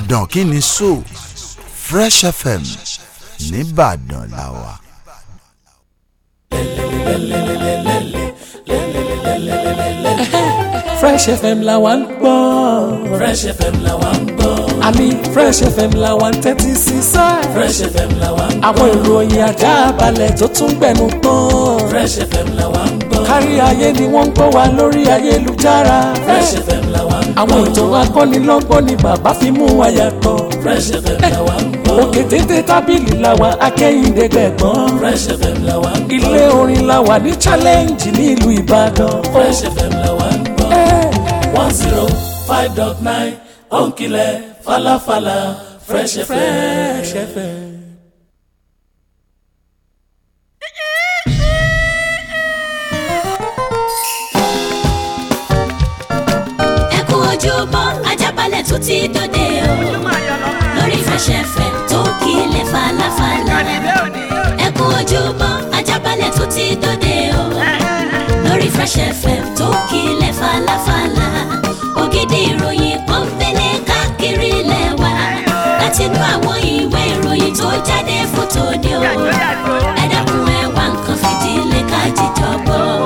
ìbàdàn kí ni so fresh fm nìbàdàn la wà. fresh fm la wà ń gbọ́. fresh fm la wà ń gbọ́. àmì fresh fm la wà ń tẹ́tí sí sá. fresh fm la wà ń gbọ́. àwọn ìròyìn àjàbalẹ̀ tó tún gbẹnu tán. fresh fm la wà ń gbọ́ kárí ayé ni wọ́n ń gbọ́ wa lórí ayélujára. Fresh FM la wa ń gbọ́. àwọn ètò akọ́nilọ́gbọ́n ni bàbá fi mú wa yàtọ̀. Fresh FM la wa ń gbọ́. òkè téńté tábìlì la wa akẹ́yìndé Fresh FM la wa ń gbọ́. ilé orin la wa ní challenge ní ìlú Ìbàdàn. Fresh FM la wa ń gbọ́. Eh. one zero five dot nine òǹkìlẹ̀ falafala Fresh FM. Fresh FM tó kílẹ̀ falafala ẹ kú ojúmọ́ ajábalẹ̀ tó ti dòde o lórí Fresh FM tó kílẹ̀ falafala ògidì ìròyìn kan fẹlẹ̀ káàkiri lẹ́wà láti inú àwọn ìwé ìròyìn tó jáde fótó ni o ẹ dákun ẹ nǹkan fìdílé ká jíjọ gbọ́.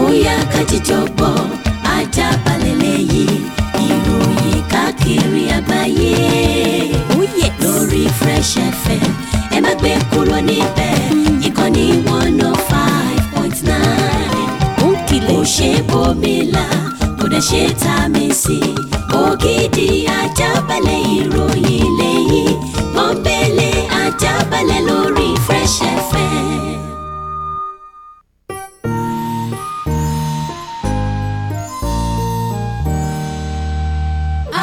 Ó yá fresh fm ẹ má gbé kúrò níbẹ̀ ìkànnì one oh five point nine. ó kìlẹ̀ kò ṣe bòmílà kò dẹ̀ ṣe tà mí sí. ògidì ajábalẹ̀ ìròyìn lẹ́yìn pọ́npẹ́lẹ́ ajábalẹ̀ lórí fresh fm.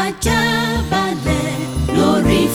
ajá.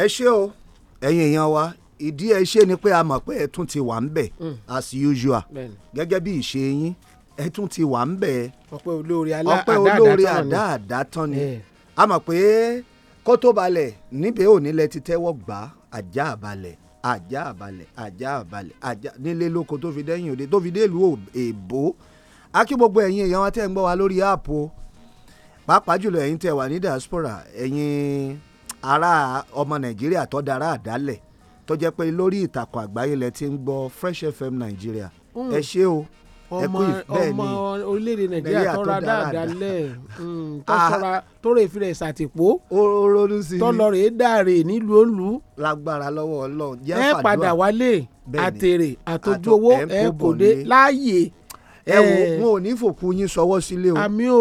ẹ ṣé o ẹ̀yin èèyàn wa ìdí ẹ ṣe ni pé a mọ̀ pé ẹ tún ti wà ń bẹ̀ mm. as usual gẹ́gẹ́ bí ìṣe yín ẹ tún ti wà ń bẹ̀ ọpẹ́ olóore àdáàdá tán ni a mọ̀ pé kó tó balẹ̀ níbẹ̀ òní lẹ ti tẹ́wọ́ gbà àjà àbalẹ̀ àjà àbalẹ̀ àjà àbalẹ̀ àjà nílé lóko tó fi dẹ́yìn òde tó fi dé ìlú èbó a kí gbogbo ẹ̀yin èèyàn wa tẹ́ ń gbọ́ wa lórí áàpù pàápàá jùlọ ẹ̀yin tẹ́ wà ní diaspora ẹ̀yin. E ará ọmọ nàìjíríà tó dára àdálẹ̀ tó jẹ́ pé lórí ìtàkùn àgbáyé lẹ ti ń gbọ́ Fresh FM nàìjíríà mm. ẹ ṣe o ẹ kú bẹ́ẹ̀ ni ọmọ orílẹ̀-èdè nàìjíríà tọ́ra dáadáa lẹ̀ mm, tọ́sọ̀ra ah. tọ́rọ̀ èfi rẹ̀ ṣàtìpó tọ́lọ rẹ̀ dàrè nílùú olú. lágbára lọ́wọ́ ọlọ́run jẹ́ fàdúrà ẹ padà wálé àtèrè àtòjú owó ẹ kò dé láàyè ẹ wo eh. wọn ò ní fòkú yín sọwọ́ sílé o àmì o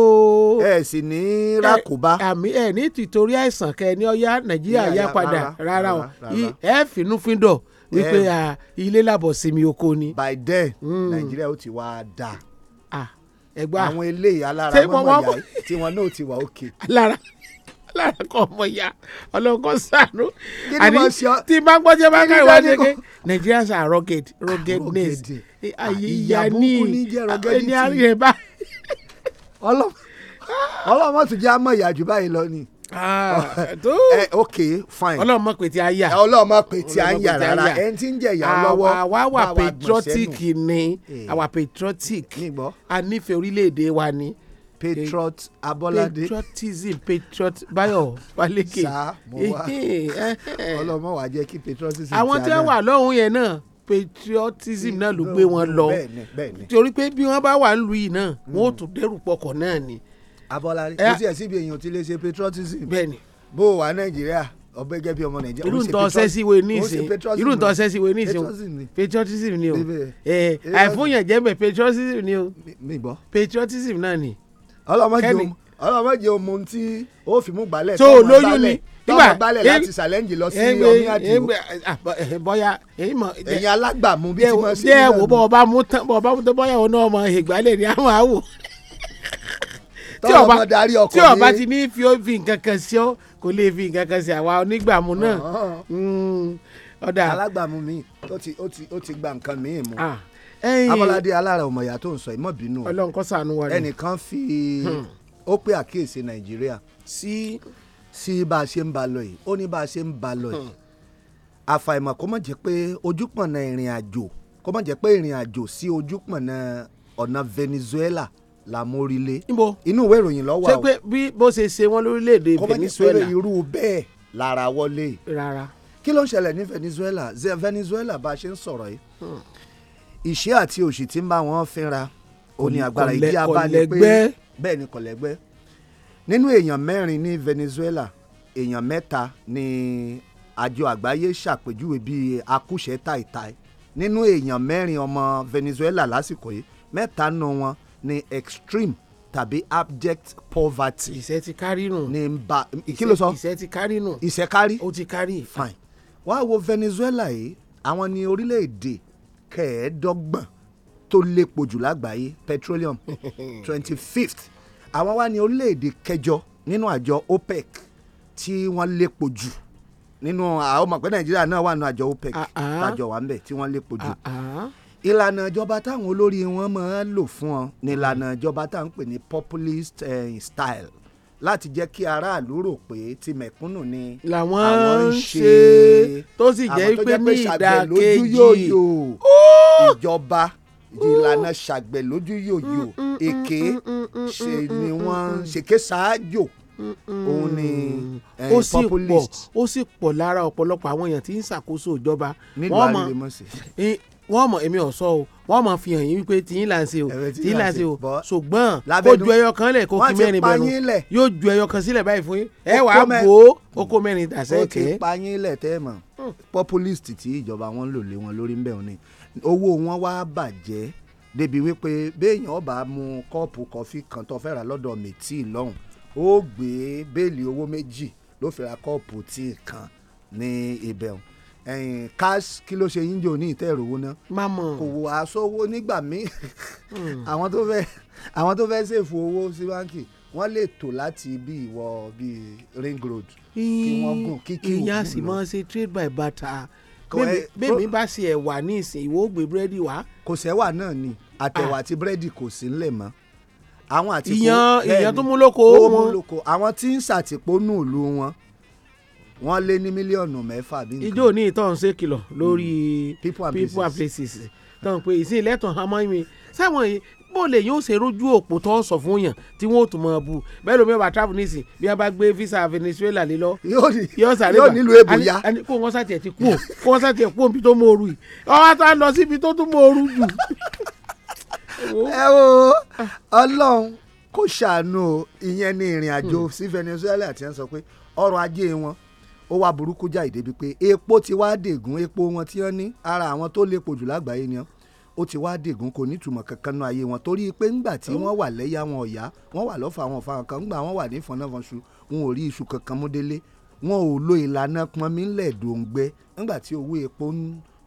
ẹ sì ní rákòbá eh, àmì ẹ ní tìtorí àìsàn kẹ ọyá nàìjíríà yá padà rárá o ẹ fínúfíndọ̀ wípé eh. ilé làbọ̀ sinmi oko ni. by then hmm. nàìjíríà ó ti wá dáa ẹgbà àwọn eléyìí alára wọn mọ̀ yá tí wọn náà ti wà òkè. alára lára kọ́ ọmọ ìyá ọlọ́run sànú àní tí n bá ń gbọ́ tí n bá ń káyọ̀ wá pé Nigerians are rugged ruggedness ayé ah, ìyá ní ah, ẹni àríyẹ bá. ọlọ́mọ tún jẹ́ àmọ́ ìyàjú báyìí lọ ni. Ah, ok fine. ọlọ́mọ pè tí a ọlọ́mọ pè tí a rárá ẹni tí ń jẹ ìyá lọ́wọ́. àwa wà patriotic ni eh. àwa patriotic a nífẹ̀ẹ́ orílẹ̀-èdè wa ni patriot abolade patriotism patriot bayo faleke sa mo wá ọlọmọ wa jẹ́ kí patriotism ti àná àwọn tí wọ́n wà lọ́hùn yẹn náà patriotism náà ló gbé wọn lọ torí pé bí wọ́n bá wà ń lu yìí náà hmm. wọ́n ó tún dẹ́rù pọkàn náà ni. abolade eh, kò sí ẹ̀ síbi èèyàn tí lè ṣe patriotism bó o wà nàìjíríà ọbẹ gẹ bí ọmọ nàìjíríà irú ntọ́ sẹ́sì wo ní ìsìn irú ntọ́ sẹ́sì wo ní ìsìn patriotism ni o àìfúnyànjẹ́ mẹ́ patriotism ni o eh, patriotism náà ni ọlọ́mọ jẹ́ ọmọ ohun tí ó fi mú gbálẹ̀ tó lóyún ni tọ́mọ gbálẹ̀ láti ṣàlẹ́ǹjì lọ sí omi àdìo. bọ́yá èyí mọ̀ ẹ̀yin alágbàmú bí tí wọ́n ṣe ń lọ. díẹ̀ wò bọ́ ọba mú tán bọ́ mú tán bọ́yá òun náà mọ ìgbálẹ̀ ni àwọn àwò. tọ́lọ́ mọ darí ọkọ̀ ní. tí ọba ti ní fi ó fi nǹkan kan sí ọ kò lè fi nǹkan kan sí àwa onígbàmú náà. Hmm, ọ̀dà alágbàmú mi ó ti gba nǹkan mi mú. Ah. Abọ́ládé alára ọ̀mọ̀yà tó ń sọ ìmọ̀ bínú ẹnìkan fi hmm. ó pé àkíyèsí Nàìjíríà sí sí bá a ṣe ń ba lọ yìí ó ní bá a ṣe ń ba lọ yìí hmm. àfàìmọ̀ kó má jẹ́ pé ojúpọ̀nà ìrìn àjò kó má jẹ́ pé ìrìn àjò sí ojúpọ̀nà ọ̀nà Venezuela la mórílé. níbo inú ìwé ìròyìn ló wà o. ṣé pé bí bó ṣe ṣe wọn lórílẹ̀‐èdè Venezuela kọ́mọ̀jì pé irú bẹ́ẹ̀ lára wọlé. rárá. kí ló ń ṣẹlẹ̀ ní Venezuela Ze Venezuela bá a ṣe ń sọ̀rọ̀ yìí. Hmm ìṣẹ́ àti òṣì tí ń bá wọn fínra ó ní agbára ìdí abalẹ̀ pé bẹ́ẹ̀ ni kọ̀lẹ́gbẹ́ nínú èèyàn mẹ́rin ní Venezuela èèyàn mẹ́ta ni àjọ àgbáyé ṣàpèjúwe bíi akúṣẹ̀ tàìtàì nínú èèyàn mẹ́rin ọmọ Venezuela lásìkò yìí mẹ́ta nù wọn ní extreme tàbí abject poverty. ìṣẹ́ ti kárí nù. ní n ba kí ló sọ. ìṣẹ́ ti kárí nù. ìṣẹ́ kárí. ó ti kárí. fine wá wo Venezuela yìí àwọn ni orílẹ̀-èdè kẹẹ̀ẹ́dọ́gbọ̀n tó lépo jù lágbàáyé petroleum twenty fifth àwọn wá ní orílẹ̀-èdè kẹjọ nínú àjọ OPEC tí wọ́n lépo jù nínú àwọn ọmọ pé Nàìjíríà náà wà nínú àjọ OPEC uh-huh. tàjọ wà ń bẹ̀ tí wọ́n lépo jù uh-huh. ìlànà ìjọba táwọn olórí wọn máa ń lò fún ọ ní ìjọba táwọn ń pè ní populist eh, style láti jẹ́ kí aráàlú rò pé ti mẹ̀kúnnù ni làwọn ń ṣe tó sì jẹ́ pé ní ìdàkejì ìjọba ìlànà ṣàgbẹ̀ lójú yòyò èké ṣe ni wọ́n ṣèké ṣáájò mm, mm. òun ni eh, populist. ó sì pọ̀ lára ọ̀pọ̀lọpọ̀ àwọn èèyàn tí ń ṣàkóso ìjọba. nílùú àrèmọ́sí wọ́n mọ̀ èmi ò sọ o wọ́n mọ̀ fi hàn yín wípé tí yín là ń ṣe o tí yín là ń ṣe o ṣùgbọ́n kó ju ẹyọ kan lẹ̀ kó kí mẹ́rin bẹ̀rù yóò ju ẹyọ kan sílẹ̀ báyìí fún yín ẹ wà á bò ó ó kó mẹ́rin dàsẹ́ kẹ́. ó ti pa yín lẹ̀ tẹ́ mọ̀ hmm. populist tí ìjọba wọn lò lé wọn lórí ń bẹ̀ wọn ni owó wọn wá bàjẹ́ débi wípé béèyàn ọba mu kọ́ọ̀pù kọfí kan tó fẹ́ rà lọ́dọ̀ mẹ́tì lọ́hùn ó gbé béèlì owó méjì ló fi ra kọ́ọ̀pù tíì kan ní ibẹ̀ cash kí ló ṣe yín jò ní ìtẹ́rù owó ná. mamọ kò wò aṣọwó nígbà míì hmm. àwọn tó fẹ́ àwọn tó fẹ́ ṣèfò owó sí báńkì wọ́n lè tò láti bí ìwọ bí ring road kí wọ́n gùn kíkí òkú lọ. ìyá sì máa ṣe trade by barter bẹ́ẹ̀mi bá ṣe ẹ̀wà ní ìsìn ìwọ ògbé búrẹ́dì wá. kò sẹ́wà náà ni àtẹ̀wà ah. àti búrẹ́dì kò sí ńlẹ̀ mọ́ àwọn àtìkó ìyàn tó mú lóko wọn àwọn tí ń ṣàtìpó nù wọn wọ́n lé ní mílíọ̀nù mẹ́fà bí nǹkan. ijó ní ìtọ́ ń ṣe kìlọ̀ lórí hmm. people and places tán pé ìsìn ìlẹ́tàn àmọ́ mi sáwọn yìí bó lè yóò ṣe rójú òpó tó sọ fún yàn tí wọn ò tún mọ bu bẹ́ẹ̀ ló mẹwàá travel nísìn bí wọn bá gbé visa Venezuela lé lọ. yóò sáré bá yóò nílùú èbúyá. àní kó wọn sàtì ẹ ti kú o kó wọn sàtì ẹ kú òbí tó mòoru yìí ọwọ́ tó ń lọ síbi tó tún mòoru jù. ẹ wo Ọlọ́run kò ṣàánú o ìyẹn ni ìrìn àjò hmm. sí Venezuela ti ń sọ pé ọrọ̀ ajé wọn ó wá burúkú jáì débi pé epo ti wá dègún epo wọn tí wọ́n ní ara àwọn tó lépo jù lágbàáyé ni ó ti wá dègún kò nítumọ̀ kankan nu ayé wọn torí pé ńgbà tí wọ́n wà lẹ́yà wọn ọ̀yá wọ́n wà lọ́fà wọn ọ̀fà kan ńgbà wọ́n wà ní fọnáfọnṣu wọn ò rí iṣu kankan mú délé wọn ò lo ìlànà pọnmi ńlẹ̀ dòǹgbẹ ńgbà tí owó epo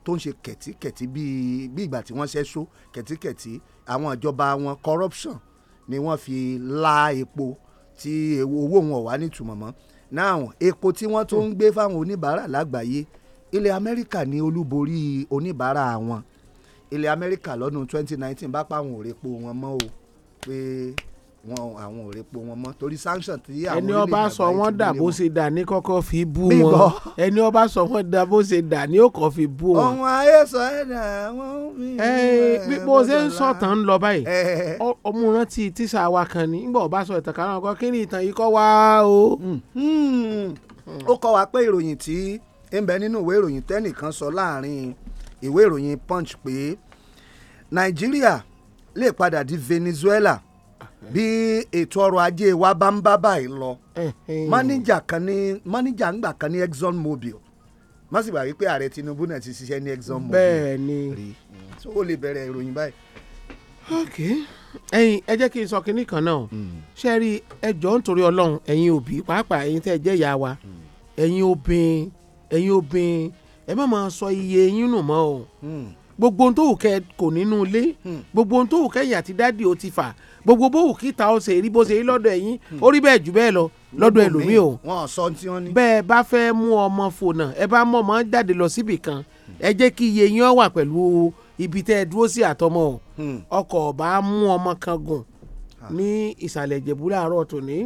tó ń ṣe kẹ̀tíkẹ̀tí bíi bí ìgbà tí wọ́n ṣẹ́ṣó kẹ̀tíkẹ̀tí àwọn ìjọba wọn corruption ni wọ́n fi la epo tí owó wọn ò wá nítumọ̀ mọ́ now epo tí wọ́n tó ń gbé fáwọn oníbàárà lágbàáyé ilẹ̀ amẹ́ríkà ní olúborí oníbàárà wọn ilẹ̀ amẹ́ríkà lọ́dún 2019 bá pàwọn òrèpo wọn mọ́ o pé wọn àwọn ò repo wọn mọ́ torí sanction tí àwọn ẹni ọba sọ wọn dà bó ṣe dà ní kọ́kọ́ fi bú wọn ẹni ọba sọ wọn dà bó ṣe dà ní òkò fi bú wọn. ọ̀hún ayé sọ ẹ̀ dà wọ́n mi. bí bó ṣe ń sọ̀tàn ń lọ báyìí ọmọ rántí tíṣà wa kan ni nígbà ọba sọ ìtàn kan kí ni ìtàn yìí kọ́ wá o. Hmm. Hmm. Hmm. ó kọ́ wa pé ìròyìn tí ń bẹ nínú ìwé ìròyìn tẹ́nìkan sọ láàrin ìwé ìròyìn punch pé nàìjíríà lè padà di Venezuela bí ètò ọrọ̀ ajé wa bá ń bá báyìí lọ máníjà kan ní máníjà ń gbà kan ní Exxon Mobil má sì gbà wípé ààrẹ Tinubu náà ti ṣiṣẹ́ ní Exxon Mobil bẹ́ẹ̀ ni so ó lè bẹ̀rẹ̀ ìròyìn báyìí. ok ẹyin ẹ jẹ́ kí n sọ kinní kan náà hmm. ṣe rí ẹjọ́ nítorí Ọlọ́run ẹ̀yin òbí pàápàá ẹ̀yin tẹ́ ẹ jẹ́ ìyá wa hmm. ẹ̀yin obìnrin ẹ̀yin obìnrin ẹ má máa sọ iye yín nù mọ́ o. Hmm gbogbo ohun tó wù kẹ́ kò nínú ilé hmm. gbogbo ohun tó wù kẹ́yìn àti dáàdì ó ti fà gbogbo bó wù kíta ó ṣe rí bó ṣe rí lọ́dọ̀ ẹ̀yìn hmm. ó rí bẹ́ẹ̀ jù bẹ́ẹ̀ lọ lọ́dọ̀ ẹlòmíì o bẹ́ẹ̀ bá fẹ́ mú ọmọ fònà ẹ bá mọ̀ mọ́ jáde lọ síbì kan ẹ jẹ́ kí iye yín wà pẹ̀lú ibi tẹ́ ẹ dúró sí àtọmọ́ o hmm. ọkọ̀ ọ̀bá mú ọmọ kan gùn ní ìsàlẹ̀ ìjẹ̀bú láàárọ̀ tòní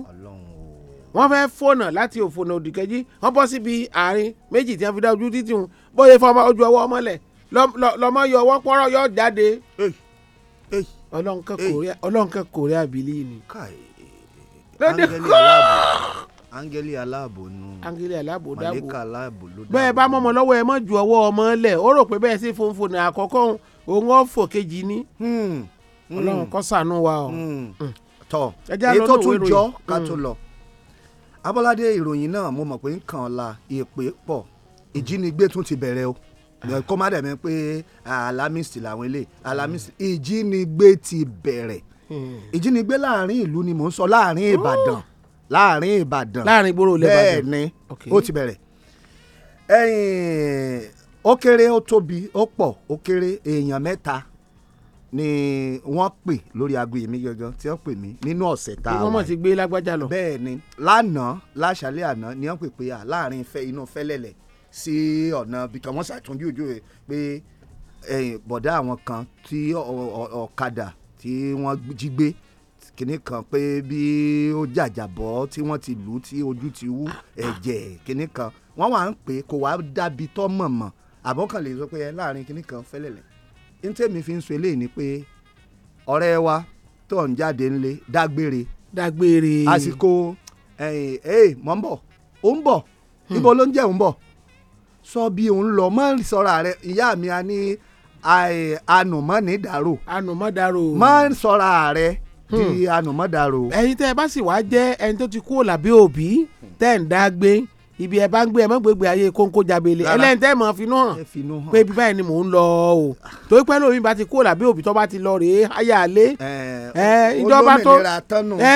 wọ́n fẹ́ fònà láti òfònà òdìkejì wọ́n bọ́ síbi àárín méjì tí wọ́n fi dá ojú títì hun bóyá fọmọ ojú ọwọ́ ọmọlẹ̀ lọ́mọ yọ ọwọ́ pọ́rọ́ yọ jáde ọlọ́nkẹ́ kòrí àbílí ni. lóde kọ́ áńgẹ́lì aláàbò nu áńgẹ́lì aláàbò dáàbò màlẹ́kà aláàbò ló dáàbò. bẹ́ẹ̀ bá mọ̀mọ́ lọ́wọ́ ẹ mọ̀ ju ọwọ́ ọmọ lẹ̀ ó rò pé bẹ́ẹ̀ sì funfun ní àkọ́kọ́ òun ó fò kejì ní. Hmm, hmm. ọlọ́run kó ṣàánú wa o. Hmm. tọ èyí tó tún jọ ká tó lọ abọ́ládé ìròyìn náà mo mọ̀ pé ń kàn án la èpè pọ̀ ìjínigbé tún ti bẹ̀rẹ̀ o kó má dẹ̀ mi pé alamist làwọn eléyìí alamist hmm. ìjínigbé ti bẹ̀rẹ̀ hmm. ìjínigbé láàrin ìlú ni mò ń sọ láàrin oh. Ìbàdàn láàrin Ìbàdàn láàrin ìgboro ilẹ̀ Ìbàdàn bẹ́ẹ̀ ni ó ti bẹ̀rẹ̀ ó kéré ó tóbi ó pọ̀ ó kéré èèyàn mẹ́ta ni wọ́n pè lórí aago yìí mi gangan tí wọ́n pè mí nínú ọ̀sẹ̀ tá a wà. ìwọ́n ti gbé lágbájá lọ. bẹ́ẹ̀ ni lánàá láṣálẹ́ àná ni wọ́n pè pé à láàrin ìfẹ́ inú fẹ́lẹ́lẹ̀ sí ọ̀nà bìkan wọ́n ṣàtúnjú ojú rẹ̀ pé bọ̀dá àwọn kan tí ọ̀kadà tí wọ́n jí gbé kìnnì kan pé bí ó jàjàbọ́ tí wọ́n ti lù ú tí ojú ti wú ẹ̀jẹ̀ kìnnì kan wọ́n wà ń pè kó wá dàbí tọ́ mọ̀mọ́ àbọ̀kànlè sọ pé láàrin kìnnì kan fẹ́lẹ̀lẹ̀ ní tèmi fi ń sọ eléyìí ni pé ọ̀rẹ́ wa tó ń jáde ńlé dágbére dágbére àsìkò ẹ̀ ẹ̀ mọ̀ ń bọ̀ ó ń bọ̀ hmm. ibo ló ń jẹ́ òun bọ̀ sọ bí òun lọ mọ́ sọ́ra rẹ ìyá mi a ní ànùmọ́nìdàrò. ànùmọ́dàrò. mọ́ sọ́ra rẹ di ànùmọ́dàrò. Hmm. ẹ̀yin tẹ́ ẹ bá sì wá jẹ́ ẹni tó ti kú òlàbí òbí tẹ́ ń dá gbé ibi ẹ bá ń gbé ẹ mọ gbégbé ayé kóńkó jabele ẹlẹ́yìn tẹ́ ẹ mọ̀ finú hàn pé bíbá ẹ ni mò ń lọ o torí pé lómi bá ti kó làbí òbí tó bá ti lọ rèé háyà lé ẹ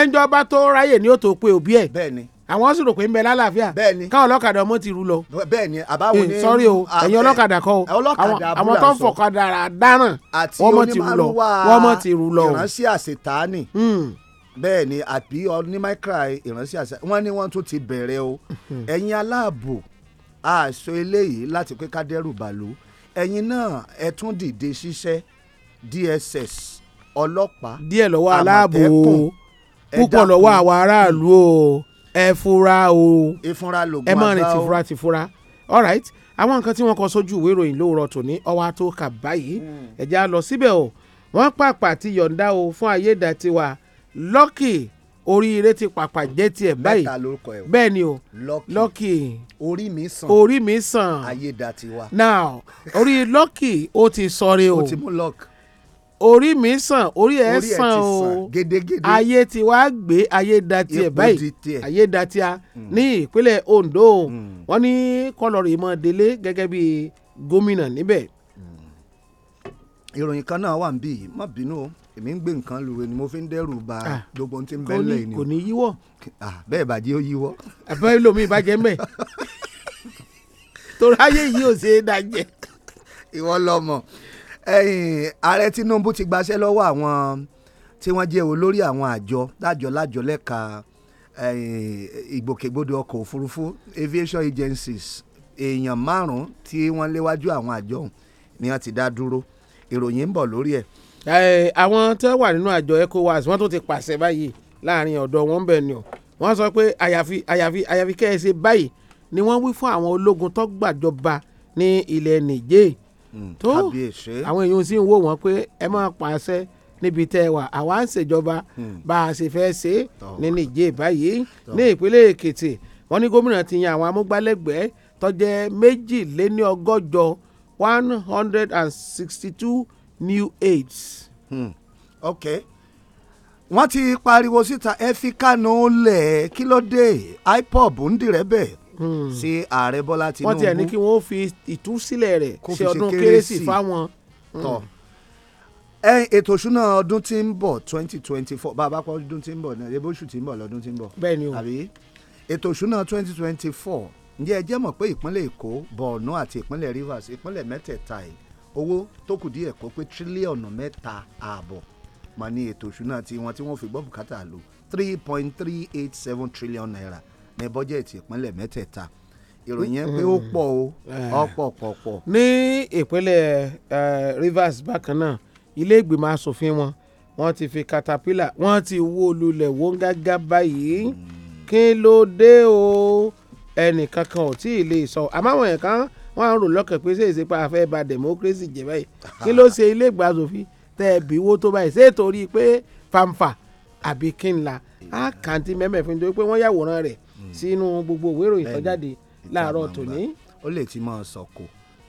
ǹjọba tó ráyè ni ó tó pe òbí ẹ àwọn sì rò pé ń bẹ lálàáfíà bẹ́ẹ̀ni káwọn ọlọ́kadà ọmọ ti rú lọ bẹ́ẹ̀ni àbáwo eh, ni sọrí o ẹ̀yin ọlọ́kadà kọ́ o àwọn tó ń fọkadà dáràn wọ́n mọ̀ ti rú lọ wọ́n mọ̀ ti rú lọ. ìránṣẹ́ àṣetánì hmm. bẹ́ẹ̀ni àbí onímọ̀kra ìránṣẹ́ àṣetánì wọ́n ní wọ́n tún ti bẹ̀rẹ̀ o hmm. ẹ̀yin aláàbò àṣọ eléyìí láti pé ká dẹ́rù bàlú ẹ̀yin náà ẹ tún dìde ṣiṣẹ́ DSS ọlọ́pàá díẹ̀ lọ́wọ́ aláàbò púpọ̀ lọ́wọ́ àwa aráàlú o ẹ fura o ẹ mọ̀ rìn tìfura tìfura all right àwọn nǹkan tí wọ́n kọ sójú ìwé ìròyìn lóòrọ̀ tòní ọwọ́ àtòkà báyìí hmm. ẹ̀já lọ síbẹ̀ o wọ́n pàpà ti yọ̀ǹda o fún ayédàtiwa lọ́kì oríire ti pàpà jẹ́ tiẹ̀ báyìí bẹ́ẹ̀ ni o lọ́kì orí mi sàn orí mi sàn ayédàtiwa now orí lọ́kì ó ti sọre o ó ti mú lọ́kì orí mi sàn orí ẹ sàn o ayé ti wá gbé ayé da tiẹ̀ báyìí ayé da tiẹ̀ mm. ní ìpínlẹ̀ Ondo mm. wọ́n ní kọlọ̀rì mọ́ délé gẹ́gẹ́ bí gómìnà níbẹ̀. Mm. ìròyìn kan náà wà ń bí má bínú o èmi ń gbé nǹkan lu ni mo fi ń dẹ́rù ba ah, gbogbo ohun tí ń bẹ́ẹ̀ lẹ́yìn ni kò ní yíwọ́. Ah, bẹ́ẹ̀ bàjẹ́ ó yíwọ́. àbẹ́rẹ́ lomi ìbàjẹ́ mẹ́ torí ayé yìí ò ṣeé dájẹ́. ìwọ lọ mọ̀ ààrẹ Tinubu ti gbaṣẹ́ lọ́wọ́ àwọn tí wọ́n jẹ́ olórí àwọn àjọ lájọ lájọ lẹ́ka ìgbòkègbodò ọkọ̀ òfurufú aviation agencies èèyàn márùn-ún tí wọ́n léwájú àwọn àjọ ọ̀hún ni wọ́n ti dá dúró ìròyìn ń bọ̀ lórí ẹ̀. àwọn tó wà nínú àjọ ECOWAS wọ́n tún ti pàṣẹ báyìí láàrin ọ̀dọ̀ wọn bẹ̀ ni o wọ́n sọ pé àyàfi àyàfi àyàfi kẹ́ báyìí ni wọ́n wí fún àwọn ológun tó gbàjọba ní ilẹ̀ Niger Hmm, tó àwọn èèyàn sì ń wò wọ́n pé ẹ máa pàṣẹ níbi tẹ́ ẹ wà àwa ń ṣèjọba hmm. bá a ṣe fẹ́ ṣe ní nìjẹ́ báyìí ní ìpínlẹ̀ èkìtì wọ́n ní gómìnà ti yan àwọn amúgbálẹ́gbẹ̀ẹ́ tó jẹ́ méjìléní ọgọ́jọ one hundred and sixty two new aids. Hmm. ok wọ́n ti pariwo síta ẹ fi Kánú lẹ̀ kí ló dé IPOB ń dìrẹ́ bẹ́ẹ̀ Hmm. sí ààrẹ bọ́lá tinubu. wọ́n tiẹ̀ ní kí wọ́n fi ìtúsílẹ̀ rẹ̀ ṣe ọdún kérésì fáwọn. Hmm. tọ́ ẹ ètò ìṣúná ọdún tí ń bọ̀ twenty twenty four bá a bá pọ̀ ọdún tí ń bọ̀ náà ebóṣù tí ń bọ̀ lọ́dún tí ń bọ̀. àbí ètò ìṣúná twenty twenty four ǹjẹ́ ẹ jẹ́ mọ̀ pé ìpínlẹ̀ èkó borno àti ìpínlẹ̀ rivers ìpínlẹ̀ mẹ́tẹ̀ẹ̀ta yìí owó tó kù díẹ̀ kó pé tírílíọ̀nù mẹ́ta ààbọ̀ mà ní ètò ìṣúná tiwọn tí wọ́n fi gbọ́ bùkátà lò three point three eight seven trillion naira ní bọ́jẹ̀tì ìpínlẹ̀ mẹ́tẹ̀ẹ̀ta ìròyìn yẹn pé ó mm-hmm. pọ̀ o ọ̀pọ̀ eh. pọ̀pọ̀. ní ìpínlẹ̀ eh, Rivers bákan náà ilé ìgbìmọ̀ asòfin wọn wọ́n ti fi caterpillar wọ́n ti wó lulẹ̀ wọ́n gágá báyìí mm. kí ló dé o ẹnìkan kan ò tí ì lè sọ àmọ́ àwọn yẹn kan wọ́n rò lọ́kàn pé ṣé ìṣèpá afẹ́ bà democracy jẹ́ báyìí kí ló ṣe ilé ìgbìmọ̀ asòfin tẹ́ ẹ bí wó tó báyìí ṣé torí pé fanfa àbí kí n la á kàǹtí mẹ́mẹ́fin torí pé wọ́n yàwòrán rẹ̀ Hmm. sínú gbogbo òwe ìròyìn tó jáde láàárọ̀ tòní. ó lè ti máa sọ̀kò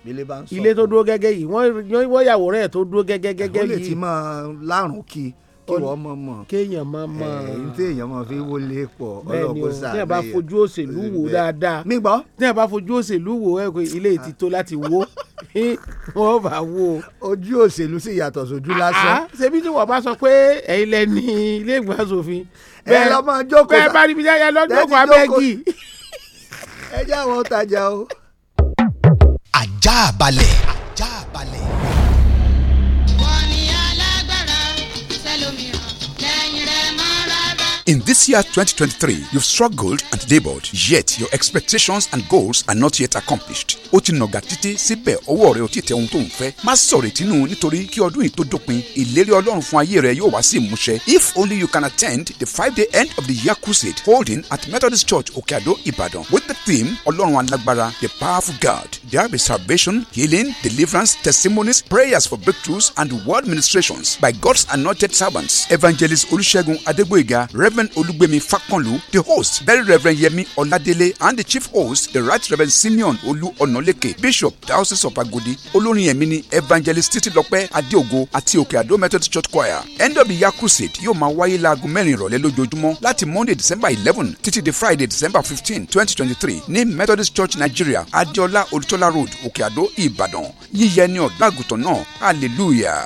ilé bá ń sọ̀kò. ilé tó dúró gẹ́gẹ́ yìí wọ́n wọ́n yàwòrán ẹ̀ tó dúró gẹ́gẹ́ gẹ́gẹ́ yìí. ó lè ti máa lárùn kí kí wọ́n mọ̀ mọ̀. kéèyàn máa mọ̀. ẹ̀yin tí èèyàn máa fi wọlé pọ̀ ọlọ́kọ̀ sáré. bẹ́ẹ̀ ni o tí a bá fojú òṣèlú wò dáadáa. mi gbọ́. tí a bá fojú òṣèlú wò ẹ pé ilé ti tó láti wó. bí wọ́n bá wo ojú òṣèlú sì yàtọ̀ sójú lásán. Ah, ah. ṣebí tí wọ́n bá sọ pé ẹ̀yin lẹ ilé ìgbìmọ̀ asòfin. bẹ́ẹ̀ lọ jókòó bẹ́ẹ̀ bá níbi jáde lọ́jọ́kọ̀ abẹ́gì. ẹ jẹ́ àwọn tajà o. ajá balẹ̀. This year, 2023, you've struggled and labored, yet your expectations and goals are not yet accomplished. Ó ti nàgà títí síbẹ̀ ọwọ́ rẹ̀ ò tí tẹ ohun tó ń fẹ́. Má sọ̀rọ̀ ìtinú nítorí kí ọdún yìí tó dópin, ìlérí Ọlọ́run fún ayé rẹ yóò wá sí ìmúṣẹ. If only you can attend the five-day end of the year crusade holding at Methodist Church Okeado, Ibadan with the theme Ọlọ́run Alágbára, the powerful God. There be salvation, healing, deliverance, testimonies, prayers for breakthroughs and word ministrations by God's anointed servants. Evangelist Olúṣẹ́gun Adégbóyèga, Reverend Olúgbẹ́mi Fákànlú, the host, Very Reverend Yemi Oladele, and the chief host, the Right Reverend Simeon Olu Onaleke, Bishop, Diocese of Agodi, olórin ẹ̀mí ni Evangelist Títílọpẹ́ Adéògo àti Òkè Àdó Methodist Church Choir. End of the year crusade yóò máa wáyé láago mẹ́rin ìrọ̀lẹ́ lójoojúmọ́ láti Monday December eleven títí di Friday December fifteen twenty twenty three ní Methodist Church Nigeria, Adéọlá Olùtọ́lá Road, Òkè Àdó, Ìbàdàn. Yíyẹ ni ọ̀dọ́ àgùntàn náà, hallelujah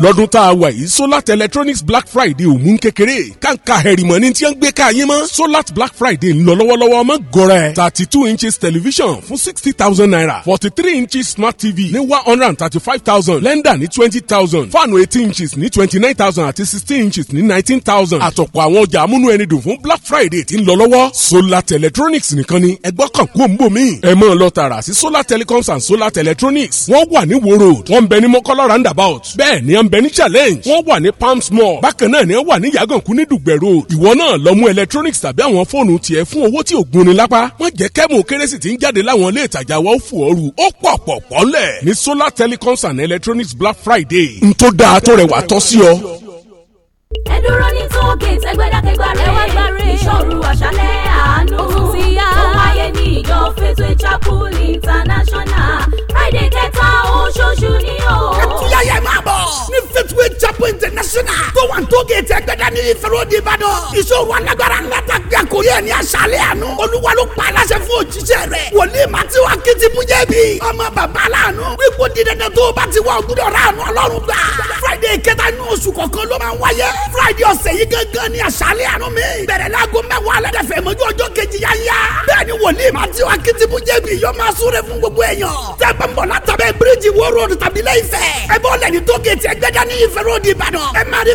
lọ́dún tá a wà yìí solat electronics black friday ò mú kékeré kàńkà hẹ̀rìmọ̀ ni tí wọ́n gbé káyé mọ́ solat black friday ń lọ lọ́wọ́lọ́wọ́ ọmọ gọ̀rẹ́ thirty two inches television fún sixty thousand naira forty three inches smart tv ní one hundred and thirty five thousand blender ní twenty thousand fáànù eighteen inches ní twenty nine thousand àti sixteen inches ní nineteen thousand àtọ̀pọ̀ àwọn ọjà amúnú ẹni dùn fún black friday tí ń lọ lọ́wọ́ solat electronics nìkan ni ẹgbọ́ kan kú òǹbò mi ẹ mọ̀ lọ tààrà sí solar telecoms and solar electronics wọ́n wà ní wo road wọ́n ń bẹ ní mọ́kọ́lá roundabout bẹ́ẹ̀ ni ń challenge wọ́n wà ní palms mall bákan náà ni wọ́n wà ní yàgànkú ní dùgbẹ̀ road ìwọ náà lọ mú electronics tàbí àwọn fóònù tiẹ̀ fún owó tí ò gúnni lápá wọ́n jẹ́ kẹ́mù kérésì tí ń jáde láwọn ilé ìtajà wa ó fò ooru ó pọ̀ pọ̀ pọ́lẹ̀ ní solar telecoms and electronics black friday n tó dáa tó rẹwà tọ́ sí ọ. ẹ dúró ní tóògì pàtógèétì ẹgbẹ́dá ní ìfẹ́rọ́ di ìbàdàn. ìṣòro alágbára ńlá ta gbé àkórí ẹ̀ ní àṣálẹ̀ àná. olúwa ló pa aláṣẹ fún òjíṣẹ́ rẹ̀. wòlíì màtíw akitimu jẹ̀bi. ọmọ bàbá aláàánú. wípé dídẹ́dẹ́ tó o bá ti wá ògùdọ̀ rà àánú ọlọ́run gbà friday kẹta ní oṣù kọ̀ọ̀kan ló máa ń wáyé friday ọ̀sẹ̀ yìí gángan ni àṣálẹ̀ àánú mi bẹ̀rẹ̀ láago mẹ́wàá alẹ́ mọ́jú ọjọ́ kejì yáyá bẹ́ẹ̀ ni wòlíì Matthew Akitibu jẹ̀bi yọ máa súre fún gbogbo èèyàn tẹ́ látàbẹ̀ bíríìjì wo road tàbí ilé ẹ bọ́ lẹ́ni tó kéètì ẹgbẹ́dá ní Ifẹ̀ road Ìbàdàn ẹ máa rí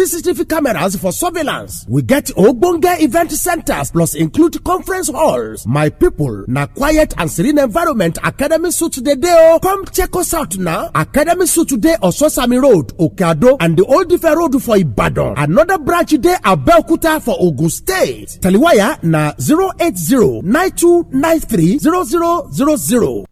CCTV cameras for surveillance. We get Ogbonge event centers plus include conference halls. My people, na quiet and serene environment Academy Suit today Oh, Come check us out now. Academy Suit today Ososami Road, Okado and the Old Ife Road for Ibadan. Another branch dey Abeokuta for Ogun State. Taliwaya na 080 9293 0000.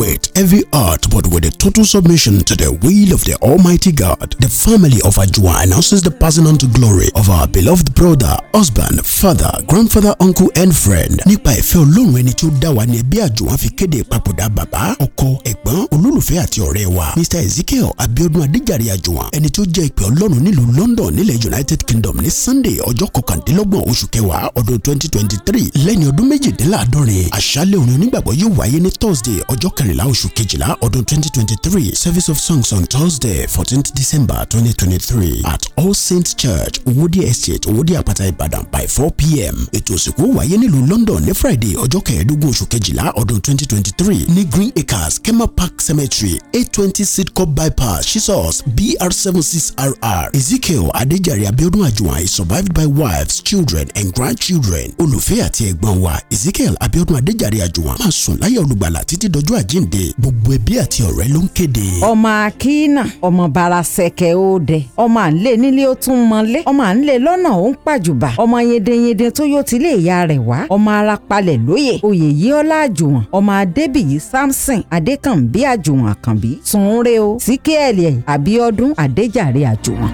Wait every art but with a total submission to the will of the Almighty God. The family of Ajua announces the passing on to glory of our beloved brother, husband, father, grandfather, uncle and friend. Nipa ìfẹ́ Ọlọ́run ẹni tí ó dá wa ni ẹbí Ajua fi kéde ìpapòdà bàbá, ọkọ, ẹ̀gbọ́n, olólùfẹ́ àti ọ̀rẹ́ wa. Mr Ezekiel Abiodun Adéjàre Ajua ẹni tí ó jẹ́ ìpè Ọlọ́run nílùú London nílẹ̀ United Kingdom ní Sunday ọjọ́ kọkàndínlọ́gbọ̀n oṣù kẹwàá ọdún 2023 lẹ́ni ọdún méjìdínláàádọ́rin àṣálẹ̀ òní onígbàgbọ́ yóò wáyé ní Thursday ọjọ́ kẹrìnlá oṣù oṣù kejìlá ọdún twenty twenty three service of songs on thursday fourteenth december twenty twenty three at all saints church owódì estate owódì àpáta ìbàdàn by four pm ètò òsìnkú wáyé nílùú london ní friday ọjọ́ kẹẹ̀ẹ́dógún oṣù kejìlá ọdún twenty twenty three ní green acres kema park cemetery eight twenty sidcup bypass jesus br seven six rr ezekiel adéjàre abiodun ajuwan is survived by wives children and grandchildren olùfẹ́ àti ẹ̀gbọ́n wa ezekiel abiodun adéjàre ajuwan máa sùn láyọ̀ olùgbàlà títí dọjọ́ àjíǹde gbogbo ẹbí àti ọ̀rẹ́ ló ń kéde. ọmọ akínà ọmọ barasẹ̀kẹ̀ òde ọmọ à ń lé nílé ó tún mọ́lé ọmọ à ń lé lọ́nà ó ń pàjùbà ọmọ yedeyede tó yóò ti lé ìyá rẹ̀ wá ọmọ ara palẹ̀ lóye oyè yí ọlá àjùwọ̀n ọmọ adébíyí samson adékànbí àjùwọ̀n àkànbí tún ń re o síkẹ́ẹ̀lì àbíọ́dún àdéjàre àjùwọ̀n.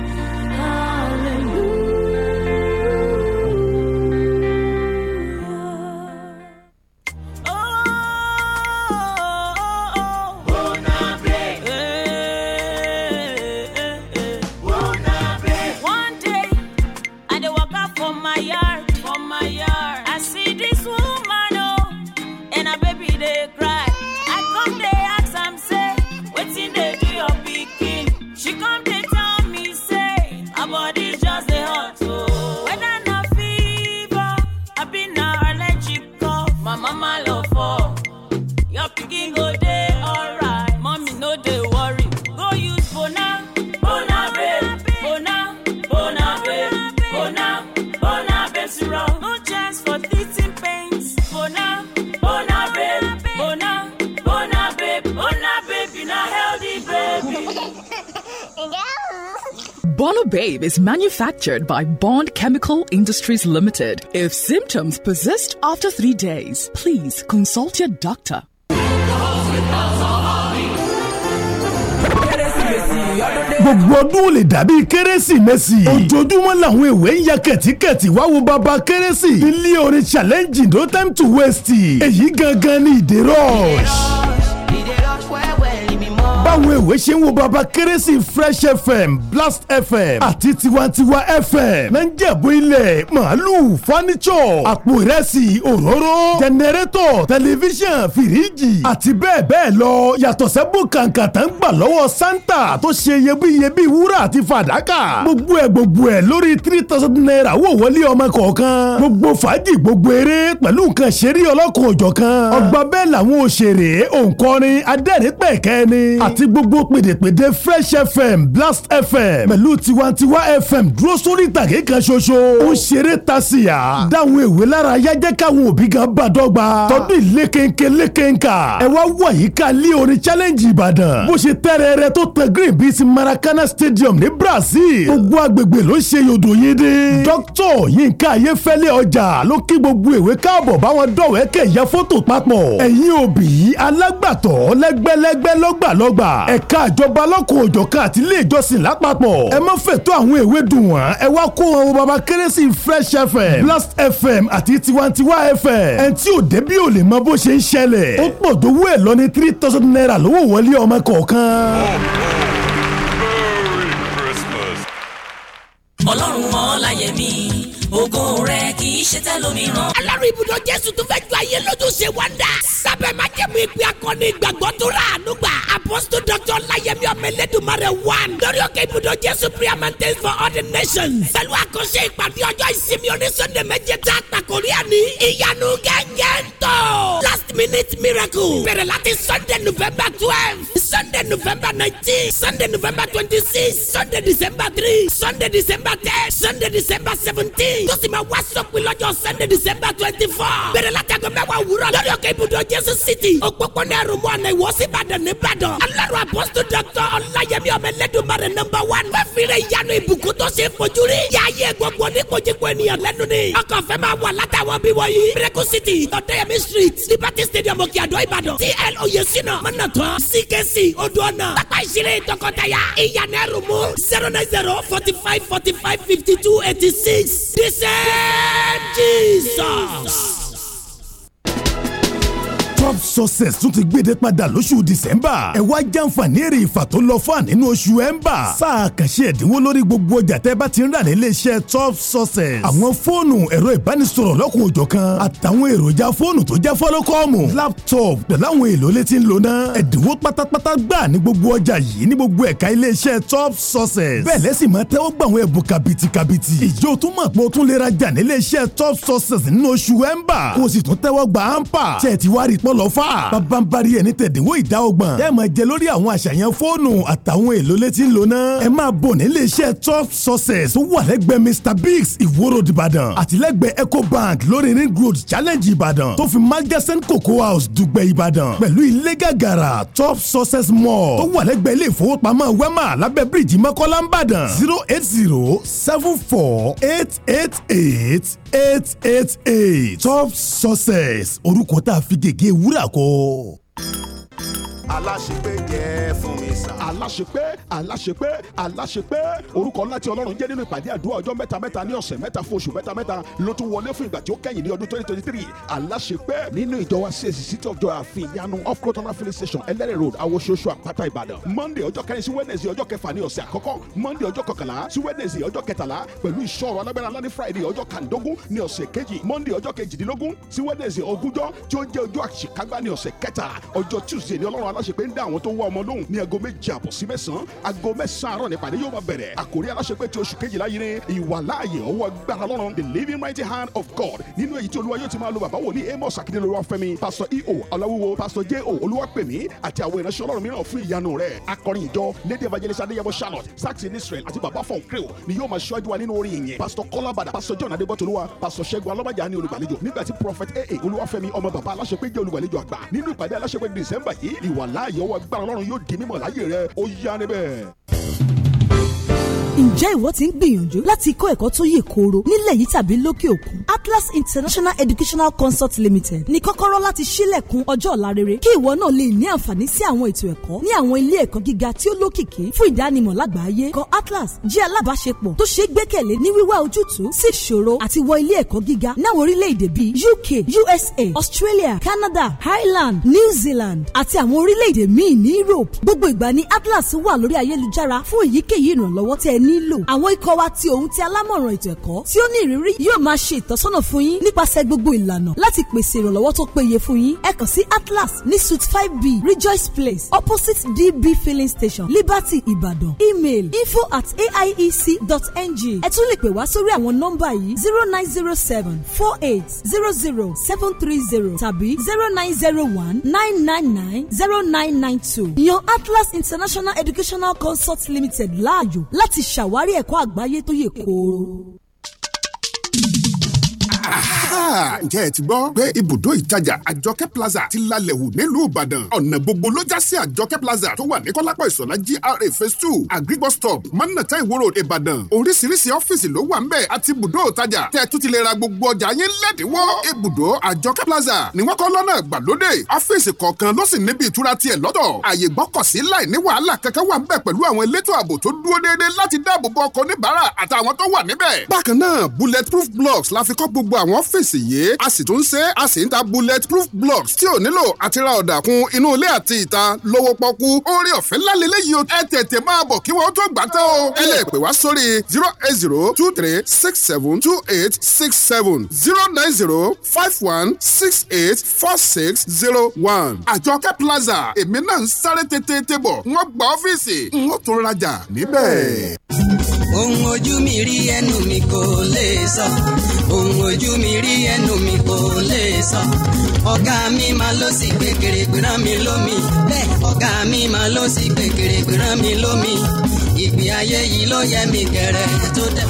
is manufactured by Bond Chemical Industries Limited. If symptoms persist after three days, please consult your doctor. gbogbo ọdún ò lè dàbí kérésìmesì. ojoojúmọ́ làwọn ń ya kẹ̀tíkẹ̀tì wá wo bàbá kérésì. ilé orin challenge no time to waste. èyí gangan ni ìdè báwọn èwe ṣe ń wo baba kérésì fresh fm blast fm àti tiwantiwa fm náà ń jẹ̀bú ilẹ̀ màálù fọ́nìṣọ̀ àpò ìrẹsì òróró jẹnẹrétọ̀ tẹlifíṣàn fìríjì àti bẹ́ẹ̀ bẹ́ẹ̀ lọ yàtọ̀ sẹ́bù kàǹkà ń gbà lọ́wọ́ santa tó ṣe iyebíye bíi wúrà àti fàdákà gbogbo ẹ̀ gbogbo ẹ̀ lórí three thousand naira wò wọlé ọmọ kọ̀ọ̀kan gbogbo fàájì gbogbo eré pẹ̀lú nǹkan ṣeré ọlọ́kùn òjọ̀kan ọgbà bẹ́ẹ̀ làwọn òṣèré òǹkọrin adẹ́rìn ni àti àti gbogbo pèdèpèdè fresh fm blast fm pẹ̀lú tiwantiwa fm dúró sórí ìtàgé kan ṣoṣo ó ń ṣeré tasiya dáhùn èwe lára yájẹ́ káwọn òbí gan bá dọ́gba tọdún ìlékeńké lékeńká ẹ wá wọ̀nyí ká lé orin challenge ìbàdàn bó ṣe tẹ́rẹ̀ rẹ tó tẹ green bíi maracana stadium ní brazil gbogbo agbègbè ló ń ṣe yòdò yín dé dókítọ̀ yínká ayéfẹ́lẹ́ ọjà ló kí gbogbo èwe káàbọ̀ báwọn dọ̀wẹ́kẹ̀ ya fótò papọ̀ ẹ̀yin òbí alágbàtọ́ lẹ́gbẹ́lẹ́gbẹ́ lọ́gbàlọ́gbà wà. ẹ̀ka ìjọba alákòó òjọ̀ká àti ilé ìjọsìn lápapọ̀. ẹ má fẹ̀tọ́ àwọn èwe dùn wọ́n. ẹ wá kó wọn wo baba kérésì fresh fm blast fm àti tiwantiwa fm. ẹn tí ò débí ò lè mọ bó ṣe ń ṣẹlẹ̀. ó pọ̀ tó wú ẹ̀ lọ ní three thousand naira lówó wọlé ọmọ kọ̀ọ̀kan. ọlọ́run mọ́ láyé mi ògo rẹ̀ kì í ṣe tẹ́lómìíràn ibùdó jésù tó fẹ́ ju ayé lójú ṣe wọ́ndà. sábẹ́ máa jẹ́ mi ìpè akọni ìgbàgbọ́ tó rà àánú gbà. apostol doctor layemi ọmẹlẹ́dùnmarẹ̀ one. lórí òkè ibùdó jésù prayer mountain for all the nations. pẹ̀lú àkọsí ìpàdé ọjọ́ ìsinmi oníṣẹ́ndẹ̀ méje tá a pàkórí àní. ìyanu gẹ́gẹ́ ń tọ̀. last minute miracle. bẹ̀rẹ̀ láti sunday november twelve. sunday november nineteen. sunday november twenty six. sunday december three. sunday december ten. sunday december seventeen. tó sì máa wá sọ lọ́jọ́ sunday december twenty twenty four. bẹ̀rẹ̀ láti aago mẹ́wàá wúrọ̀ lórí òkè ibùdó jésù city òpópónà ẹ̀rùmọ̀ ọ̀nà ìwọ̀sí ìbàdàn nìbàdàn. alárò apọ́sítò dọ́kítọ̀ ọ̀làyẹmí ọmọ ẹlẹ́dùnmarè nọmba wán. wọ́n fi rẹ̀ yanu ìbùkún tó ṣe fojú rí. yáyé gbogbo ní kojíko ènìyàn lẹ́nu ni. ọkọ̀ fẹ́ máa wà látàwọn bí wọ́n yìí. miracle city ọ̀dẹ́yẹmí street liberty stadium òkè àdó ìbàdàn. tl oyesina mọ̀nàtọ́ ckc odò ọ̀nà. pápá ìṣeré tọkọtaya ìyànnẹ́rùmú zero nine zero forty five forty five fifty two eighty six. the same jesus. house. top success tún ti gbéde padà lóṣù december ẹ wá jàǹfààní èrè ìfà tó lọ fún ànínú oṣù ẹ̀ńbà sáà kàṣe ẹ̀dínwó lórí gbogbo ọjà tẹ́ bá ti ń rà nílé iṣẹ́ top success àwọn fóònù ẹ̀rọ ìbánisọ̀rọ̀ lọ́kùn òjọ̀ kan àtàwọn èròjà fóònù tó jẹ́ fọ́lọ́kọ́ọ̀mù laptop pẹ̀lú àwọn èlò létí ń lò náà ẹ̀dínwó pátápátá gbà ní gbogbo ọjà yìí ní gbogbo ẹ̀ka ilé iṣẹ́ top success bẹ́ẹ̀ lẹ́sìn máa tẹ́wọ́ gbà àwọn ẹ̀bùn kàbìtìkàbìtì ìjọ tún mọ̀ pé o tún lè rajà nílé iṣẹ́ top success nínú oṣù ẹ̀ńbà kó o sì tún tẹ́wọ́ gbà ọpọlọ fà. babambari ẹni tẹ̀dínwó ìdá ọgbọ̀n. tẹ́ ẹ máa jẹ lórí àwọn àṣàyàn fóònù àtàwọn èlò létí ń lona. ẹ máa bọ̀ nílé iṣẹ́ top success tó wà lẹ́gbẹ̀ẹ́ mr biggs ìwòrò ìbàdàn àtìlẹ́gbẹ̀ẹ́ ecobank lórí ring road challenge ìbàdàn tó fi magasin cocoa house dùgbẹ̀ ìbàdàn pẹ̀lú ilé gàgàrà top success mall tó wà lẹ́gbẹ̀ẹ́ ilé ìfowópamọ́ wema lábẹ́ bíríìjì mọ́kọ́lá ń bàdàn zero eight zero seven four eight eight eight eight eight eight top success orúkọ tá a fi gègé wúrà kọ aláṣepé jẹ́ fún mi sà. aláṣepé aláṣepé aláṣepé orúkọ ńlá tí ọlọ́run jẹ́ nínú ìpàdé àdúrà ọjọ́ mẹ́ta mẹ́ta ní ọ̀sẹ̀ mẹ́ta fún oṣù mẹ́ta mẹ́ta ló tún wọlé fún ìgbà tí ó kẹ́yìn ní ọdún twenty twenty three aláṣepé nínú ìjọba csc city of joy àfin ìyanu off croton filling station ẹlẹ́rẹ̀ road awososo àpáta ìbàdàn monday ọjọ́ kẹrin sí wednesday ọjọ́ kẹfà ní ọ̀sẹ̀ àkọ́kọ́ monday ọjọ́ kọkànlá sí wednesday ọjọ́ kẹtàlá pẹ̀lú ìṣòro alágbára ńlá ní friday ọjọ́ kàndógún ní ọ̀sẹ̀ kejì monday ọjọ́ kejìdínlógún sí wednesday ogúnjọ́ tí ó jẹ́ ọjọ́ àṣekágbá ní ọ̀sẹ̀ kẹta ọjọ́ tuesday ní ọlọ́run aláṣepé ń dá àwọn tó wá ọmọ lóhùn ní aago méje àbọ̀ sí mẹ́sàn-án aago mẹ́sàn-án àárọ̀ nípàdé yóò máa bẹ̀rẹ̀ àkórí aláṣepé ti oṣù kejìlá yìí ni ìwàláàyè ọwọ́ agbára lọ́rùn the living mighty hand of God nínú èyí tí olúwa yóò ti máa lo bàbá wòlíì Amos akíndélórúwá fẹ́mi pásọ eo ọláwúwo Pastor JO e o olúwapẹ̀mí àti àwọn ìránṣẹ́ ọlọ́run mìíràn fún ìyanu rẹ̀ akọrin ìjọ lady evangelist adéyẹmọ charlotte sax in Israel àti bàbá fọn creo ni yóò máa ṣíwájú wa nínú orin ìyẹn pásọ kọ́lábàdà Pastor john adégbòtolúwa pásọ ṣẹ́gun alọ́bàjá ni olùgbàlejò nígbà tí prophet aa olúwafẹ́mi ọmọ bàbá aláṣepé jẹ́ olùgbàlejò àgbà nínú ìpàdé aláṣepé december yìí ìwà láàyè ọwọ́ agbára ọlọ́run yóò di mímọ̀ láyé rẹ ó yá níbẹ̀ ǹjẹ́ ìwọ ti ń gbìyànjú láti kọ́ ẹ̀kọ́ tó yè kooro nílẹ̀ yìí tàbí lókè òkun Atlas International Educational Consult Limited ní kọ́kọ́rọ́ láti ṣílẹ̀kùn ọjọ́ ọ̀la rere kí ìwọ náà lè ní àǹfààní sí àwọn ètò ẹ̀kọ́ ní àwọn ilé ẹ̀kọ́ gíga tí ó lókìkí fún ìdánimọ̀ lágbàáyé kan Atlas jẹ́ alábàáṣepọ̀ tó ṣe é gbẹ́kẹ̀lé ní wíwá ojútùú sí ìṣòro àti wọ ilé ẹ̀kọ́ gíga náwọn orílẹ̀-èdè bíi UK USA Australia Canada Ireland New Zealand àti àwọn orílẹ̀-èdè míì ní Europe gbogbo ìgbà ni Atlas wà lórí ayélujára fún èyíkéyìí ìrànlọ́wọ́ tẹ́ ẹ nílò. àwọn ikọ̀ wa ti òun ti alámọ̀ràn ètò ẹ̀kọ́ tí ó ní ìrírí yóò máa ṣe ìtọ́sọ́nà fún yín nípasẹ̀ gbogbo ìlànà láti pèsè ìrànlọ́wọ́ tó péye fún yín. ẹ kàn sí Atlas ní suite five b Rejoice Place opposite DB filling station Liberty Ibadan. email info at aiec.ng ẹ tún lè pè wá sórí àwọn nọ́mbà yìí zero nine zero seven four eight zero zero seven three zero tàbí zero nine zero one nine nine nine zero nine nine two yan Atlas International Educational Consult Limited láàyò láti ṣe ṣàwárí ẹ̀kọ́ àgbáyé tó yè kooro ǹjẹ́ ẹ ti gbọ́ pé ibùdó ìtajà àjọkẹ́ plaza ti lálẹ́ wù nílùú ìbàdàn ọ̀nà gbogbo ló já sí àjọkẹ́ plaza tó wà ní kọ́lápọ̀ ìsọ̀lá GRA phase two agribus stop mọ́nàtà ìwòrò ìbàdàn oríṣiríṣi ọ́fíìsì ló wà ń bẹ̀ àti ibùdó ìtajà tẹ́ tún ti lè ra gbogbo ọjà yín lẹ́dínwó ibùdó àjọkẹ́ plaza ni wọ́n kọ́ lọ́nà ìgbàlódé ọ́fíìsì kọ̀ọ̀kan ló sì níbi ìtura tiẹ̀ lọ́dọ̀ àyè gbọ́kọ̀sí láì ní wàhálà kankan wà ń bẹ̀ pẹ̀lú àwọn elétò ààbò tó dúró déédéé láti dáàbò bo ọkọ̀ oníbàárà àtàwọn tó wà níbẹ̀. bákan náà bulletproof blocks la fi kọ́ gbogbo àwọn ọ́fíìsì ọ́fíìsì yìí a sì tún ṣe a sì ń ta bullet proof blocks tí ò nílò àti ra ọ̀dà kun inú ilé àti ìta lówó pọ́kú orí ọ̀fẹ́ lálẹ́lẹ́ yìí ẹ tètè máa bọ̀ kí wọ́n tó gbà tán o ẹ pè wá sórí zero eight zero two three six seven two eight six seven zero nine zero five one six eight four six zero one àjọkẹ́ plaza èmi náà ń sáré tètè tètè bọ̀ wọ́n gba ọ́fíìsì n tún rajà níbẹ̀ ohun ojú mi rí ẹnu mi kò lè sọ ohun ojú mi rí ẹnu mi kò lè sọ ọ̀gá mi máa lọ sí kékeré gbéra mi lómi bẹ́ẹ̀ ọ̀gá mi máa lọ sí kékeré gbéra mi lómi ìgbé ayé yìí ló yẹ mi kẹrẹ tó dẹ̀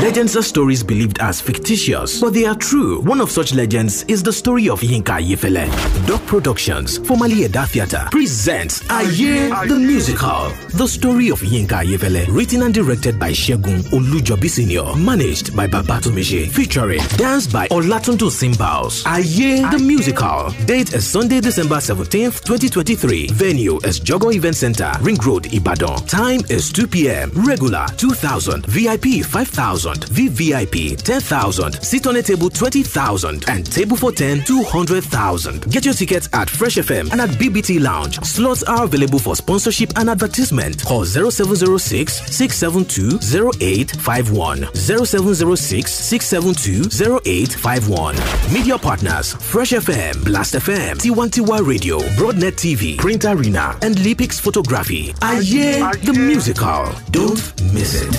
Legends are stories believed as fictitious, but they are true. One of such legends is the story of Yinka Yefele. Doc Productions, formerly Eda Theatre, presents Aye the Musical. The story of Yinka Yefele, written and directed by Shegun Olujobi Sr., managed by Babatomishi, featuring dance by Olatunto Simbaos. Aye the Musical. Date is Sunday, December 17th, 2023. Venue is Jogo Event Center, Ring Road, Ibadan. Time is 2 p.m. Regular 2000, VIP 5000. 10,000. VVIP 10,000. Sit on a table 20,000. And table for 10, 200,000. Get your tickets at Fresh FM and at BBT Lounge. Slots are available for sponsorship and advertisement. Call 0706 672 0706 672 0851. Media partners Fresh FM, Blast FM, Tiwantiwa Radio, Broadnet TV, Print Arena, and Lipix Photography. Aye, the musical. Don't miss it.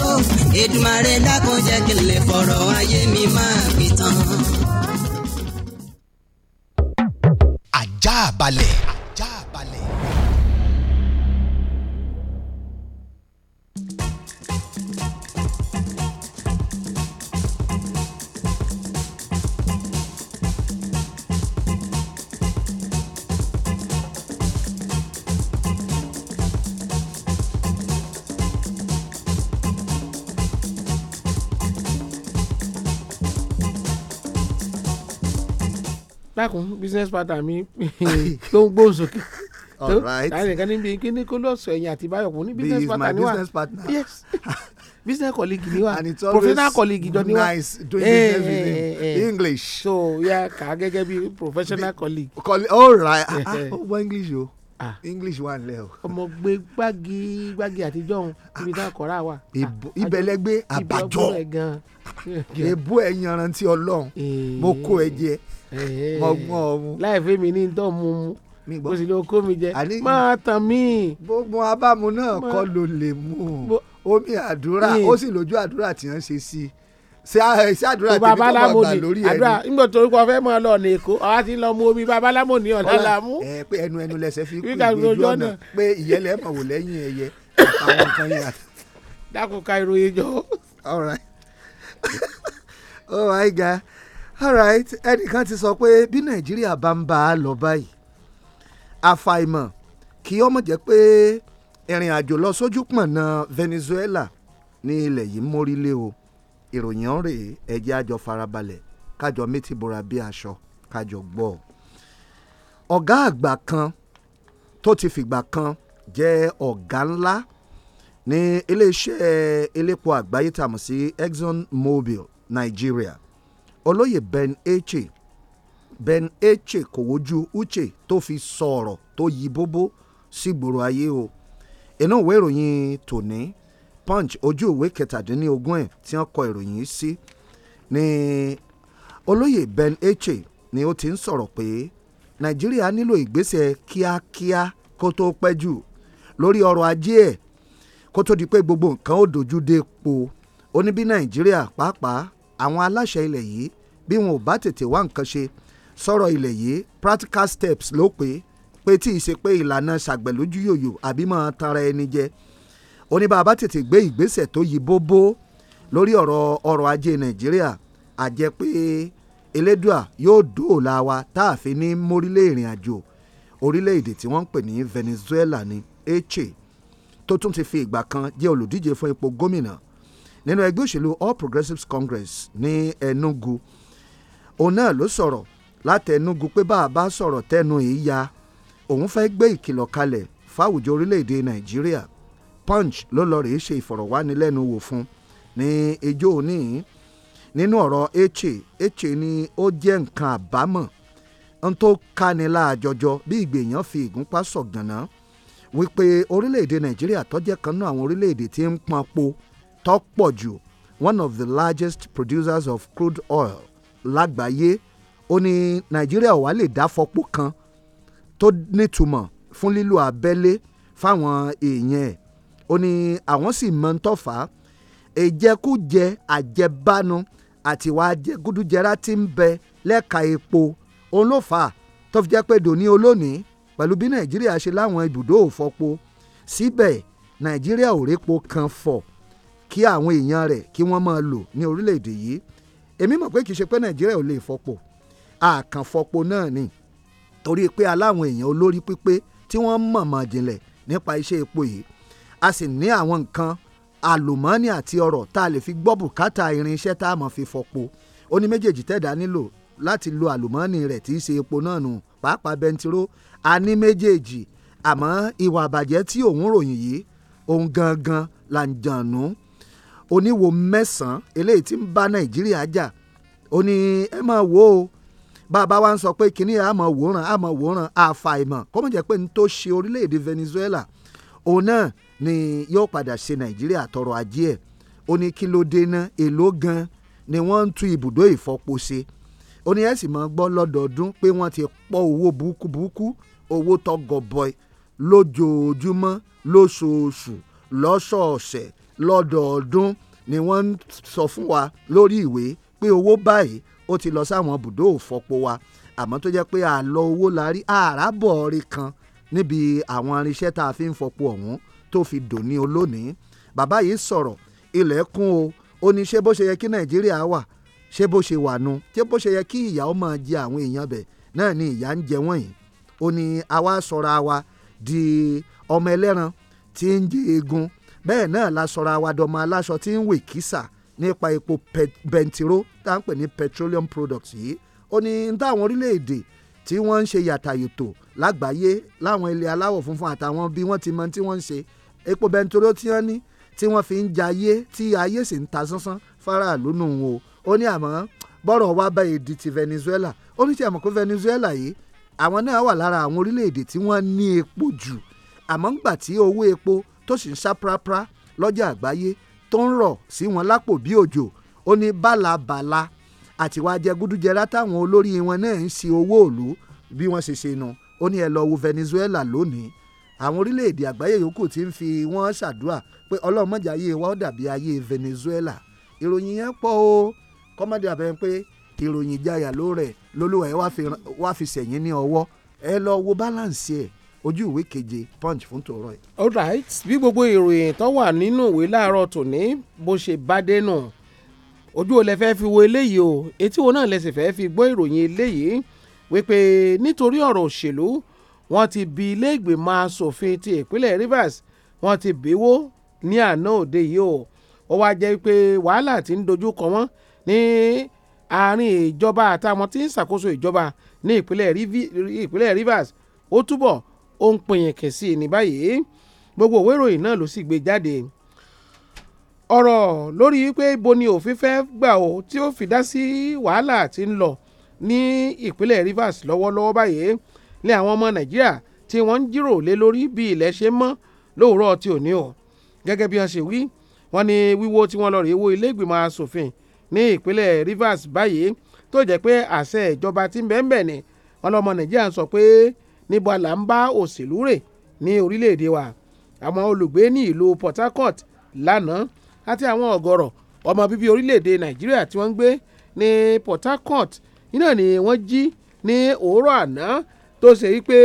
jẹ́ kí n lè fọ̀rọ̀ ayé mi máa fi tán. ajá balẹ̀. dákun business partner mi tó ń gbóhùn sókè láti nìkan níbi kíní kó lọ́sọ̀ ẹ̀yìn àti báyọ̀ kún ní business partner ni wa yes business colleague ni wa professional colleague jọ ni wa nice doing hey, business hey, with him hey, eh, eh, eh. english. so ya kà á gẹ́gẹ́ professional colleague. colleague all right ah, ó english o ah. english wà nílẹ̀ o. ọmọ gbé gbági gbági àtijọ́ òun ibi tá a wa. ìbẹ̀lẹ́gbẹ́ àbájọ èbú ẹ̀ yanrantí ọlọ́run mo kó ẹ jẹ mọ gbọ́n ọmú. láì fẹ́ mi ní tọ́ mu mu mo sì lọ kó mi jẹ máa tàn mí. gbogbo abámu náà kọ́ ló lè mú omi àdúrà ó sì lójú àdúrà tí wọ́n ṣe sí i ṣe ṣe àdúrà tèmi kọ́ máa gbà lórí ẹni. àdúrà nígbà tó kọ fẹ́ máa lọ ní èkó àwa ti lọ mu omi babaláwo ní ọ̀la la mú. ẹ pé ẹnu ẹnu lẹsẹ fi kú ìgbèjú ọ̀nà pé ìyẹlẹ mọ̀ wò lẹ́yìn ẹyẹ àwọn kan yà. dákun ka ìròyìn jọ. all right oh my God alright ẹnìkan ti sọ pé bí nàìjíríà bá ń bá a lọ báyìí àfàìmọ̀ kí ọmọ jẹ́ pé ìrìn àjò lọ sójú pọ̀nà Venezuela ní ilẹ̀ yìí mórí lé o ìròyìn ọ̀rẹ́ ẹ̀jẹ̀ àjọ farabalẹ̀ kájọ méjì bora bí aṣọ kájọ gbọ́ ọ̀gá àgbà kan tó ti fìgbà kan jẹ́ ọ̀gá ńlá ní iléeṣẹ́ elépo àgbáyé tàmù sí Exxon Mobil Nigeria olóyè Ben Eche Ben Eche Kòwójú Uche tó fi sọ̀rọ̀ tó yí bóbó sígboro si ayé o inú ìwé ìròyìn tòní Punch ojú ìwé kẹtàdínlógún ẹ̀ tí wọ́n kọ ìròyìn yìí sí ni olóyè Ben Eche ni ó ti ń sọ̀rọ̀ pé Nàìjíríà nílò ìgbésẹ̀ kíákíá kó tó pẹ́ jù lórí ọrọ̀ ajé ẹ̀ kó tó di pé gbogbo nǹkan ó dojú dé po ó ní bí Nàìjíríà pàápàá àwọn aláṣẹ ilẹ̀ yìí bí wọn ò bá tètè wá nǹkan ṣe sọ̀rọ̀ ilẹ̀ yìí practical steps ló pé pé tí ì ṣe pé ìlànà ṣàgbẹ̀lójú yòyò àbí máa tara ẹni jẹ ó ní bá a bá tètè gbé ìgbésẹ̀ tó yí bóbó lórí ọ̀rọ̀ ọrọ̀ ajé nàìjíríà àjẹ́ pé elédùà yóò dóòlà wa tá a fi ní mórílẹ̀ ìrìn àjò orílẹ̀-èdè tí wọ́n ń pè ní Venezuela ní Eche tó tún ti fi ìgbà kan jẹ́ olùdíje fún ipò gómìnà nínú ẹgbẹ́ òṣèlú All Progressives Congress ní Enugu òun náà ló sọ̀rọ̀ láti Enugu pé bá a bá sọ̀rọ̀ tẹ́nu yìí ya òun fẹ́ gbé ìkìlọ̀ kalẹ̀ fáwùjọ orílẹ̀-èdè Nàìjíríà Punch ló lọ rèé ṣe ìfọ̀rọ̀wánilẹ́nuwò fún ní ijó òní nínú ọ̀rọ̀ Eche Eche ni ó jẹ́ nǹkan àbámọ̀ n tó kani láàjọjọ bí ìgbèyàn fi ìgúnpá sọ̀gànná wípé orílẹ̀-èdè Nàìjíríà tó jẹ́ kan náà àwọn orílẹ̀-èdè tí ń pọn po tó pọ̀ jù one of the largest producers of crude oil lágbàáyé ó ní nàìjíríà wà lè dá fọpo kan tó nítumọ̀ fún lílo abẹ́lé fáwọn èèyàn ẹ̀ ó ní àwọn sì mọ̀ ń tọ́fà ìjẹkújẹ àjẹbánu àti ìwà àjẹgúdújẹrá ti ń bẹ lẹ́ka epo òun ló fà á tó fi jẹ́ pé dòní olónìí pẹ̀lú bí nàìjíríà ṣe láwọn ibùdó òfọpo síbẹ̀ nàìjíríà ò répo kan fọ̀ kí àwọn èèyàn rẹ̀ kí wọ́n máa lò ní orílẹ̀-èdè yìí èmi mọ̀ pé kì í ṣe pé nàìjíríà ò lè fọpo àkànfọpo náà ni torí pé aláwọn èèyàn olórí pípé tí wọ́n mọ̀mọ̀ jinlẹ̀ nípa iṣẹ́ epo yìí a sì ní àwọn nǹkan àlùmọ́ọ́nì àti ọrọ̀ tá a lè fi gbọ́ bùkátà irinṣẹ́ tá a mọ̀ fi fọpo ó ní méjèèjì tẹ̀dá nílò láti lo àlùmọ́ọ́nì rẹ̀ tí í ṣe epo náà nù pàápàá bẹntiró a ní méjèèjì àmọ́ ìwà àbàjẹ́ tí òun ròyìn yìí òun gangan là ń jànú oníwo mẹ́sàn-án eléyìí tí ń bá nàìjíríà jà ó ní ẹ máa wò ó bàbá wa ń sọ pé kínní àmọ̀ wòran àmọ̀ wòran àfàìmọ̀ kó má jẹ́ pé ní tó ṣe orílẹ̀-èdè Venezuela òun náà ni yóò padà ṣe nàìjíríà tọrọ ajé ẹ̀ ó ní kí ló dé ná èló gan ni wọ́n ń tú ibùdó ìfọpo ṣe ó ní ẹ sì máa gbọ́ lọ́dọọdún pé wọ́n ti pọ́ owó burúkú burúkú owó tọgọbọì lójoojúmọ́ lóṣooṣù lọ́dọọdún ni wọ́n ń sọ fún wa lórí ìwé pé owó báyìí ó ti lọ sáwọn bùdó òfọpo wa àmọ́ tó jẹ́ pé àlọ́ owó la rí àràbọ̀ọ́rì kan níbi àwọn irinṣẹ́ tá a fi ń fọpo ọ̀hún tó fi dòní olónìí bàbá yìí sọ̀rọ̀ ilẹ̀kùn o ó ní ṣé bó ṣe yẹ kí nàìjíríà wà ṣé bó ṣe wà nu ṣé bó ṣe yẹ kí ìyà ó máa jẹ àwọn èèyàn bẹ̀ náà ni ìyà ń jẹ wọ́n yìí ó ní àwa sọ̀rọ̀ àwa di ọmọ ẹlẹ́ran tí ń jẹ eegun bẹ́ẹ̀ náà la sọ̀rọ̀ àwàdọ̀mọ aláṣọ tí ń wè kísà nípa epo bẹntiró tá à pè ní petroleum products yìí ó ní táwọn orílẹ̀-èdè tí wọ́n ń ṣe yàtàyòtò lágbàáyé láwọn ilẹ̀ aláwọ̀ funfun àtàwọn bí wọ́n ti mọ tí wọ́n ń ṣe epo bẹntiró tí wọ́n ní tí wọ́n fi ń jayé tí ayé sì ń ta sánsán faraàlú nù o ó ní àmọ́ bọ́rọ̀ wá bá èdè ti Venezuela ó ní tí àmọ́ pé Venezuela yìí àwọn náà wà lára àwọn orílẹ̀-èdè tí wọ́n ní epo jù àmọ́ ńgbà tí owó epo tó sì ń sá prapra lọ́jà àgbáyé tó ń rọ̀ sí wọn lápò bí òjò ó ní bálabàla àtiwá jẹgúdújẹrá táwọn olórí wọn náà ń ṣe owó òlu bí wọ́n ṣe ṣe nu ó ní ẹ lọ wo Venezuela lónìí àwọn orílẹ̀-èdè àgbáyé yòókù ti ń fi wọ́n ṣàdúrà pé ọlọ́mọdé ayé wa ó dàbí ayé Venezuela ìròyìn yẹn pọ̀ o kọ́mọdé àbẹ̀ pé ìròyìn ìjayà ló rẹ̀ lólùwà ẹ̀ wá fi sẹ̀yìn ní ọwọ́ ẹ lọ wo balance ẹ̀ ojú ìwé keje punch fún tòórọ́ yìí. alright bí gbogbo ìròyìn tó wà nínú ìwé láàárọ̀ tòní bó ṣe bá dé nù ojú ò lè fẹ́ fi wo eléyìí o etí wo náà lè sì fẹ́ fi gbọ́ ìròyìn eléyìí wípé nítorí ọ̀rọ̀ òṣèlú wọ́n ti bi ilé asòfin ti ìpínlẹ̀ Rivers wọ́n ti bíwó ní àná òde yìí o ó wáá jẹ́ pé wàhálà ti ń dojú kọ wọ́n ní àárín ìjọba àtàwọn tí ń ṣàkóso ìjọba ní ìpínlẹ̀ Rivers ó túbọ̀ ó ń pinyìnkì sí ní báyìí gbogbo òwe ìròyìn náà ló sì gbé jáde ọ̀rọ̀ lórí pé bo ni òfin fẹ́ gbà ó tí ó fi dá sí wàhálà tí ń lọ ní ìpínlẹ̀ Rivers lọ́wọ́lọ́wọ́ báyìí ní àwọn ọmọ Nàìjíríà tí wọ́n ń jírò lé lórí bí ilẹ̀ ṣe mọ́ lóòrọ̀ tí ò ní o gẹ́gẹ́ bí wọ́n ṣe wí wọ́n ní wíwó tí wọ́n lọ rèé wo ilé ìgbìmọ̀ asòfin ní ìpínlẹ̀ Rivers báyìí tó jẹ́ pé àṣẹ ìjọba tí ń bẹ́ẹ̀ bẹ́ẹ̀ ni wọ́n lọ́mọ Nàìjíríà sọ pé níbo là ń bá òṣèlú rè ní orílẹ̀-èdè wa àwọn olùgbé ní ìlú Port Harcourt lánàá àti àwọn ọ̀gọ̀rọ̀ ọmọ bíbí orílẹ̀-èdè Nàìjíríà tí wọ́n ń gbé ní Port Harcourt iná ni wọ́n jí ní òwúrọ̀ àná tó ṣe wípé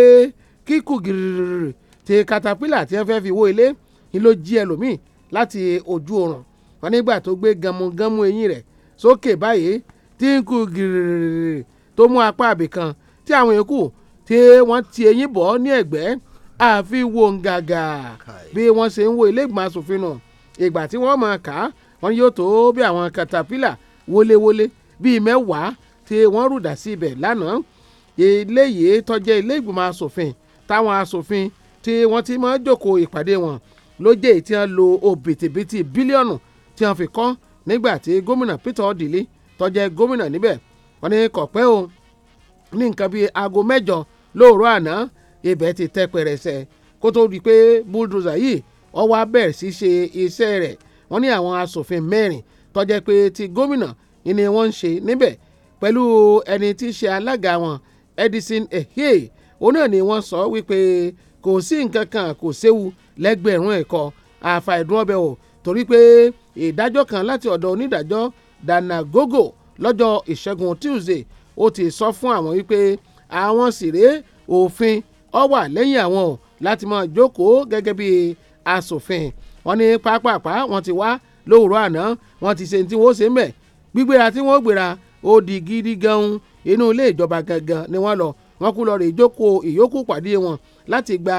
kíkù gìrìrì ti katapila tí wọ́n fẹ́ fi wó ilé ni ló jí ẹlòmíì láti ojú oorun wọn nígbà tó gbé gàmúgàmú eyín rẹ̀ sókè báyìí tí ń kú gìrìrì tó mú apá àbìkan tí àwọn yòókù tí wọ́n ti eyín bọ̀ ní ẹ̀gbẹ́ àfi wo ngàgà bí wọ́n ṣe ń wo ilé asòfin nù ìgbà tí wọ́n máa kà wọ́n yóò tó bí àwọn katapila wọléwọlé bíi mẹ́wàá tí wọ́n rùdà sí ibẹ̀ lánàá eléyìí tọ́jẹ́ ilé asòfin táwọn asòfin tí wọ́n ti máa jókòó ìpàdé wọn ló tí wọ́n lo òbítíbitì bílíọ̀nù tí wọ́n fi kọ́ nígbà tí gómìnà Peter Odili tọ́jẹ́ gómìnà níbẹ̀ wọ́n ní kọ̀pẹ́ o ní nǹkan bíi aago mẹ́jọ lóòrọ̀ àná ibẹ̀ ti tẹ́ pẹrẹsẹ kó tó di pé bulldozer yìí ó wá bẹ̀rẹ̀ sí ṣe iṣẹ́ rẹ̀ wọ́n ní àwọn asòfin mẹ́rin tó jẹ́ pé ti gómìnà ni wọ́n ń ṣe níbẹ̀ pẹ̀lú ẹni tí í ṣe alága wọn Edison Ehie òun náà ni wọ́n sọ wípé kò sí nǹkan kan kò séwu lẹ́gbẹ̀rún ẹ̀kọ́ àfàìdún ọbẹ̀ o torí pé ìdájọ́ kan láti ọ̀dọ̀ onídàájọ́ Danagogo lọ́jọ́ ìṣẹ́gun Tuesday ó ti sọ fún àwọn wípé àwọn sìré òfin ọ wà lẹ́yìn àwọn o láti máa jókòó gẹ́gẹ́ bí asòfin wọ́n ní pápápá wọ́n ti wá lówùrọ̀ àná wọ́n ti ṣe ní wọ́n ṣe ń gbígbéra tí wọ́n gbéra ó di gidi gan-an inú ilé ìjọba gangan ni wọ́n lọ wọ́n kú lọ rè jókòó ìyókù pàdé wọn láti gba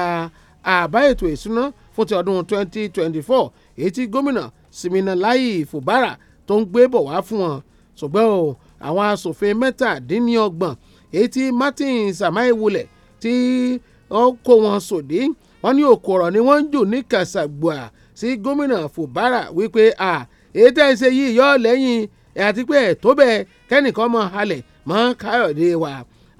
àbá ètò ìsúná fún ti ọdún 2024 èyí tí gómìnà Siminalayi Fubara tó ń gbé bọ̀ wá fún wọn ṣùgbọ́n o àwọn asòfin mẹ́tàdínníọgbọ̀n etí Martin Samaiwulẹ tí ó kó wọn sòdí wọ́n ní òkú ọ̀rọ̀ ni wọ́n ń jù ní kàṣàgbà sí gómìnà Fubara wípé à èyí tẹ́ ẹ ṣe yìí yọ lẹ́yìn àti pé ẹ̀ tó bẹ́ẹ̀ kẹ́nìkan mọ halẹ̀ mọ́ Káyọ̀dé wa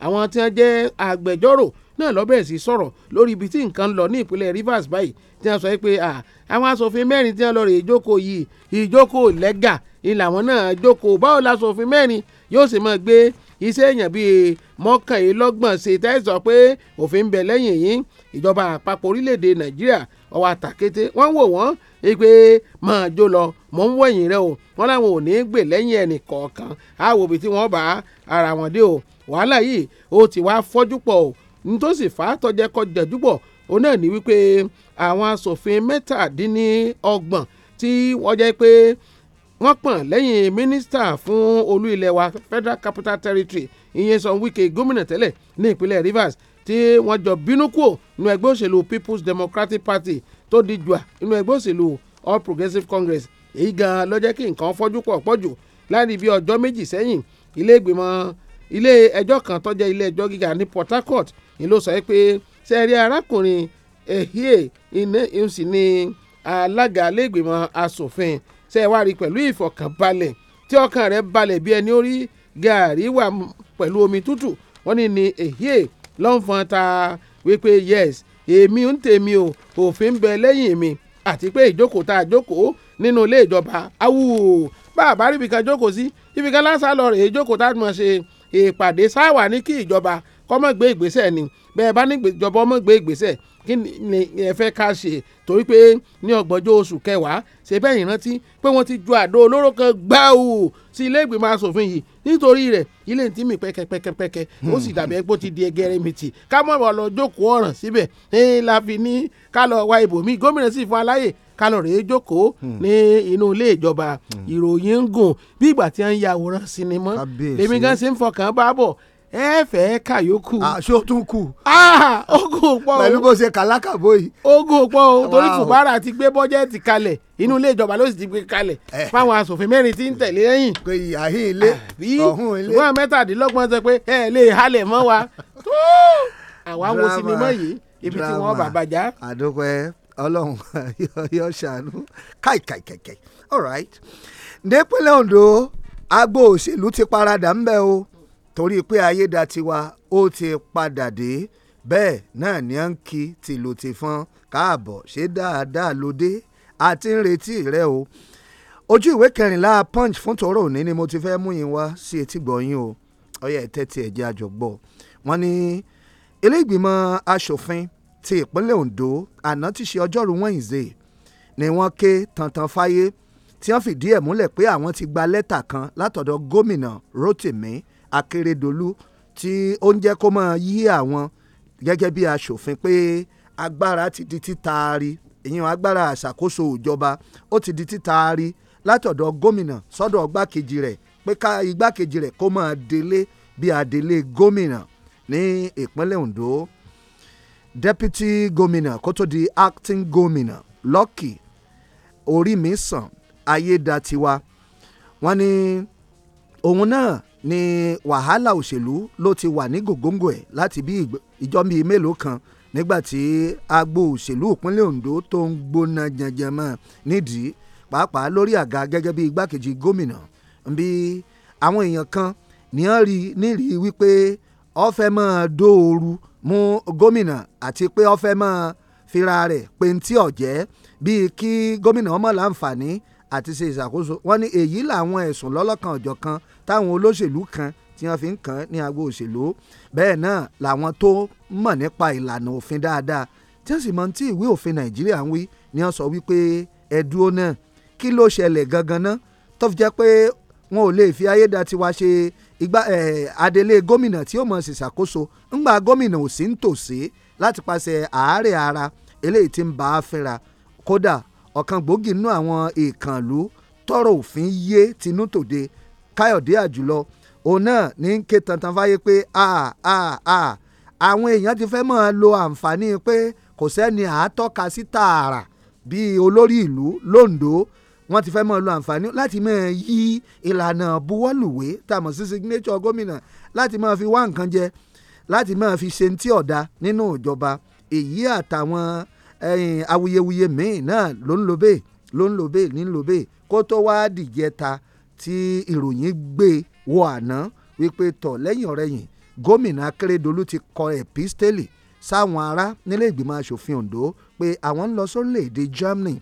àwọn tí wọ́n jẹ́ agbẹjọ́rò náà lọ bẹ̀rẹ̀ sí sọ̀rọ̀ lórí ibi tí nǹkan ń lọ ní ìpínlẹ̀ Rivers báyìí tí wọ́n sọ pé à àwọn asòfin mẹ́rin tí wọ́n lọ rè ìjókòó yìí ìjókòó lẹ́gà ni làwọn náà jókòó báwo la asòfin mẹ́rin yóò sì máa gbé iṣẹ́ èèyàn bíi mọ́kànlélọ́gbọ̀n ṣe tẹ́sọ̀ pé òfin bẹ̀ lẹ́yìn yìí ìjọba àpapọ̀ orílẹ̀-èdè nàìjíríà ọwọ́ àtàkété wọ́n wò wọ́n pé máa jó lọ mọ̀ ń wẹ̀yìn rẹ o wọ́n láwọn ò ní í gbè lẹ́yìn ẹnì kọ̀ọ̀kan àwò ibi tí wọ́n bá ara wọn dé o wàhálà yìí ó ti wá fọ́jú pọ̀ o nítòsí fàátọ́jẹ́ kọjá jùbọ̀ òun náà ní wípé àwọn asòfin mẹ́tàdínní ọgbọ̀n tí wọ́n jẹ́ pé wọ́n pọ̀n lẹ́yìn mínísítà fún olú ilẹ̀ wa Federal Capital Territory ìyẹn Ṣeun Wike gómìnà tẹ́lẹ̀ ní ìpínlẹ̀ Rivers tí wọ́n jọ bínú kúò nínú ẹgbẹ́ òṣèlú People's Democratic Party tó di jùà nínú ẹgbẹ́ òṣèlú All Progressives Congress èyí gan-an ló jẹ́ kí nǹkan fọ́jú pọ̀ pọ̀jù láàrin bí ọjọ́ méjì sẹ́yìn ilé ìgbìmọ̀ ilé ẹjọ́ kan tó jẹ́ ilé ẹjọ́ gíga ní Port Harcourt ni ló sọ pé sẹ́ẹ̀rí arákùnrin ehie ìsìn ní alága ilé ìgbìmọ̀ asòfin ṣe wá rí pẹ̀lú ìfọ̀kànbalẹ̀ tí ọkàn rẹ̀ balẹ̀ bí ẹni ó rí gàárì wà pẹ̀lú omi tútù wọ́n ní ni èyí lọ́nfọ̀n ta wípé yes èmi ń tèmi o òfin bẹ lẹ́yìn mi àti pé ìjókòó tá a jókòó nínú ilé ìjọba awù bá a bá rí ibìkan jókòó sí ibìkan lásán lọ rèé jókòó tá a mọ̀ ṣe ìpàdé sáwà ní kí ìjọba kọ́mọ̀ gbé ìgbésẹ̀ ni bẹ́ẹ̀ bá níjọba ọmọ gbé ìgbésẹ̀ kí ni ẹ fẹ́ ká ṣe torí pé ní ọgbọ̀njọ́ oṣù kẹwàá ṣe bẹ́ẹ̀ ìrántí pé wọ́n ti ju àdó olóró kan gbáù sí ilé ìgbìmọ̀ asòfin yìí nítorí rẹ̀ ilé ń tí mi pẹ́kẹ́pẹ́kẹ́pẹ́kẹ́ ó sì dàbí ẹgbó ti di ẹgẹrẹ mi tì ká mọ̀ ọ̀ lọ jókòó ọ̀ràn síbẹ̀ ní la fi ní ká lọ wá ibòmí gómìnà sì fún aláyè ká lọ rèé jókòó ní inú ilé ìjọba hmm. ìròyìn ń gùn bí ìgbà tí wọ́n ń ya àwòrán sinimá èmi gan ṣe ń fọkàn bá bọ̀ ẹ fẹ́ kà yókù. aṣọ ah, tún kù. Ah, ogun pọ̀ o pẹ̀lú bó ṣe kàlákàbó yìí. ogun pọ̀ o torí fùbárà ti gbé bọ́jẹ́ẹ̀tì kalẹ̀ inú ilé ìjọba ló sì ti gbé kalẹ̀ eh. fáwọn asòfin mẹ́rin tí ń tẹ̀lé lẹ́yìn. pé ìyàhín ilé ọ̀hún ilé. ṣùgbọ́n mẹ́tàdínlọ́gbọ̀n sọ pé ẹ lè halẹ̀ mọ́ wa tó àwa wo sinimá yìí ibi tí wọ́n bàbá já. àdókòẹ́ ọlọ́run yọ ṣàánú káìkàìkàì all right nípínlẹ̀ Ondo agbo òṣèlú ti paradà ńbẹ o torí pé ayédatiwa ó ti padà dé bẹ́ẹ̀ náà ni à ń kí tìlù tìfọn káàbọ̀ ṣe dáadáa lóde àti ń retí rẹ o ojú ìwé kẹrìnlá punch fún tòró òní ni mo ti fẹ́ mú yín wá sí etí gbọ̀nyìn o ọyẹ tẹ́tí ẹ̀jẹ̀ àjọgbọ́ wọn ni ilé asòfin ti ìpínlẹ̀ Ondo àná ti ṣe ọjọ́rú Wednesday ni wọ́n ké tantan fáyé tí wọ́n fìdí ẹ̀ múlẹ̀ pé àwọn ti gba lẹ́tà kan látọ̀dọ̀ gómìnà Rotimi Akérédolú tí ó ń jẹ́ kó máa yí àwọn gẹ́gẹ́ bí aṣòfin pé agbára ti di títaari ìyẹn agbára àṣàkóso ìjọba ó ti di títaari látọ̀dọ̀ gómìnà sọ́dọ̀ igbákejì rẹ̀ pé ká igbákejì rẹ̀ kó máa délé bí adelé gómìnà ní ìpínlẹ̀ Ondo deputy gómìnà kó tó di acting gómìnà Lucky Orímisàn Ayédatiwa wọ́n ní òun náà ni wàhálà òṣèlú ló ti wà ní gògóńgò ẹ̀ láti bí ìjọ́ bíi mélòó kan nígbà tí agbo òṣèlú ìpínlẹ̀ Ondo tó ń gbóná janjan mọ́ nídìí pàápàá lórí àga gẹ́gẹ́ bí igbákejì gómìnà bí àwọn èèyàn kan ní wọ́n rí nírí wípé ó fẹ́ máa dóoru mú gómìnà àti pé ó fẹ́ máa fira rẹ̀ pé ntí ọ̀jẹ́ bíi kí gómìnà ọmọ láǹfààní àti ṣe ìṣàkóso wọ́n ní èyí làwọn ẹ̀sùn lọ́lọ́kan ọ̀jọ̀kan táwọn olóṣèlú kan tí wọ́n fi ń kàn ní agbo òṣèlú bẹ́ẹ̀ náà làwọn tó mọ̀ nípa ìlànà òfin dáadáa tí wọ́n sì mọ̀ tí ìwé òfin Nàìjíríà ń wí ni wọ́n sọ wípé ẹ̀dúró náà kí ló ṣẹlẹ̀ gangan ná tó fi jẹ́ pé wọn ò lè fi ayédatiwa ṣe ìgbà adelé gómìnà tí ó mọ̀ sí ṣàkóso ńgbà gómìnà ò sí ń tòsí láti pàṣẹ àárẹ̀ ara eléyìí tí ń bá a fínra kódà ọ̀kan gbòógì nínú àwọn ìkànlú tọrọ òfin yé tinú tòde káyọ̀dé àjùlọ òun náà ní ké tantan fáyé pé a a a àwọn èèyàn ti fẹ́ máa lo àǹfààní pé kò sẹ́ni àátọ́ka sí tààrà bíi olórí ìlú londo wọ́n ti fẹ́ máa lo àǹfààní láti máa yí ìlànà buwọ́lùwé tàmọ̀ sí signature gómìnà láti máa fi wá nǹkan jẹ láti máa fi ṣe ní tí ọ̀dà nínú ìjọba èyí àtàwọn. No awuyewuye míì náà ló ń lo bẹ́ẹ̀ ló ń lo bẹ́ẹ̀ ní ń lo bẹ́ẹ̀ kó tó wá dìjẹta tí ìròyìn gbé wọ àná wípé tọ̀ lẹ́yìn ọ̀rẹ́yìn gómìnà akérèdọ́lù ti kọ ẹ̀písítélì sáwọn ará nílé ìgbìmọ̀ asòfin ondo pé àwọn ń lọ sórílẹ̀‐èdè germany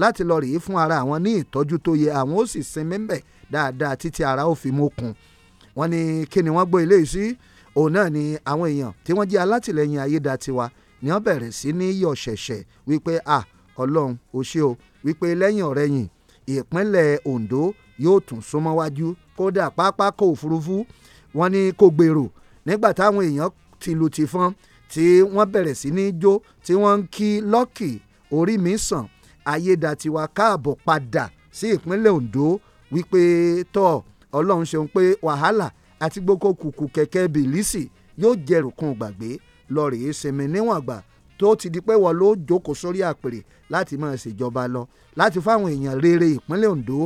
láti lọ rèé fún ara àwọn ní ìtọ́jú tó yẹ àwọn ó sì sinmi ń bẹ̀ dáadáa títí ara ó fi mókun wọ́n ní kí ni wọ́n gbọ́ ilé sí òun náà ni àwọn èèyàn tí wọ́n jẹ́ alátìlẹyìn ayédatiwa ni wọ́n bẹ̀rẹ̀ sí ní yọ̀ ṣẹ̀ṣẹ̀ wípé à ọlọ́run ó ṣe o wípé lẹ́yìn ọ̀rẹ́yìn ìpínlẹ̀ Ondo yóò tún súnmọ́ wájú kódà pápákọ̀ òfurufú wọn ni kò gbèrò nígbà táwọn èèyàn ti lu ti fọ́n tí wọ́n bẹ̀rẹ̀ sí ní jó tí wọ́n ń kí lọ́kì orí mi sàn ayédatiwa káàbọ̀ padà sí ìpínlẹ̀ Ondo wípé tọ́ ọlọ́run ṣeun pé wàhálà àti gbogbo kùkù kẹ̀kẹ́ bìlísì yóò jẹrù kún gbàgbé lọ rèé sinmi níwọ̀n àgbà tó ti di pé wọ́n ló jókòó sórí àpèrè láti máa ṣèjọba lọ láti fáwọn èèyàn rere ìpínlẹ̀ Ondo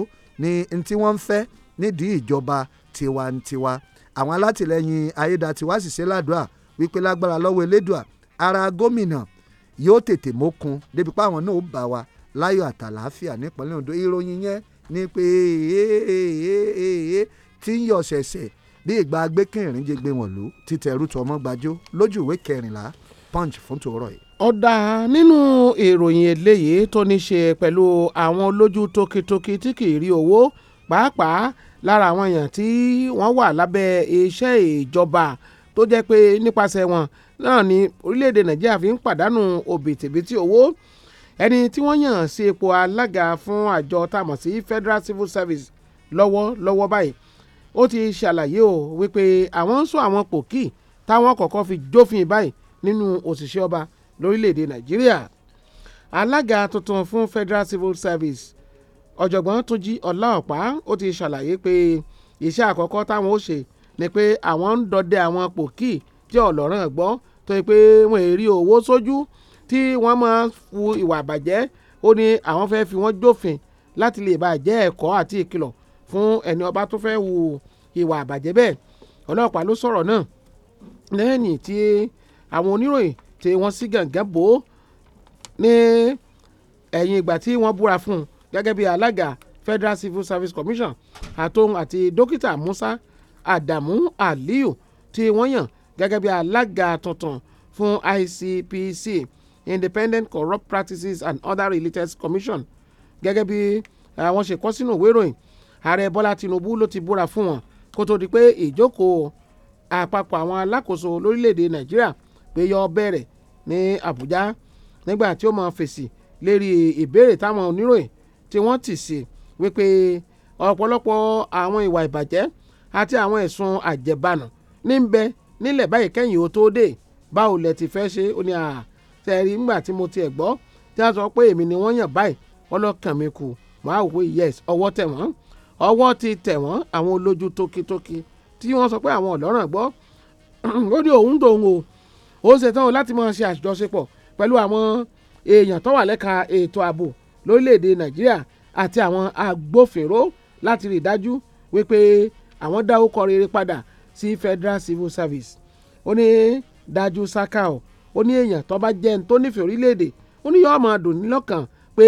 ní n tí wọ́n ń fẹ́ nídìí ìjọba tiwantiwa àwọn alátìlẹyìn Ayédatiwa sì ṣe ládùá wípé lágbára lọ́wọ́ elédùá ara gómìnà yóò tètè mókun débi pé àwọn náà ó bá wa láyọ̀ àtàlàáfíà nípínlẹ̀ Ondo ìròyìn yẹn ni pé tí ń yọ̀ ṣẹ̀ṣẹ̀ bí ìgbà agbẹ́kẹ̀rin jẹgbẹ́ wọn lù títẹ̀rù tó ọmọ gbàjọ lójú ìwé kẹrìnlá punch fún tòórọ̀ yìí. ọ̀dà nínú ìròyìn eléyìí tó ní ṣe pẹ̀lú àwọn olójú tókítókí tí kì í rí owó pàápàá lára àwọn èèyàn tí wọ́n wà lábẹ́ iṣẹ́ ìjọba tó jẹ́ pé nípasẹ̀ wọn náà ni orílẹ̀-èdè nàìjíríà fi ń pàdánù òbítíbitì owó ẹni tí wọ́n yàn sí ipò alága fún àjọ tá sí federal civil service lọ́wọ́lọ́wọ́ báyìí ó ti ṣàlàyé o wípé àwọn ń sọ àwọn pòkì táwọn kọ̀ọ̀kan fi jófin báyìí nínú òṣìṣẹ́ ọba lórílẹ̀‐èdè nàìjíríà alága tuntun fún federal civil service ọ̀jọ̀gbọ́n túnjí ọláọ̀pá ó ti ṣàlàyé pé iṣẹ́ àkọ́kọ́ táwọn ó ṣe ni pé àwọn ń dọdẹ àwọn pòkì tí ọ̀lọ́ràn gbọ́ tó yẹ pé wọ́n èrí owó sójú tí wọ́n máa fu ìwà àbàjẹ́ ó ní àwọn fẹ́ fi wọ́n jófin láti lè bá jẹ́ ẹ̀kọ́ àti ìkìlọ̀ fún ẹni ọba tó fẹ́ wo ìwà àbàjẹ́ bẹ́ẹ̀ ọlọ́pàá ló sọ̀rọ̀ náà lẹ́yìn tí àwọn oníròyìn tí wọ́n sí gàngán bò ó ní ẹ̀yìn ìgbà tí wọ́n búra fún un gẹ́gẹ́ bí alága Federal Civil Service Commission àtòun àti dókítà Musa Adamu Aliyu tí wọ́n yàn gẹ́gẹ́ bí alága tuntun fún ICPC Independent Corrupt Practices and Other Related Commission gẹ́gẹ́ bí àwọn ah, ṣe kọ sínú ìwé ìròyìn ààrẹ bọ́lá tinubu ló ti búra fún wọn kó tó di pé ìjókòó àpapọ̀ àwọn alákòóso lórílẹ̀‐èdè nàìjíríà pé yọ bẹ̀rẹ̀ ní àbújá nígbà tí ó mọ fèsì lérí ìbéèrè táwọn oníròyìn tí wọ́n ti ṣe wípé ọ̀pọ̀lọpọ̀ àwọn ìwà ìbàjẹ́ àti àwọn ẹ̀sùn àjẹbánu ní ń bẹ nílẹ̀ báyìí kẹ́yìn ó tó dé báwo lẹ ti fẹ́ ṣe ó ní àhà tẹ̀rí ńgbà tí mo tiẹ̀ gbọ́ tí a sọ pé èmi ni wọ́n yàn báyìí ọlọ́kàn mi kù máa wò yes ọwọ́ tẹ̀ wọ́n ọwọ́ ti tẹ̀ wọ́n àwọn olójú tókítókí tí wọ́n sọ pé àwọn ọ̀lọ́ràn gbọ́ ó ní òun tòun o ó ń ṣetán o láti máa ṣe àjọṣepọ̀ pẹ̀lú àwọn èèyàn tó wà lẹ́ka ètò ààbò lórílẹ̀‐èdè nàìjíríà àti àwọn agbófinró láti rí i dájú wípé àwọn dáwó kọ rere padà sí federal civil service ó ní dájú sáká o ó ní èèyàn tó bá jẹ́ tó nífẹ̀ẹ́ orílẹ̀‐èdè ó ní yóò máa dùn pé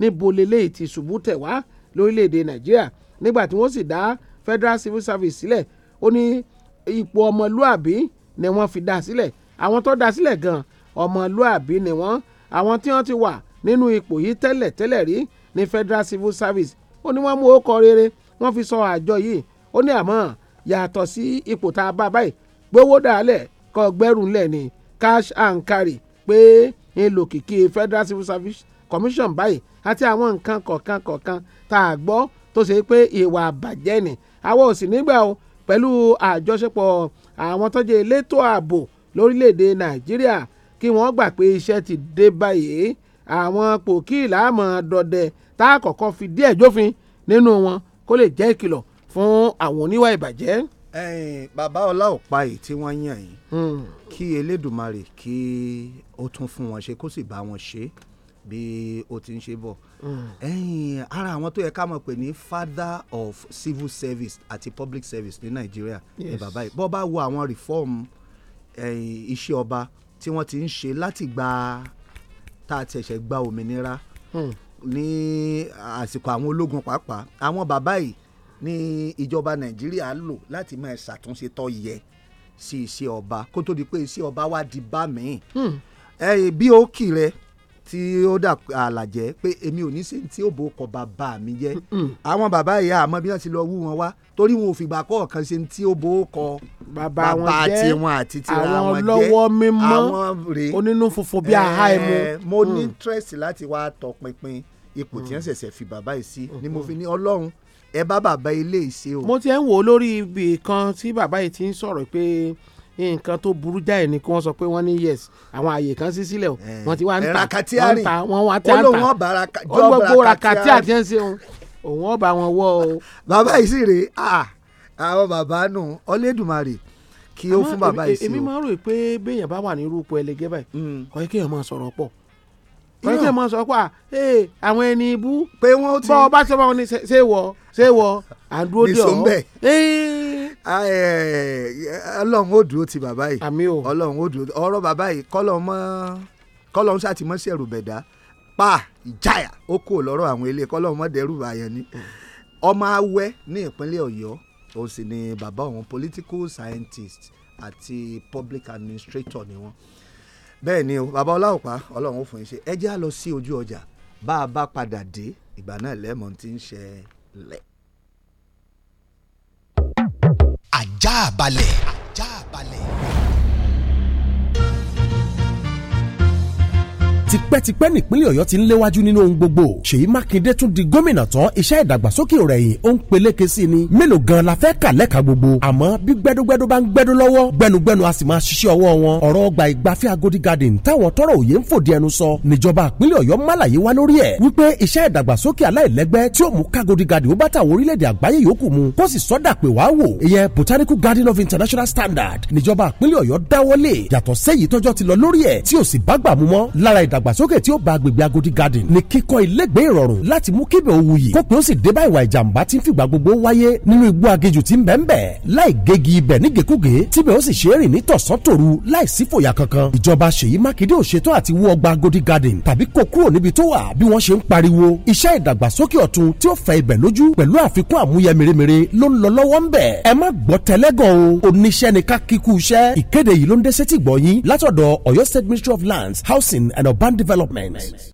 níbo leléyìí ti ṣubú tẹ̀ wá lórílẹ̀‐èdè nàìjíríà nígbà tí wọ́n sì dá federal civil service sílẹ̀ ó ní ipò ọmọlúàbí ni wọ́n fi dá sílẹ̀ àwọn tó dá sílẹ̀ gan ọmọlúàbí ni wọ́n àwọn tí wọ́n ti wà nínú ipò yìí tẹ́lẹ̀ tẹ́lẹ̀ rí ní federal civil service ó ní wọ́n mú ó kọ rere wọ́n fi sọ àjọ yìí ó ní àmọ́ yàtọ̀ sí ipò tá a bá báyìí gbówó dàálẹ̀ kọ gbẹ́rù ńlẹ̀ ni cash and carry pé ń lòkìkí federal civil service commission báyìí àti àwọn nǹkan kọ̀ọ̀kan kọ̀ọ̀kan tá a gbọ́ tó ṣe pé ìwà àbàjẹ́ ni àwọn ò sì nígbà o pẹ̀lú àjọṣepọ̀ àwọn tó jẹ́ elétò ààbò lórílẹ̀‐èdè nàìjíríà kí wọ́n gbà pé iṣẹ́ ti dé báyìí àwọn pòkí ìlàmọ̀ dọdẹ tá a kọ́kọ́ fi díẹ̀ jófin nínú wọn kó lè jẹ́ ìkìlọ̀ fún àwọn oníwà ìbàjẹ́ bàbá ọlá òpáì tí wọ́n yàn yìí hmm. kí elédùmarè kí ó tún fún wọn ṣe kó sì bá wọn ṣe bí o ti ń ṣe bọ̀ mm. ara àwọn tó yẹ ká mọ̀ pé ní father of civil service àti public service ní nàìjíríà ni bàbá yìí bọ́ bá wo àwọn reform iṣẹ́ ọba tí wọ́n ti ń ṣe láti gba tá a tẹ̀sẹ̀ gba òmìnira mm. ní àsìkò àwọn ológun pàápàá àwọn bàbá yìí ní ìjọba nàìjíríà lò láti máa ṣàtúnṣe tó yẹ sí iṣẹ́ ọba kó tó di pé iṣẹ́ ọba wá di bá mi mm. bí ó kì rẹ tí ó dà àlàjẹ́ pé èmi ò ní sí tí ó bo kọ bàbá mi jẹ́ àwọn bàbá ìyá àmọ́ bí wọ́n ti lọ wú wọn wá torí wọn ò fìgbà kọ̀ọ̀kan ṣe tí ó bo kọ bàbá tiwọn àti tira wọn jẹ́ àwọn lọ́wọ́ mímọ́ onínú funfun bí aha ẹ̀ mu. mo ní mm. interest láti wá tọpinpin ipò tí wọ́n mm. ṣẹ̀ṣẹ̀ fi bàbá yìí sí ni mo fi ní ọlọ́run ẹ bá bàbá ilé ìṣe o. mo ti ẹ̀ ń wò lórí ibì kan tí bàbá yìí ti ń sọ̀rọ̀ pé nǹkan tó burú jáì ni kí wọ́n sọ pé wọ́n ní yes àwọn àyè kan sí sílẹ̀ o eh, wọ́n ti wá ń ta wọ́n wá ti ń ta olóhùn rakati àti ẹ̀ ń ṣe òun ọba wọn wọ́ o. bàbá yìí sì rèé àwọn bàbá nù ọlẹ́dùnmarè kí ó fún bàbá yìí sí o. èmi máa ń rò pé béèyàn bá wà ní irú ipò ẹlẹgẹ́ báyìí hmm. kò yẹ kéèyàn máa sọ̀rọ̀ pọ̀ kò yẹ kéèyàn máa sọ̀rọ̀ pọ̀ eh, àwọn ẹni ibú bọ́ ọ bá sọ ṣé wọ àdúró dé ọ ọlọ́run ó dúró ti bàbá yìí ọlọ́run ó dúró ọ̀rọ̀ bàbá yìí kọ́lọ́run mọ́ kọ́lọ́run ṣàtìmọ́ sí ẹ̀rù bẹ̀dá pa ìjáyà ó kò lọ́rọ̀ àwọn ilé kọ́lọ́run mọ́ dẹ́rù bàyàn ni ọmọ awẹ́ ní ìpínlẹ̀ ọ̀yọ́ òun sì ni bàbá òun political scientist àti public administrator ni wọ́n bẹ́ẹ̀ ni o bàbá ọláòpá ọlọ́run ó fún yín ṣe ẹ jẹ́ á lọ sí ojú ọjà bá a bá padà dé ìgbà náà lẹ́mọ̀ọ́ ti ń ṣe lẹ̀. ajá balẹ̀. ajá balẹ̀. tipẹ́tipẹ́ nípínlẹ̀ ọ̀yọ́ ti ń léwájú nínú ohun gbogbo ṣèyí mákindé tún di gómìnà tán iṣẹ́ ìdàgbàsókè rẹ̀ yìí ó ń peléke sí ni mélòó gan la fẹ́ kà lẹ́ka gbogbo àmọ́ bí gbẹ́dúgbẹ́dú bá ń gbẹ́dú lọ́wọ́ gbẹnugbẹnu a sì máa ṣiṣẹ́ ọwọ́ wọn ọ̀rọ̀ ọgbà ìgbafẹ́ agodi garden táwọn tọrọ òye ń fòdì ẹnu sọ níjọba ìpínlẹ̀ ọ̀yọ́ málàyé ìdàgbàsókè tí ó bá agbègbè Agodi Garden ní kíkọ́ ilégbèé ìrọ̀rùn láti mú kíbẹ̀ owó yìí kópin ó sì dé bá ìwà ìjàmbá tí ń fìgbà gbogbo wáyé nínú igbó agejù tí ń bẹ ń bẹ láì gegi ibẹ̀ nígekúge tíbẹ̀ ó sì ṣe é rìn ní tọ̀sán tòru láì sí fòyà kankan ìjọba Ṣèyí Mákindé ò ṣetán àti wó ọgbà Agodi Garden tàbí kó kúrò níbi tó wà bí wọ́n ṣe ń pariwo iṣẹ́ ìdàgbàsókè ọ̀tun tí ó fẹ́ ibẹ̀ lójú pẹ̀lú àfikún àmúyẹ mèremère ló ń lọ lọ́wọ́ ń bẹ̀ ẹ má gbọ́ tẹ́lẹ́gàn o oníṣẹ́ ni ká kíkú iṣẹ́ ìkéde yìí ló ń dé sétí gbọ́ Ministry of Lands Housing and urban urban development.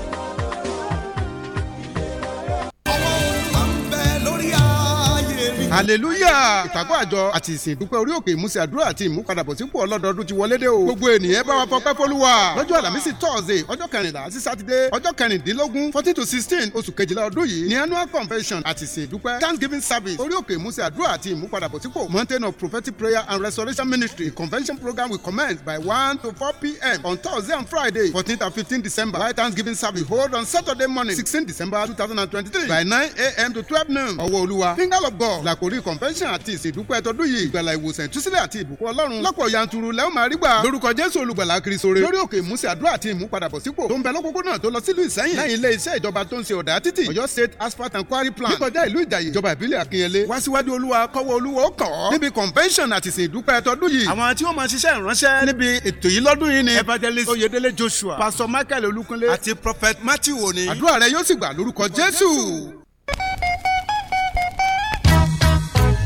in hallelujah ìtàkùn àjọ àti ìsìn ìdúpẹ́ orí òkè ìmúsí àdúrà àti ìmúpadàbọ̀sípò ọlọ́dọọdún ti wọlé dé o gbogbo ènìyàn bá wa fọpẹ́ fọlúwa lọ́jọ́ àlàmísì tọ́ọ̀sì ọjọ́ kẹrìnlá sí sátidé ọjọ́ kẹrìndínlógún fourteen to sixteen oṣù kejìlá ọdún yìí ni annual convention àti ìsìn ìdúpẹ́ thanksgiving service orí òkè ìmúsí àdúrà àti ìmúpadàbọ̀sípò mountain of prophetic prayer and restoration ministry convention program will commence by one to four p.m. on thursday and friday fourteenth and fifteenth december thanksgiving service hold on saturday morning sixteen december two by nine a.m. to twelve noon ọwọ́ olúwa finger of god àkórí convention àti ìsìndúpẹ́ tọdún yìí ìgbàlà ìwòsàn ìtúsílẹ̀ àti ìbùkún ọlọ́run lọ́pọ̀ yanturu lẹ́ ó máa rí gbà lórúkọ jésù olùgbàlà kìrìsóre lórí òkè ìmúsẹ̀ àdúrà àti ìmúpadàbọ̀sípò tó ń bẹ lọ́pọ̀pọ̀nà tó lọ sílùú ìsẹ́yìn lẹ́yìn ilé iṣẹ́ ìjọba tó ń ṣe ọ̀dà títì ọ̀yọ́ state asphalt and quarry plant níkọjá ìlú ìjàyè ìjọba ìbílẹ̀ akínyẹlé wá síwájú olúwa kọ́wọ́ olúwa ó kàn ọ́ níbi convention àti ìsìn ìdúpẹ́ tọdún yìí àwọn tí wọ́n máa ṣiṣẹ́ ìránṣẹ́ níbi ètò yìí lọ́dún yìí ni evangelist oyedele joshua pastor michael olúkunlé àti prophet matthew oni àdúrà rẹ yóò sì gbà lórúkọ jésù.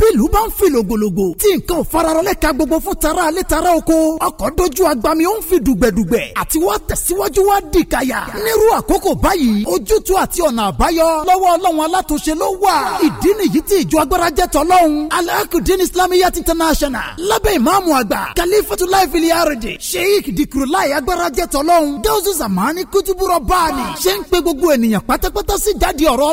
bílù bá ń fìlò gbòlògbò tí nǹkan fararọlẹ̀ ka gbogbo fún tara alẹ́ tara oko ọkọ̀ dojú agbami ó ń fi dùgbẹ̀dùgbẹ̀ àti wá tẹ̀síwájú wá di kàyà nírú àkókò báyìí ojútùú àti ọ̀nà àbáyọ lọ́wọ́ ọlọ́run alátúnṣe ló wà ìdí nìyí tí ìjọ agbára jẹ́ tọ́lọ́hún alakudin islamiyat international lábẹ́ ìmáàmù àgbà kalifatulayi filiaride sheik dikurulayi agbára jẹ́ tọ́lọ́hún gawusu zamani kutuburo baani ṣe ń pe gbogbo ènìyàn pátápátá sí jáde ọ̀rọ̀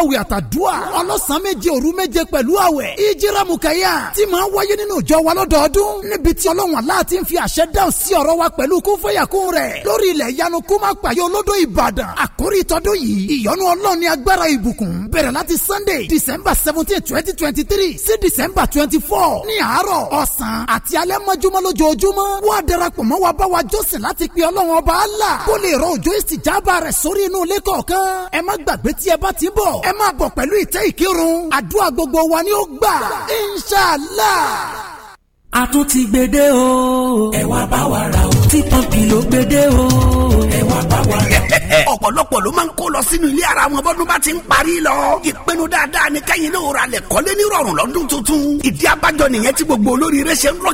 àwẹ̀ àtàdúà ọlọ́sàn méje òru méje pẹ̀lú àwẹ̀ ìjírà mùkẹ́yà tí máa ń wáyé nínú ìjọ wa lọ́dọọdún níbi tí ọlọ́run àlá ń fi àṣẹ dáhùn sí ọ̀rọ̀ wa pẹ̀lú kúfẹ́yàkún rẹ̀ lórí ilẹ̀ ìyanu kúmápàyọ́ olódò ìbàdàn àkórí ìtọ́dún yìí ìyọnu ọlọ́run ní agbára ìbùkún bẹ̀rẹ̀ láti sunday december seventeen twenty twenty three sí december twenty four ní àárọ̀ ọ̀sán àti alẹ́ mọ́júmọ́ lójoojúmọ́ wá darapọ̀ mọ́ wa bá wa jọ́sìn láti pe ọlọ́run ọba allah kó lè rọ òjò ìsìjábà rẹ̀ sórí inú ilé kọ̀ọ̀kan ẹ má gbàgbé tí ẹ bá ti bọ̀ ẹ máa bọ̀ pẹ̀lú ìtẹ́ ìkírun àdúrà gbogbo wa ni ó gbà inshallah. a tún ti gbede o ẹ wá bá wa ra o tí pọ́ǹpì ló gbede o wá bá wa. ọ̀pọ̀lọpọ̀ ló máa ń kó lọ sínú ilé ara wọn bọ́dún bá ti ń parí lọ. ìpinnu dáadáa ni kẹ́yìn náà ra lẹ̀ kọ́lé ní rọ̀rùn lọ́dún tuntun. ìdí abájọ nìyẹn tí gbogbo olóríire ṣe ń rọ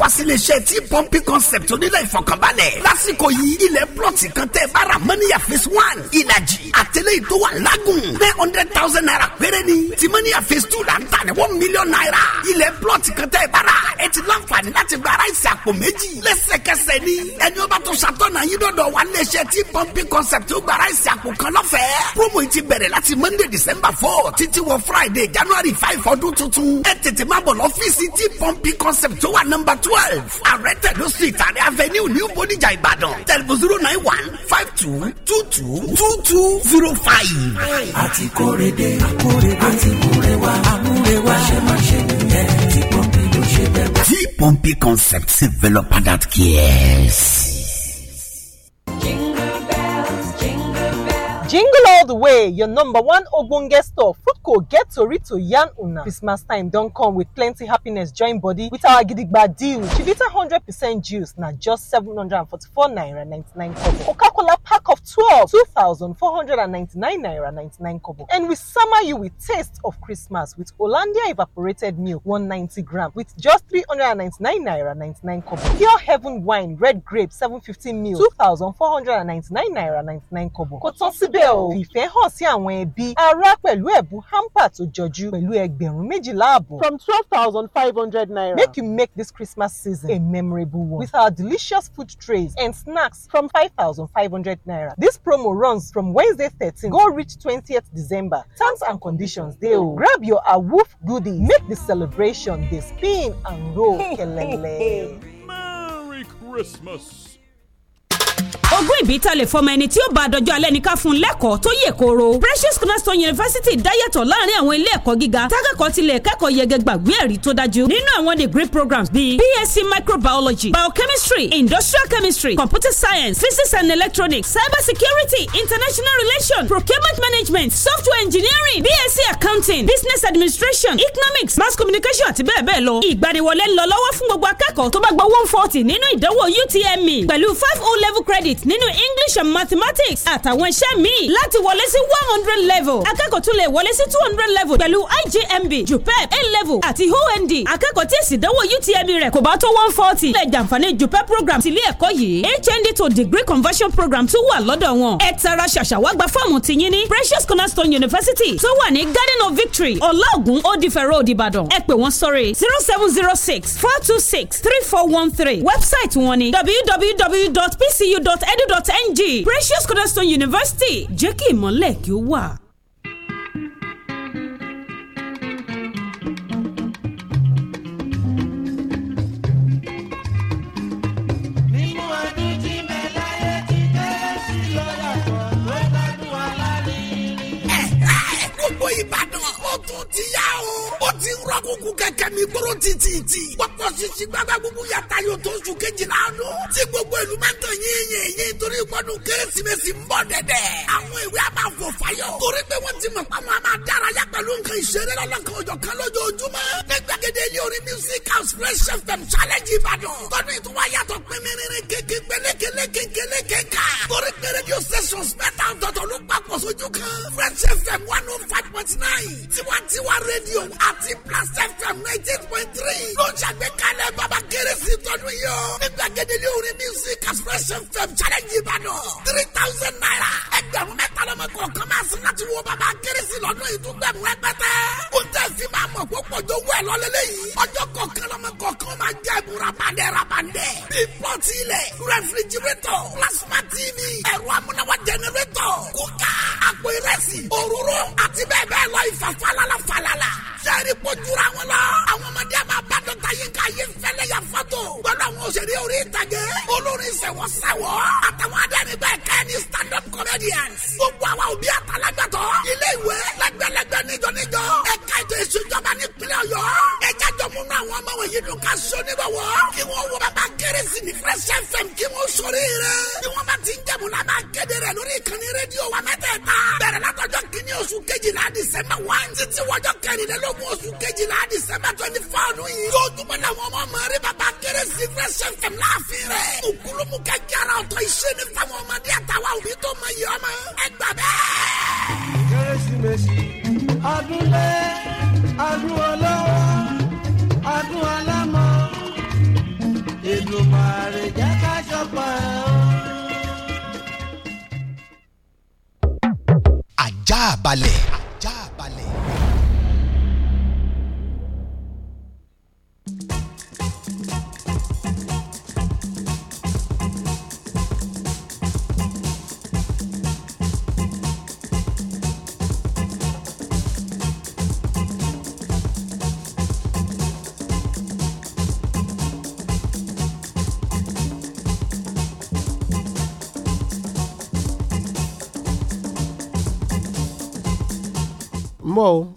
wá sílé iṣẹ́ tí pọ́ǹpì concept onílẹ̀ ìfọ̀kànbalẹ̀. lásìkò yìí ilẹ̀ plọ̀tì kan tẹ bára mọ́níyà phase one ìlàjì àtẹlẹ́ ìtò wà lágùn nine hundred thousand naira péré ni ti mọ́níyà phase two là ń one million naira. ilẹ̀ plọ̀tì kan tẹ bára ẹ ti láǹfààní láti gba aráàlú ni ẹni ó bá tó ṣàtọ̀nà yín dọ̀dọ̀ léṣe tí pọ́ńpì concept ó gbàrá ìsìn àpò kan lọ́fẹ̀ẹ́. promo yìí ti bẹ̀rẹ̀ láti monday december four títí wọ friday january five ọdún tuntun. ẹ tètè máa bọ̀ lọ́fíìsì tí pọ́ńpì concept tó wà nọ́mbà twelve àrẹ tẹ̀lé street àrẹ avenue new bonija ìbàdàn tẹlifu zero nine one five two two two two two zero five. àti kórede àkórede àti múrewa àmúrewa ṣe máa ṣe nìyẹn tí pọ́ńpì ló ṣe bẹ́ẹ̀. tí pọ́ńpì concept developer that cares. jingle all the way your number one ogbonge store foodco get tori to yarn una christmas time don come with plenty happiness join body with our gidigba deal chivita hundred percent juice na just seven hundred and forty-four naira ninety-nine kobo coca-cola pack of twelve two thousand four hundred and ninety-nine naira ninety-nine kobo and we summer you with taste of christmas with Olandia evaporated milk one ninety gram with just three hundred and ninety-nine naira ninety-nine kobo pure heaven wine red grape seven fifty mil two thousand four hundred and ninety-nine naira ninety-nine kobo kò tán síbẹ̀ síbẹ̀ ò hàn sí àwọn ẹbí ará pẹ̀lú ẹ̀bùn hamper tó jọjú pẹ̀lú ẹgbẹ̀rún méjìlá àbọ̀. from twelve thousand five hundred naira. make you make this Christmas season a memorable one with our delicious food trays and snacks from five thousand five hundred naira. this promo runs from Wednesday thirteen go reach twentieth December terms and conditions dey o. grab your awoof goodies make the celebration dey spin and roll kelele. Merry Christmas ogún ìbítalẹ̀ fọmọ ẹni tí ó bá dọjọ́ alẹ́ ní ká fún lẹ́kọ̀ọ́ tó yè koro Precious Cornerstone University dáyàtọ̀ láàrin àwọn ilé ẹ̀kọ́ gíga takẹ́kọ̀ọ́ tilẹ̀ kẹ́kọ̀ọ́ yege gbàgbé ẹ̀rí tó dájú nínú àwọn degree programs bíi BSc microbiology biochemistry industrial chemistry computer science physics and electronics cyber security international relations procurement management software engineering BSc accounting business administration economics mass communication àti bẹ́ẹ̀ bẹ́ẹ̀ lọ. ìgbaniwọlé ń lọ lọ́wọ́ fún gbogbo akẹ́kọ̀ọ́ tó bá gba one forty nínú ìdánwò UTME pẹ̀lú five o level credit nínú English and mathematics àtàwọn iṣẹ́ míì láti wọlé sí one hundred level akẹ́kọ̀ọ́ tún lè wọlé sí two hundred level pẹ̀lú IJMB JUPEB A level àti OND akẹ́kọ̀ọ́ tí èsì ìdánwò UTME rẹ̀ kò bá tó one forty lè jàǹfààní JUPEB program tìlé ẹ̀kọ́ yìí HND to degree conversion program tún wà lọ́dọ̀ wọn ẹ tara ṣàṣà fọ́ọ̀mù tìyín ní Precious Cornerstone University tó wà ní garden mọ́tò victory ọláògùn òdìfẹ̀rọ̀ òdìbàdàn ẹ pè wọ́n sórí zero seven zero six four two six three four one three website wọn ni www.pcu.edu.ng Precious Cornerstone University jẹ́ kí ìmọ̀lẹ̀ kí ó wà. Ìbàdàn ó tún ti yá o. ó ti ń rọ́kùnkùn kẹ̀kẹ́ mi gbóró títìtì. Pọ̀pọ̀ ṣíṣí gbàgbà gbogbo yàtá yóò tó oṣù kejìlá nù. Tí gbogbo ìlú máa ń tàn yín yín yín torí ìpọ́nù kérésìmesì ń bọ̀ dẹ̀dẹ̀. Àwọn ìwé a máa fò fayọ̀. Torí pé wọ́n ti mọ̀ pàmò a máa dárayá pẹ̀lú nǹkan ìṣeré lọ́lọ́kan ọjọ́ kan lójoojúmọ́. Ní gbàgede ilé orin music house fresh fm challenge Ìbàdàn. Tọ́nu ìtura yàtọ̀ pínpínrin kéke pélékele kékeré kéka. Torí pé radio stations mẹ́ta ọ̀tọ̀ọ̀tọ̀ ló papọ̀ sójú kan. fresh fm one oh five point nine tiwantiwa radio àti blast fm nineteen point three ló ń ṣàgbékalẹ̀ bàbá kérésì tọdún yìí o ní gbàgede ilé orin music expression fm challenge ìbàdàn three thousand naira ẹgbẹ̀rún mẹ́ta lọ́mọ kọ̀ọ̀kan máa sin láti wo bàbá kérésì lọ́dún yìí tó gbẹ̀mú rẹpẹtẹ ó tẹ̀ sí máa mọ̀ púpọ̀ tó wẹ̀ lọ́lẹ́lẹ́ yìí ọjọ́ kọ̀ọ̀kan lọ́mọ kọ̀ọ̀kan máa jẹ́ ẹ̀bùn rabandẹ̀ rabandẹ̀ bíi pọ́ọ̀tì ilẹ̀ plasma tv ẹ̀rọ amúnáwá jẹnẹrétọ̀ kúkà àpò ìrẹsì òróró àti bẹ́ẹ̀ bẹ́ẹ̀ lọ sẹ́ẹ̀rì pọ̀jùra wọn lọ. àwọn ọmọdé a máa bá dọ́ta yín ká yín fẹ́lẹ́ yà fọ́tò. gbọ́dọ̀ àwọn òṣèré orí ìtàgé olórin sẹ̀wọ̀sẹ̀wọ̀ àtàwọn adẹ́nibẹ́ kẹ́ni stand up comedians. gbogbo àwa òbí àtàlágbàtọ́ ilé ìwé lẹ́gbẹ̀lẹ́gbẹ̀ níjọ níjọ ẹ̀ka ètò ìṣèjọba nípínlẹ̀ ọ̀yọ́. ẹ jájọ múnú àwọn ọmọ wọ̀nyí dùn ká so níbọ̀wọ̀ wọ mọ́kàndínlógún oṣù kejìlá dísẹ́mbà twenty four nù yìí. yóò túbọ̀ làwọn ọmọ ọmọ rẹ bàbá kéré fẹsẹ̀ fẹm láàfin rẹ̀. mukulumu kẹ jara ọ̀tọ̀ iṣẹ́ ní fáwọn ọmọdé àtàwọn òbí tó mọ iye ọmọ. ẹ gbà kérésìmesì adúlé adún ọlọ́wọ́ adún alámọ̀ ìlú màrè ṣọpọ̀ ẹ̀ o. ajá balẹ̀.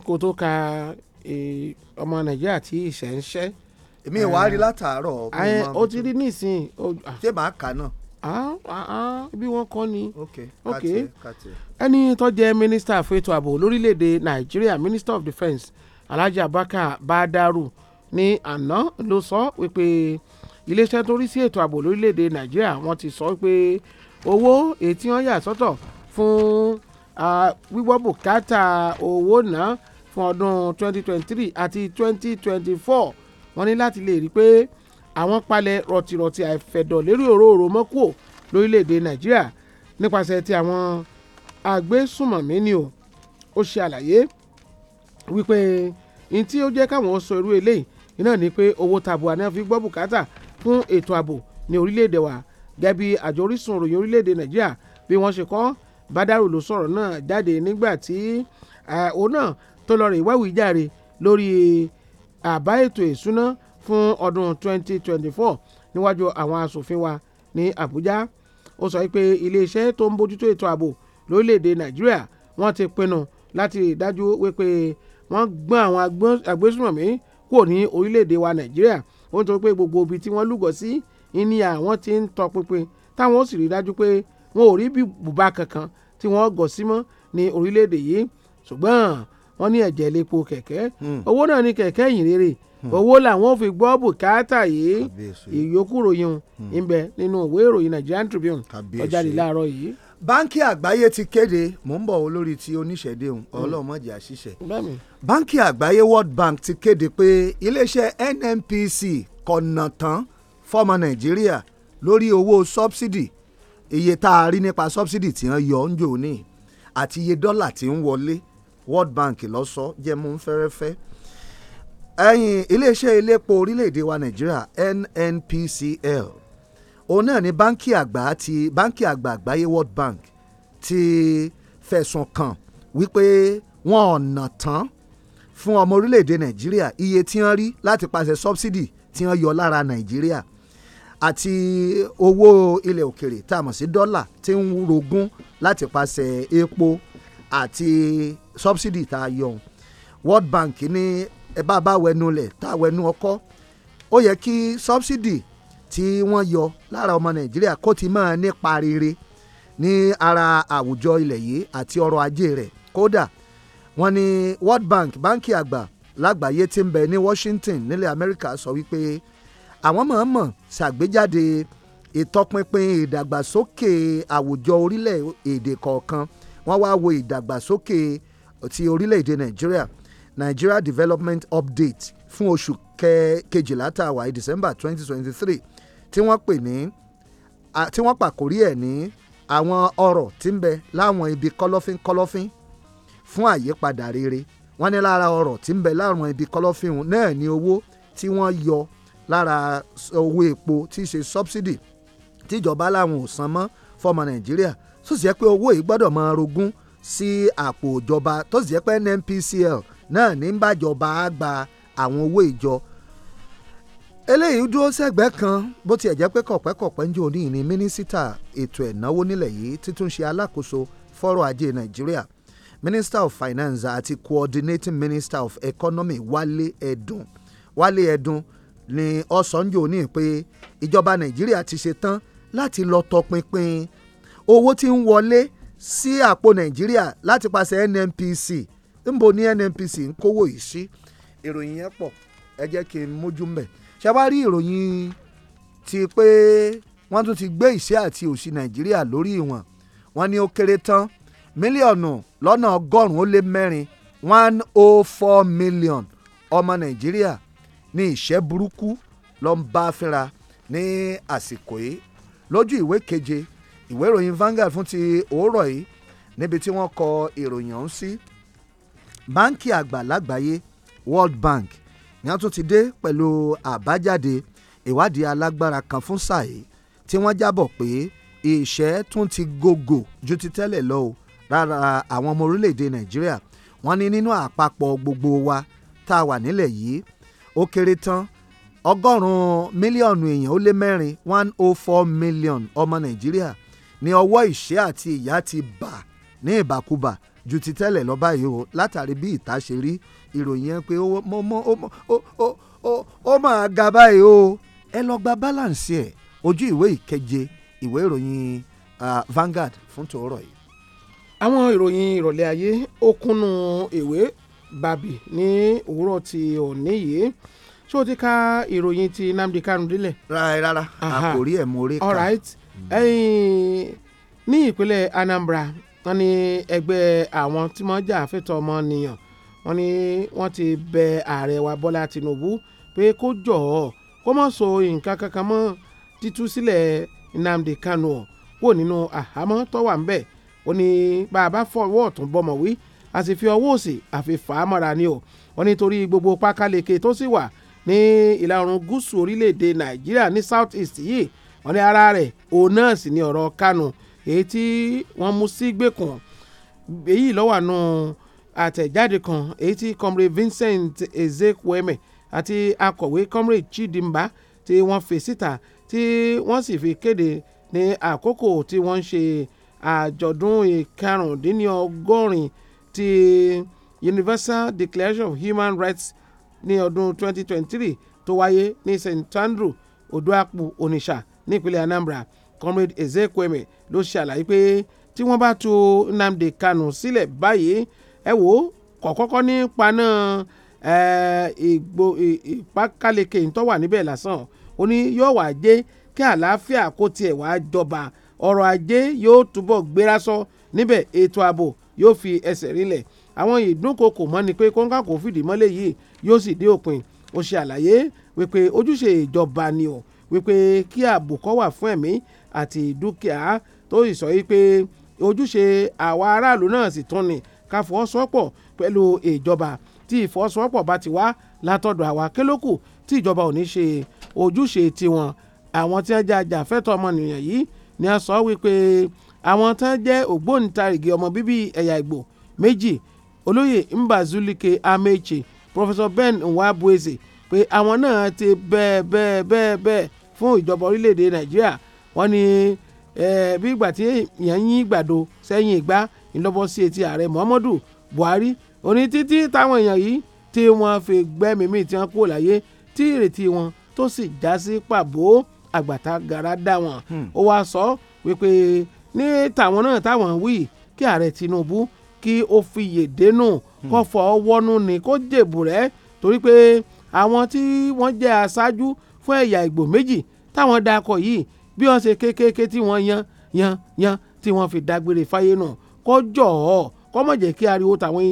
kó tó ka e, ọmọ nàìjíríà tí ìṣẹ́ ń ṣẹ́. èmi ìwà rí látàárọ̀. o ti rí nísìnyí. ṣé màá kà náà. Ah, ah, ah, bí wọ́n kọ́ ni. ok ok ẹni tó jẹ́ mínísítà fún ètò ààbò lórílẹ̀‐èdè nàìjíríà minister of defence alhaji abaka badaru ní àná ló sọ wípé iléeṣẹ́ tó rí sí ètò ààbò lórílẹ̀‐èdè nàìjíríà wọ́n ti sọ pé owó ètí wọn yà sọ́tọ̀ fún wíwọ́ bùkátà owó náà fún ọdún 2023 àti 2024 wọ́n ní láti lè rí i pé àwọn palẹ̀ rọ̀tìrọ̀tì àìfẹ̀dọ̀ lérí òróòró mọ́kò lórílẹ̀‐èdè nàìjíríà nípasẹ̀ ti àwọn agbésùmọ̀mí ni o ó ṣe àlàyé wípé ní tí ó jẹ́ káwọn sọ irú eléyìí iná ni pé owó tabua náà fi gbọ́ bùkátà fún ètò ààbò ní orílẹ̀‐èdè wa gẹ́gẹ́ bí àjọ orísun òròyìn orílẹ̀‐èdè nàìjíríà bí wọ́n ṣe kọ́ bádàrú ló sọ̀rọ̀ náà jáde nígbà tí òun náà tó lọ rìn wáwíjàre lórí àbá ètò ìsúná fún ọdún 2024 níwájú àwọn asòfin wa ní Àbújá ó sọ pé iléeṣẹ́ tó ń bójútó ètò ààbò lórílẹ̀‐èdè Nàìjíríà wọ́n ti pinnu láti dájú wípé wọ́n gbọ́n àwọn agbésùnmọ̀mí kúrò ní orílẹ̀‐èdè wa Nàìjíríà ó ń torí pé gbogbo ibi tí wọ́n lúgọ sí ní àwọn ti ń tọpinpin táwọn ó sì rí dájú pé wọn ò rí bùbá kankan tí wọ́n gọ̀ sí ní orílẹ̀‐èdè yìí ṣùgbọ́n wọ́n ní ẹ̀jẹ̀ lépo kẹ̀kẹ́ hmm. owó náà ní kẹ̀kẹ́ yìí rere hmm. owó làwọn fi gbọ́ bùkátà yìí ìyókù ròyìn hmm. ń bẹ nínú ìwé ìròyìn Nigerian Tribune ó jáde láàárọ̀ yìí báńkì àgbáyé ti kéde mò ń bọ̀ olórí ti oníṣẹ̀déhùn ọlọ́mọdé àṣìṣe báńkì àgbáyé World Bank ti kéde pé iléeṣẹ́ NNPC kọ̀nà tán fọmọ Nàìjíríà lórí owó sọ́bsidì iye tá a rí nípa sọ́bsidì tí wọ́n yọ ń jò ní àti iye dọ́là tí ń wọlé World Bank ló sọ jẹ́ mú fẹ́rẹ́fẹ́ ẹ̀yìn iléeṣẹ́ iléepo orílẹ̀-èdè wa Nàìjíríà NNPCL òun náà ni báńkì àgbà ti báńkì àgbà àgbáyé World Bank ti fẹ̀sùn kàn wípé wọn ò nà tán fún ọmọ orílẹ̀-èdè Nàìjíríà iye tí wọ́n rí láti pàṣẹ sọ́bsidì tí wọ́n yọ lára Nàìjíríà àti owó ilẹ̀ òkèrè tá a mọ̀ sí dọ́là tí ń rogún láti pàṣẹ epo àti subsidy tá a yọ World Bank ní ẹ bá bá wẹnu lẹ̀ tá a wẹnu ọkọ́ ó yẹ kí subsidy tí wọ́n yọ lára ọmọ Nàìjíríà kó ti máa nípa rere ní ara àwùjọ ilẹ̀ yìí àti ọrọ̀ ajé rẹ̀ kódà wọ́n ní World Bank báńkì àgbà lágbàáyé tí ń bẹ ní Washington nílẹ̀ Amẹ́ríkà sọ wípé àwọn mọ̀ọ́mọ̀ ṣàgbéjáde ìtọpinpin ìdàgbàsókè àwùjọ orílẹ̀-èdè kọ̀ọ̀kan wọ́n wá wo ìdàgbàsókè ti orílẹ̀-èdè nàìjíríà nigeria development update fún oṣù kejìlá tá a wà ní december twenty twenty three tí wọ́n pè ní tí wọ́n pàkórí ẹ̀ ní àwọn ọ̀rọ̀ tí ń bẹ láwọn ibi kọ́lọ́fín kọ́lọ́fín fún àyípadà rere wọ́n ní lára ọ̀rọ̀ tí ń bẹ láwọn ibi kọ́lọ́fín náà ní owó tí wọ́n yọ lára owó epo tí í ṣe subsidy tíjọba láwọn ò san mọ́ fọmọ nàìjíríà tó sì jẹ́ pé owó yìí gbọ́dọ̀ máa rogún sí àpò ìjọba tó sì jẹ́ pé NNPCL náà ní bàjọba á gba àwọn owó ìjọ eléyìí dúró sẹ́gbẹ́ kan bó tiẹ̀ jẹ́ pé kọ̀pẹ́kọ̀pẹ́ ń jò ní ìní mínísítà ètò ẹ̀náwó nílẹ̀ yìí títún ṣe alákòóso fọ́rọ̀ ajé Nàìjíríà Minister of Finance àti Coordinating Minister of Economy Wálé Ẹ̀dùn Wálé Ẹ̀dùn ni ọ̀sánjò ní pé ìjọba Nàìjíríà ti ṣe tán láti lọ tọpinpin owó tí ń wọlé sí àpò nàìjíríà láti pàṣẹ nnpc ńbo ní nnpc ń kówó yìí sí ìròyìn yẹn pọ̀ ẹ jẹ́ kí n mójú mbẹ̀ ṣe wá rí ìròyìn ti pé wọ́n tún ti gbé ìṣẹ́ àti òṣì nàìjíríà lórí ìwọ̀n wọ́n ní ó kéré tán mílíọ̀nù lọ́nà ọgọ́rùn-ún ó lé mẹ́rin one oh four million ọmọ nàìjíríà ní ìṣẹ́ burúkú ló ń bá fínra ní àsìkò yìí lójú ìwé keje ìwé ìròyìn Vanguard fún ti òórọ̀ yìí níbi tí wọ́n kọ ìròyìn ọ̀hún sí báńkì àgbà lágbàáyé World Bank ni wọ́n tún ti dé pẹ̀lú àbájáde ìwádìí alágbára kan fún sáà yìí tí wọ́n jábọ̀ pé ìṣẹ́ tún ti gògò ju ti tẹ́lẹ̀ lọ o rárá àwọn ọmọ orílẹ̀-èdè Nàìjíríà wọ́n ní nínú àpapọ̀ gbogbo wa tá a wà nílẹ̀ yìí ó kéré tán ọgọ́rùn-ún mílíọ̀nù èèyàn ó lé mẹ́rin one oh four million ọmọ Nàìjíríà ní ọwọ́ ìṣẹ́ àti ìyà ti bà ní ìbàkúbà ju ti tẹ́lẹ̀ lọ báyìí o látàrí bí ìta ṣe rí ìròyìn yẹn pé ó máa ga báyìí o ẹ lọ gba balance ẹ ojú ìwé ìkeje ìwé ìròyìn Vanguard fún tòórọ̀ yìí. àwọn ìròyìn ìrọ̀lẹ́ ayé ó kúnnú ìwé bàbí ní òwúrọ̀ ti òní yìí ṣé o ti ka ìròyìn ti Nnamdi Kanu délẹ̀. rárá rárá a kò rí ẹ̀ mọ́ orí kan. all right ní ìpínlẹ̀ Anambra wọ́n ní ẹgbẹ́ àwọn tí wọ́n jà fẹ́tọ̀ ọmọnìyàn wọ́n ní wọ́n ti bẹ ààrẹ wa Bọ́lá Tinubu pé kó jọ̀ọ́ kó mọ̀ so nǹkan kankan mọ́ títú sílẹ̀ Nnamdi Kanu ọ̀ kúrò nínú àhámọ́ tó wà ń bẹ̀ ó ní bá a bá fọwọ́ ọ̀tún bọ́mọ̀ wí a sì fi ọwọ́ òsì àfi fà á mọ́ra ni o wọ́n ní torí gbogbo pákáleke tó sì wà ní ìlà oòrùn gúúsù orílẹ̀-èdè Nàìjíríà ní South East yìí wọ́n ní ara rẹ̀ òun náà sì ni ọ̀rọ̀ kánú èyí tí wọ́n mú sí gbẹ̀kùn èyí lọ́wọ́ àánú àtẹ̀jáde kan èyí tí comrade Vincent Ezekweme àti akọ̀wé comrade Chidimba tí wọ́n fi síta tí wọ́n sì fi kéde ní àkókò tí wọ́n ń ṣe àjọ̀dún ìkarùndínlọ́gọ́rin ti Universal Declaration of Human Rights ní ọdún 2023 tó wáyé ní St Andrew Odoakpu Onitsha nípínlẹ̀ Anambra comrade Ezekweme ló ṣàlàyé pé tí wọ́n bá tú Nnamdi Kanu sílẹ̀ báyìí ẹ wò ó kọ̀kọ́kọ́ ní paná ìpákáleke tó wà níbẹ̀ lásán ó ní yóò wá jẹ́ kí àlàáfíà kó tiẹ̀ wá jọba ọrọ̀ ajé yóò túbọ̀ gbérasọ níbẹ̀ ètò ààbò yóò fi ẹsẹ̀ rinlẹ̀ àwọn ìdúnkokò mọ́ ni pé kóńkà kò fìdí mọ́lẹ̀ yìí yóò sì dé òpin ó ṣe àlàyé wípé ojúṣe ìjọba ni o wípé kí ààbò kó wà fún ẹ̀mí àti dúkìá tó sì sọ wípé ojúṣe àwa aráàlú náà sì tún ni ká fọwọ́sowọ́pọ̀ pẹ̀lú ìjọba tí ìfọwọ́sowọ́pọ̀ bá ti wá látọ̀dọ̀ àwa kélókù tí ìjọba ò ní ṣe ojúṣe tiwọn àwọn tí wọ́n jẹ́ ajàfẹ́tọ̀ ọmọnìyàn yìí ni a sọ wípé àwọn tí wọ́n jẹ́ ògbóǹtarìgì ọmọ bíbí ẹ̀yà ìgbò méjì olóyè Mbazulike Amechi Professor Ben Nwabueze pé àwọn náà ti bẹ́ẹ̀ bẹ́ẹ̀ bẹ́ẹ̀ bẹ́ẹ̀ fún ìjọba orílẹ̀-èdè nàìjíríà wọ́n ní bí ìgbà tí èèyàn yín gbàdo sẹ́yìn ìgbà ńlọ́bọ̀ sí etí ààrẹ muhammadu buhari òní títí táwọn èèyàn yìí tí wọ́n fi gbẹ́mìí tí wọ́n kú láyé tí ìrètí wọn tó sì já sí pàbó àgbàtà gara dá wọn hmm. ó wáá sọ wípé ní tàwọn náà táwọn wí kí ààrẹ tinubu kí ó fiyè dénú kó hmm. fọ ni kó jèbù rẹ̀ torí pé àwọn tí wọ́n jẹ́ aṣáájú fún ẹ̀yà ìgbò méjì táwọn dakọ̀ yìí bí wọ́n ṣe kékeré tí wọ́n yan yan yan tí wọ́n fi dágbére fáyé náà kọjọ́ ọ̀ kọ́mọ̀jẹ̀ kí ariwo tàwọn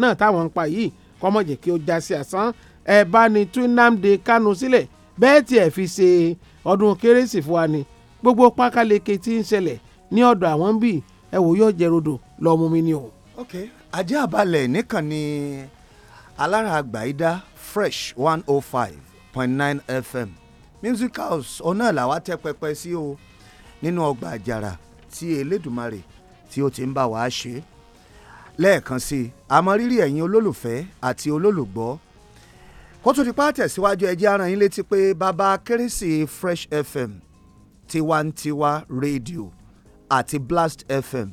náà táwọn ń pa yìí kọ́mọ̀jẹ̀ kí ó já sí àsán ẹ̀ bá ní tú Nnamdi sílẹ̀ bẹ́ẹ̀ tiẹ̀ fi ṣe ọdún kérésì fún wa ni gbogbo pákáleke tí ń ṣẹlẹ̀ ní ọ̀dọ̀ àwọn ń bì ẹ wò yóò jẹ rodò lọ́ọ́ mi ni o. ok ajé àbálẹ̀ nìkan ni alára àgbà ìdá fresh one oh five point nine fm music house ọ̀nà làwa tẹ pẹpẹ sí o nínú ọgbà àjàrà tí elédùnmarè tí ó ti ń bá wa ṣe lẹ́ẹ̀kan sí i àmọ́ rírì ẹ̀yin olólùfẹ́ àti olólùgbọ́ kó tó di pa tẹ̀síwájú ẹjẹ́ ara yín létí pé bàbá kérésì fresh fm tiwantiwa rédíò àti blast fm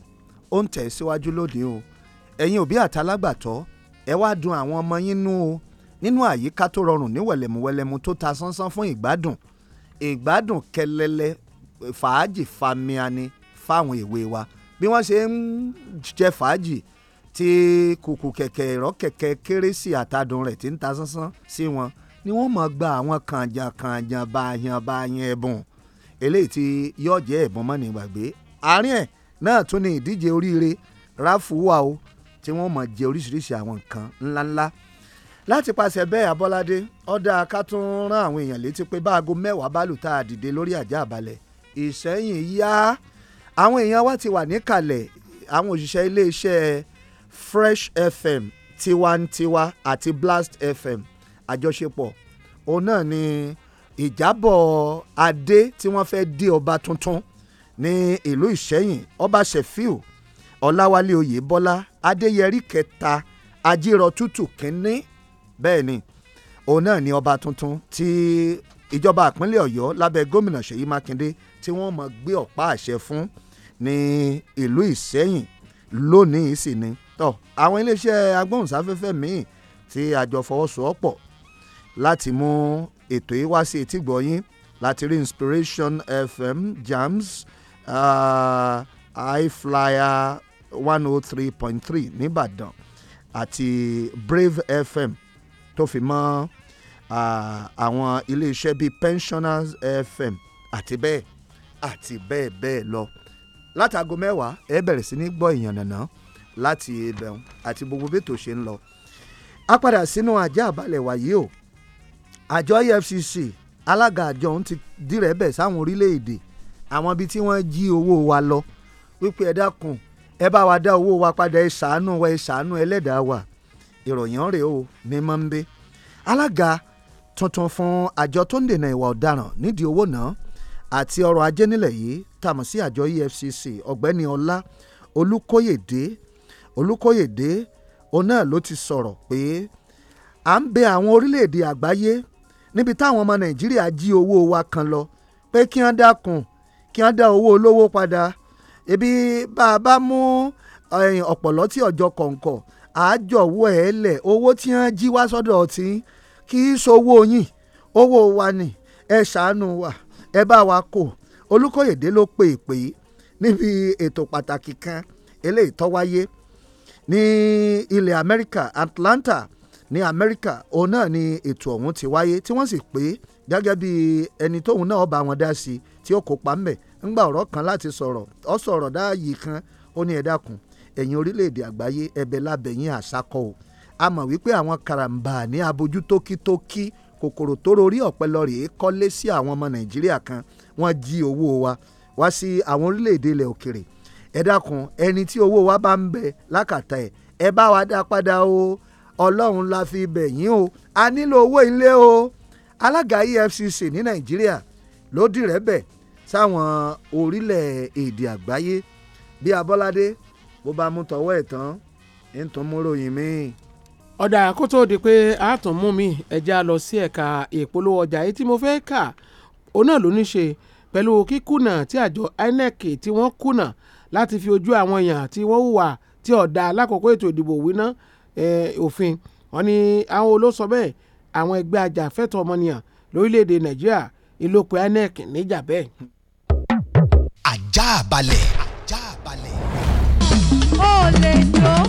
ó ń tẹ̀síwájú lónìí o ẹ̀yin òbí àtàlágbàtọ́ ẹ wá dun àwọn ọmọ yín nú o. No nínú àyíká tó rọrùn ní wẹ̀lẹ̀múwẹ̀lẹ̀mú tó ta sánsán fún ìgbádùn ìgbádùn kẹlẹlẹ fàájì famiani fáwọn èwe wa bí wọ́n ṣe ń jẹ fàájì tí kùkù kẹ̀kẹ́ ìrọ́ kẹ̀kẹ́ kérésì àtàdùn rẹ̀ ti ń ta sánsán sí wọn ni wọ́n mọ̀ gba àwọn kànjàn kànjàn báyàn báyàn ẹ̀bùn eléyìí tí yóò jẹ́ ẹ̀bùn mọ́ni gbàgbé àárín ẹ̀ náà tún ní ìdíje oríire ráfù wà o tí wọ́n mọ̀ jẹ oríṣiríṣi àwọn nǹkan ńláńlá láti pàṣẹ bẹ́ẹ̀ abọ́ládé ọ̀dà ká tún rán àwọn èèyàn létí pé báago mẹ́wàá bá lù tá a dìde lórí àjà àbálẹ̀ ìsẹ́yìn yá àwọn èèyàn wa ti wà níkàlẹ̀ àwọn òṣìṣẹ́ iléeṣẹ́ Fresh FM tiwantiwa àti Blast FM àjọṣepọ̀ òun náà ni ìjábọ̀ adé tí wọ́n fẹ́ dé ọba tuntun ní ìlú ìsẹ́yìn ọba Sefiu ọláwálé oyèbọlá adéyẹrí kẹta ajírọ̀tútù kínní bẹ́ẹ̀ ni òun náà ni ọba tuntun tí ìjọba ìpínlẹ̀ ọ̀yọ́ lábẹ́ gómìnà ṣèyí mákindé tí wọ́n mọ̀ gbé ọ̀pá àṣẹ fún ní ìlú ìṣẹ́yìn lónìí sì ni tọ́ àwọn iléeṣẹ́ agbóhùnsáfẹ́fẹ́ míì tí àjọ fọwọ́sowọ́pọ̀ láti mú ètò yìí wá sí etí gbọ̀yìn láti rí inspiration fm jams uh, ah, highflyer one oh three point three nìbàdàn àti brave fm tó fi mọ́ àwọn iléeṣẹ́ bíi pensioners fm àti bẹ́ẹ̀ àti bẹ́ẹ̀ bẹ́ẹ̀ lọ látago mẹ́wàá ẹ bẹ̀rẹ̀ sí ní gbọ́ ìyànnànà láti ibẹ̀hún àti gbogbo bí ètò ṣe ń lọ. a padà sínú ajá àbálẹ̀ wàyí o àjọ efcc alága àjọ ọ̀hún ti dírẹ̀bẹ̀ sáwọn orílẹ̀-èdè àwọn ibi tí wọ́n jí owó wa lọ wípé ẹ dákun ẹ bá wa dá owó wa padà ẹ ṣàánú wa ẹ ṣàánú ẹlẹ́dàá wa ìròyìn rèé o ní mọ́ńbé alága tuntun fún àjọ tó ń dènà ìwà ọ̀daràn nídìí owó náà àti ọrọ̀ ajé nílẹ̀ yìí tàmọ̀ sí àjọ EFCC ọ̀gbẹ́ni ọlá olùkóyèdé olùkóyèdé òun náà ló ti sọ̀rọ̀ pé à ń bẹ àwọn orílẹ̀-èdè àgbáyé níbi táwọn ọmọ nàìjíríà jí owó wa kan lọ pé kí wọ́n dákun kí wọ́n dá owó olówó padà ebi bá a bá mú eh, ọ̀pọ̀lọ́ ọjọ́ kọ̀ǹkọ̀ àjọwọ́ ẹ̀ lẹ̀ owó tí wọ́n jí wá sọ́dọ̀ tí kì í sowó yín owó wa ni ẹ ṣàánú wa ẹ bá wa kó Olúkòyèdè ló pè pé níbi ètò pàtàkì kan eléyìí tó wáyé ní ilẹ̀ Amẹ́ríkà Atlanta ní Amẹ́ríkà òun náà ni ètò ọ̀hún ti wáyé tí wọ́n sì pé gẹ́gẹ́ bí ẹni tóun náà bá wọn dá sí tí ó kópa ńbẹ̀ ńgbà ọ̀rọ̀ kan láti sọ̀rọ̀ ó sọ̀rọ̀ dáàyè kan ó ní ẹ dákun ẹ̀yin orílẹ̀-èdè àgbáyé ẹ̀bẹ̀ lábẹ̀yìn àṣàkọ o a mọ̀ wípé àwọn karambà ní abojú tókítókí kòkòrò tó rorí ọ̀pẹ lọ rèé kọ́lé sí àwọn ọmọ nàìjíríà kan wọ́n jí owó wa wá sí àwọn orílẹ̀-èdè ilẹ̀ òkèrè ẹ dákun ẹni tí owó wa bá ń bẹ lákàtà ẹ̀ ẹ bá wa dá padà o ọlọ́run la fi bẹ̀ yín o a nílò owó ilé o alága EFCC ní nàìjíríà ló dìrẹ́bẹ̀ sáwọn orílẹ̀-èdè àgbáyé bíi abọ́ládé bó bá mú tọwọ́ ẹ̀ tán ń tún mú ròyìn míì. ọ̀dà kó tóó di pé àtún mú mi ẹja lọ sí ẹ̀ka ìpolówó ọjà èyí tí mo fẹ́ kà òun náà ló ní ṣe pẹ̀lú kíkùnà tí àjọ INEC tí wọ́n kùnà láti fi ojú àwọn èèyàn tí wọ́n hùwà tí ọ̀dà lákòókò ètò ìdìbò wíná òfin wọn ni àwọn olóṣọ bẹ́ẹ̀ àwọn ẹgbẹ́ ajàfẹ́tọ̀ ọmọnìyàn lórílẹ̀‐èdè Nàìjíríà ìlòpọ̀ INEC níjà bẹ́ẹ̀. ajá balẹ̀ ó lè jó.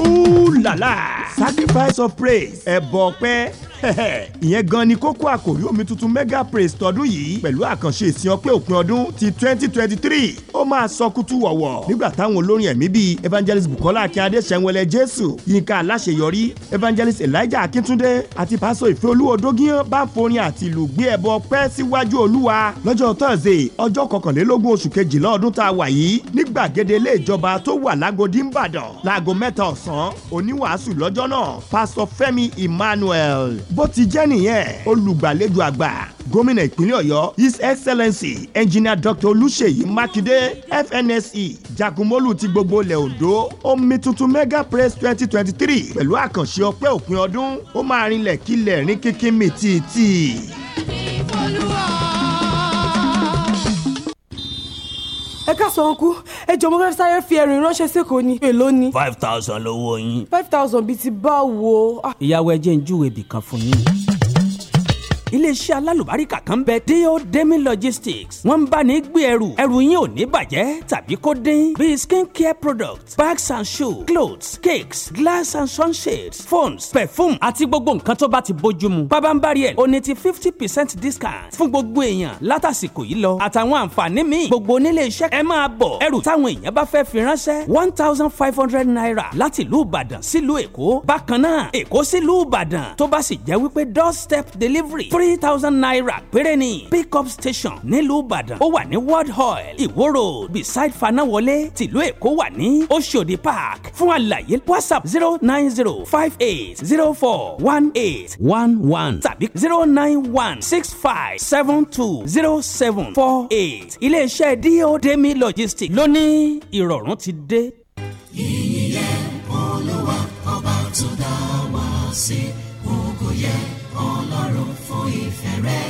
Ooh la la! Sacrifice of praise, ẹ̀bọ̀ pẹ́. ìyẹn gan ni kókó àkòrí omi tuntun mega praise tọdún yìí pẹ̀lú àkànṣe ìsìn ọpẹ́ òpin ọdún ti twenty twenty three ó máa sọ kútú wọ̀wọ̀ nígbà táwọn olórin ẹ̀mí bíi evangelist bukola akínyadé sẹ́wọ̀lẹ̀ jésù yínká aláṣeyọrí evangelist elijah akíntúndé àti pásọ ìfẹ́ olúwo dógíyàn bá forin àti ìlú gbé ẹbọ pẹ́ síwájú olúwa lọ́jọ́ thursday ọjọ́ kọkànlélógún oṣù kejìlá ọdún tá a wà yìí ní gbàgede ilé ìjọba tó wà lágodi ńbàdàn láago mẹ́ta ọ̀sán oníwàásù lọ́jọ́ náà pásọ fẹ́mi emmanuel bó ti jẹ́ nìyẹn olùgbàlejò àgbà gómìnà ìpínlẹ̀ ọ̀yọ́ his excellency engineer dr olùṣèyí mákindé fnse jagunmólú ti gbogbo ilẹ̀ ondo omi tuntun mega press twenty twenty three pẹ̀lú àkànṣe ọpẹ́ òpin ọdún ó máa rinlẹ̀ kílẹ̀ rin kíkí mi tìtì. ẹ káàsán ọ̀nkú ẹ jọ̀ọ́ mo fẹ́ sáré fi ẹrù ìránṣẹ́ sẹ́kọ̀ọ́ ni. èló ni. five thousand lówó yín. five thousand bíi ti báwo. Ah. ìyàwó ẹ jẹ́ ń júwèé bìkan fún yín iléeṣẹ́ alálùbáríkà kan bẹ Deo Demi Logistics wọ́n ń bá ní gbé ẹrù ẹrù yín ò ní bàjẹ́ tàbí kó dín bíi skin care products bags and shoes clothes cakes glass and sunshades phones perfume àti gbogbo nǹkan tó bá ti bójú mu pabambari ẹ̀ o ní ti fifty percent discount fún gbogbo èèyàn látàsìkò yìí lọ àtàwọn àǹfààní míì gbogbo onílé iṣẹ́ ẹ máa bọ̀ ẹrù táwọn èèyàn bá fẹ́ fi ránṣẹ́ one thousand five hundred naira láti ìlú Ìbàdàn sílùú Èkó bákan náà Èkó sílùú Ìbàdàn tó bá sì jẹ́ wípé doorstep delivery three thousand naira péré ni Pickup station nílùú ìbàdàn ó wà ní world oil ìwó road beside fanawọlé tìlú èkó wà ní oṣòdì park fún àlàyé whatsapp zero nine zero five eight zero four one eight one one tàbí zero nine one six five seven two zero seven four eight iléeṣẹ́ do demi logistics ló ní ìrọ̀rùn ti dé. yìnyín yẹ olúwa ọba tó dá wa sí. baby.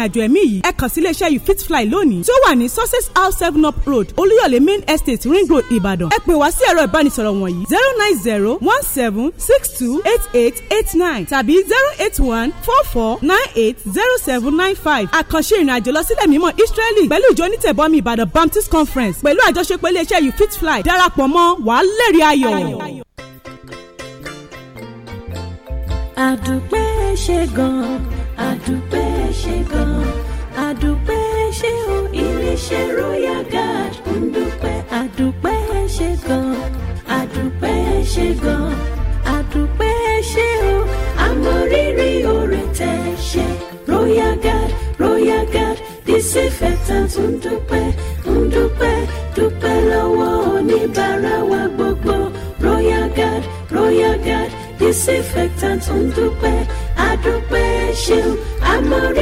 àjò ẹ̀mí yìí ẹ kàn sí iléeṣẹ́ yìí fitfly lónìí tí ó wà ní success house seven up road olúyọ̀lé main estate ring road ìbàdàn ẹ pè wá sí ẹ̀rọ ìbánisọ̀rọ̀ wọ̀nyí zero nine zero one seven six two eight eight eight nine tàbí zero eight one four four nine eight zero seven nine five àkànṣe ìrìnàjò lọ sílẹ̀ mímọ́ israeli pẹ̀lú ìjọ onítẹ̀bọmi ìbàdàn baptist conference pẹ̀lú àjọṣepọ̀ iléeṣẹ́ yìí fitfly darapọ̀ mọ́ wàá lẹ́rìí ayọ̀. àdùpẹ́ ṣe gan-an Adupe ṣe gan àdùpẹ́ ṣe o iléeṣẹ́ royal guard ń dúpẹ́ àdùpẹ́ ṣe gan àdùpẹ́ ṣe gan àdùpẹ́ ṣe o àmọ̀rírì oore tẹ̀ ṣe royal guard royal guard disinfectant ń dúpẹ́ ń dúpẹ́ dúpẹ́ lọ́wọ́ oníbàárà wa gbogbo royal guard royal guard disinfectant ń dúpẹ́ àdúpẹ́ ṣeun a mọ tẹ̀ ṣe.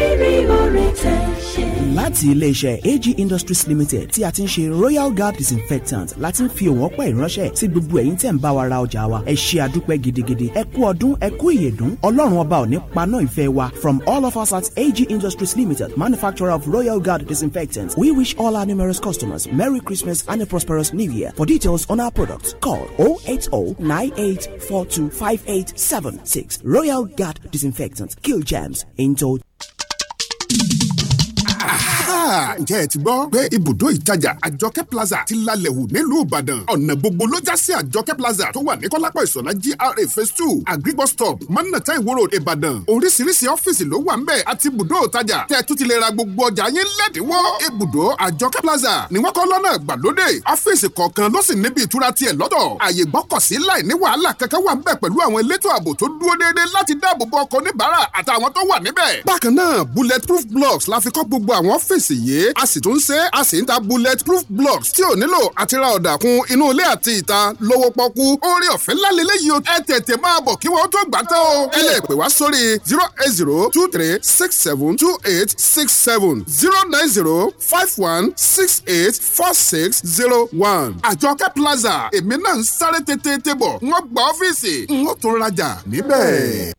láti iléeṣẹ́ AG Industries Limited tí a ti ń ṣe Royal Guard disinfectant láti ń fi òun ọpẹ́ ìránṣẹ́ sí gbogbo ẹ̀yin tẹ̀ ń bá wa ra ọjà wa ẹ ṣe àdúpẹ́ gidigidi ẹ kú ọdún ẹ kú ìyèdún ọlọ́run ọba ò paná ìfẹ́ wa from all of us at AG Industries Limited manufacturer of Royal Guard disinfectant we wish all our numerous customers Merry Christmas and a prosperous New Year for details on our products call 08098425876 Royal Guard disinfectant kill germs into ǹjẹ́ ẹ ti gbọ́ pé ibùdó ìtajà àjọkẹ́ plaza ti lalẹ̀ wù nílùú ìbàdàn ọ̀nà gbogbo ló já sí àjọkẹ́ plaza tó wà ní kọ́lápọ̀ ìsọ̀lá GRA phase two àgrígbọ́ stop mọ́nàtà ìwòrò ìbàdàn oríṣiríṣi ọ́fíìsì ló wà ń bẹ̀ àti ibùdó ìtajà tẹ́ tún ti lè ra gbogbo ọjà yín lẹ́dínwó ibùdó àjọkẹ́ plaza ni wọ́n kọ́ lọ́nà ìgbàlódé ọ́fíìsì kọ̀ọ̀kan ló sì níbi ìtura tiẹ̀ lọ́dọ̀ àyè gbọ́kọ̀sí láì ní wàhálà kankan wà ń bẹ̀ pẹ̀lú àwọn elétò ààbò tó dúró déédéé láti dáàbò bo ọkọ̀ oníbàárà àtàwọn tó wà níbẹ̀. bákan náà bulletproof blocks la fi kọ́ gbogbo àwọn ọ́fíìsì yìí a sì tún ṣe a sì ń ta bullet blocks tí ò nílò àti ra ọ̀dà kun inú ilé àti ìta lówó pọ́kú orí ọ̀fẹ́ lálẹ́lẹ́ yìí ẹ tètè máa bọ̀ kí wọ́n tó gbà tán o ẹ lè pè wá sórí zero eight zero two three six seven two eight six seven zero nine zero five one six eight four six zero one àjọkẹ́ plaza èmi náà ń sáré tètè tètè bọ̀ wọ́n gba ọ́fíìsì n ó tún rajà níbẹ̀.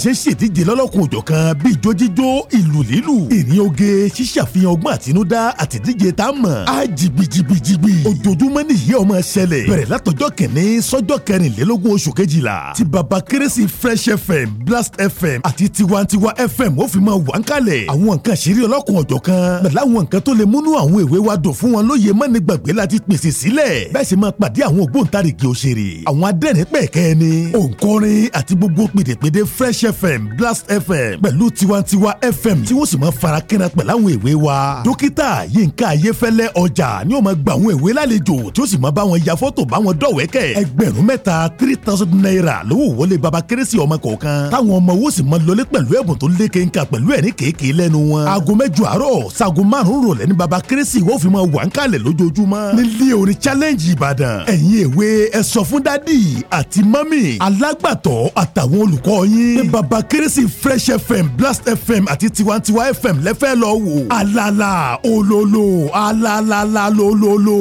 ṣe ń ṣèdíje lọ́lọ́kùn òjọ̀ kan bíi jójíjó ìlú lílù ìrìn oge ṣíṣàfihàn ọgbọ́n àtinúdá àtìdíje tá a mọ̀ á jìgbìjìgbìjìgbì ojoojúmọ́ nìyí ọmọ ṣẹlẹ̀ bẹ̀rẹ̀ látọjọ́ kìnní sọ́jọ́ kẹrìnlélógún oṣù kejìlá ti baba kérésì fresh fm blast fm àti tiwantiwa fm ó fi máa wà ń kalẹ̀ àwọn nǹkan ṣeré ọlọ́kùn ọ̀jọ̀ kan pẹ̀lú àwọn nǹkan tó lè múnú àwọn èwe wa dùn fún wọn lóye mọ́ni gbàgbé láti pèsè sílẹ̀ bẹ́ẹ̀ sì máa pàdé àwọn ògbóǹtarìgì òṣèré àwọn adẹ́rìn pẹ̀kẹ́ ni òǹkọrin àti gbogbo pèdèpèdè fresh fm blast fm pẹ̀lú tiwantiwa fm tí wọ́n sì máa fara kẹ́ra pẹ̀lú àwọn èwe wa. dókítà yínká ayéfẹ́lẹ́ ọjà ni ó máa gba àwọn èwe lálejò tí ó sì máa bá wọn ya fọ́tò bá wọn dọ̀wẹ́kẹ̀. ẹgbẹ̀rún mẹ́ta three thousand naira lówó wọlé baba kérésì ọmọ kọ̀ọ̀kan táwọn ọmọ wo sì máa lọlé pẹ̀lú ẹ̀bùn tó lé kéńkà pẹ̀lú ẹ̀rín kéèké lẹ́nu wọn. aago mẹ́jọ àárọ̀ sago márùn-ún rọ̀lẹ́ ní baba kérésì wọ́n fi máa wà ń kalẹ̀ lójoojúmọ́. challenge ìbàdàn ẹ̀yin èwe ẹ sọ fún dádì àti mọ́mì alágbàtọ́ àtàwọn olùkọ́ bàbá kérésì fresh fm blast fm àti tiwantiwa fm lẹ́fẹ́ lọ wò alala ololo, alalala lólólo.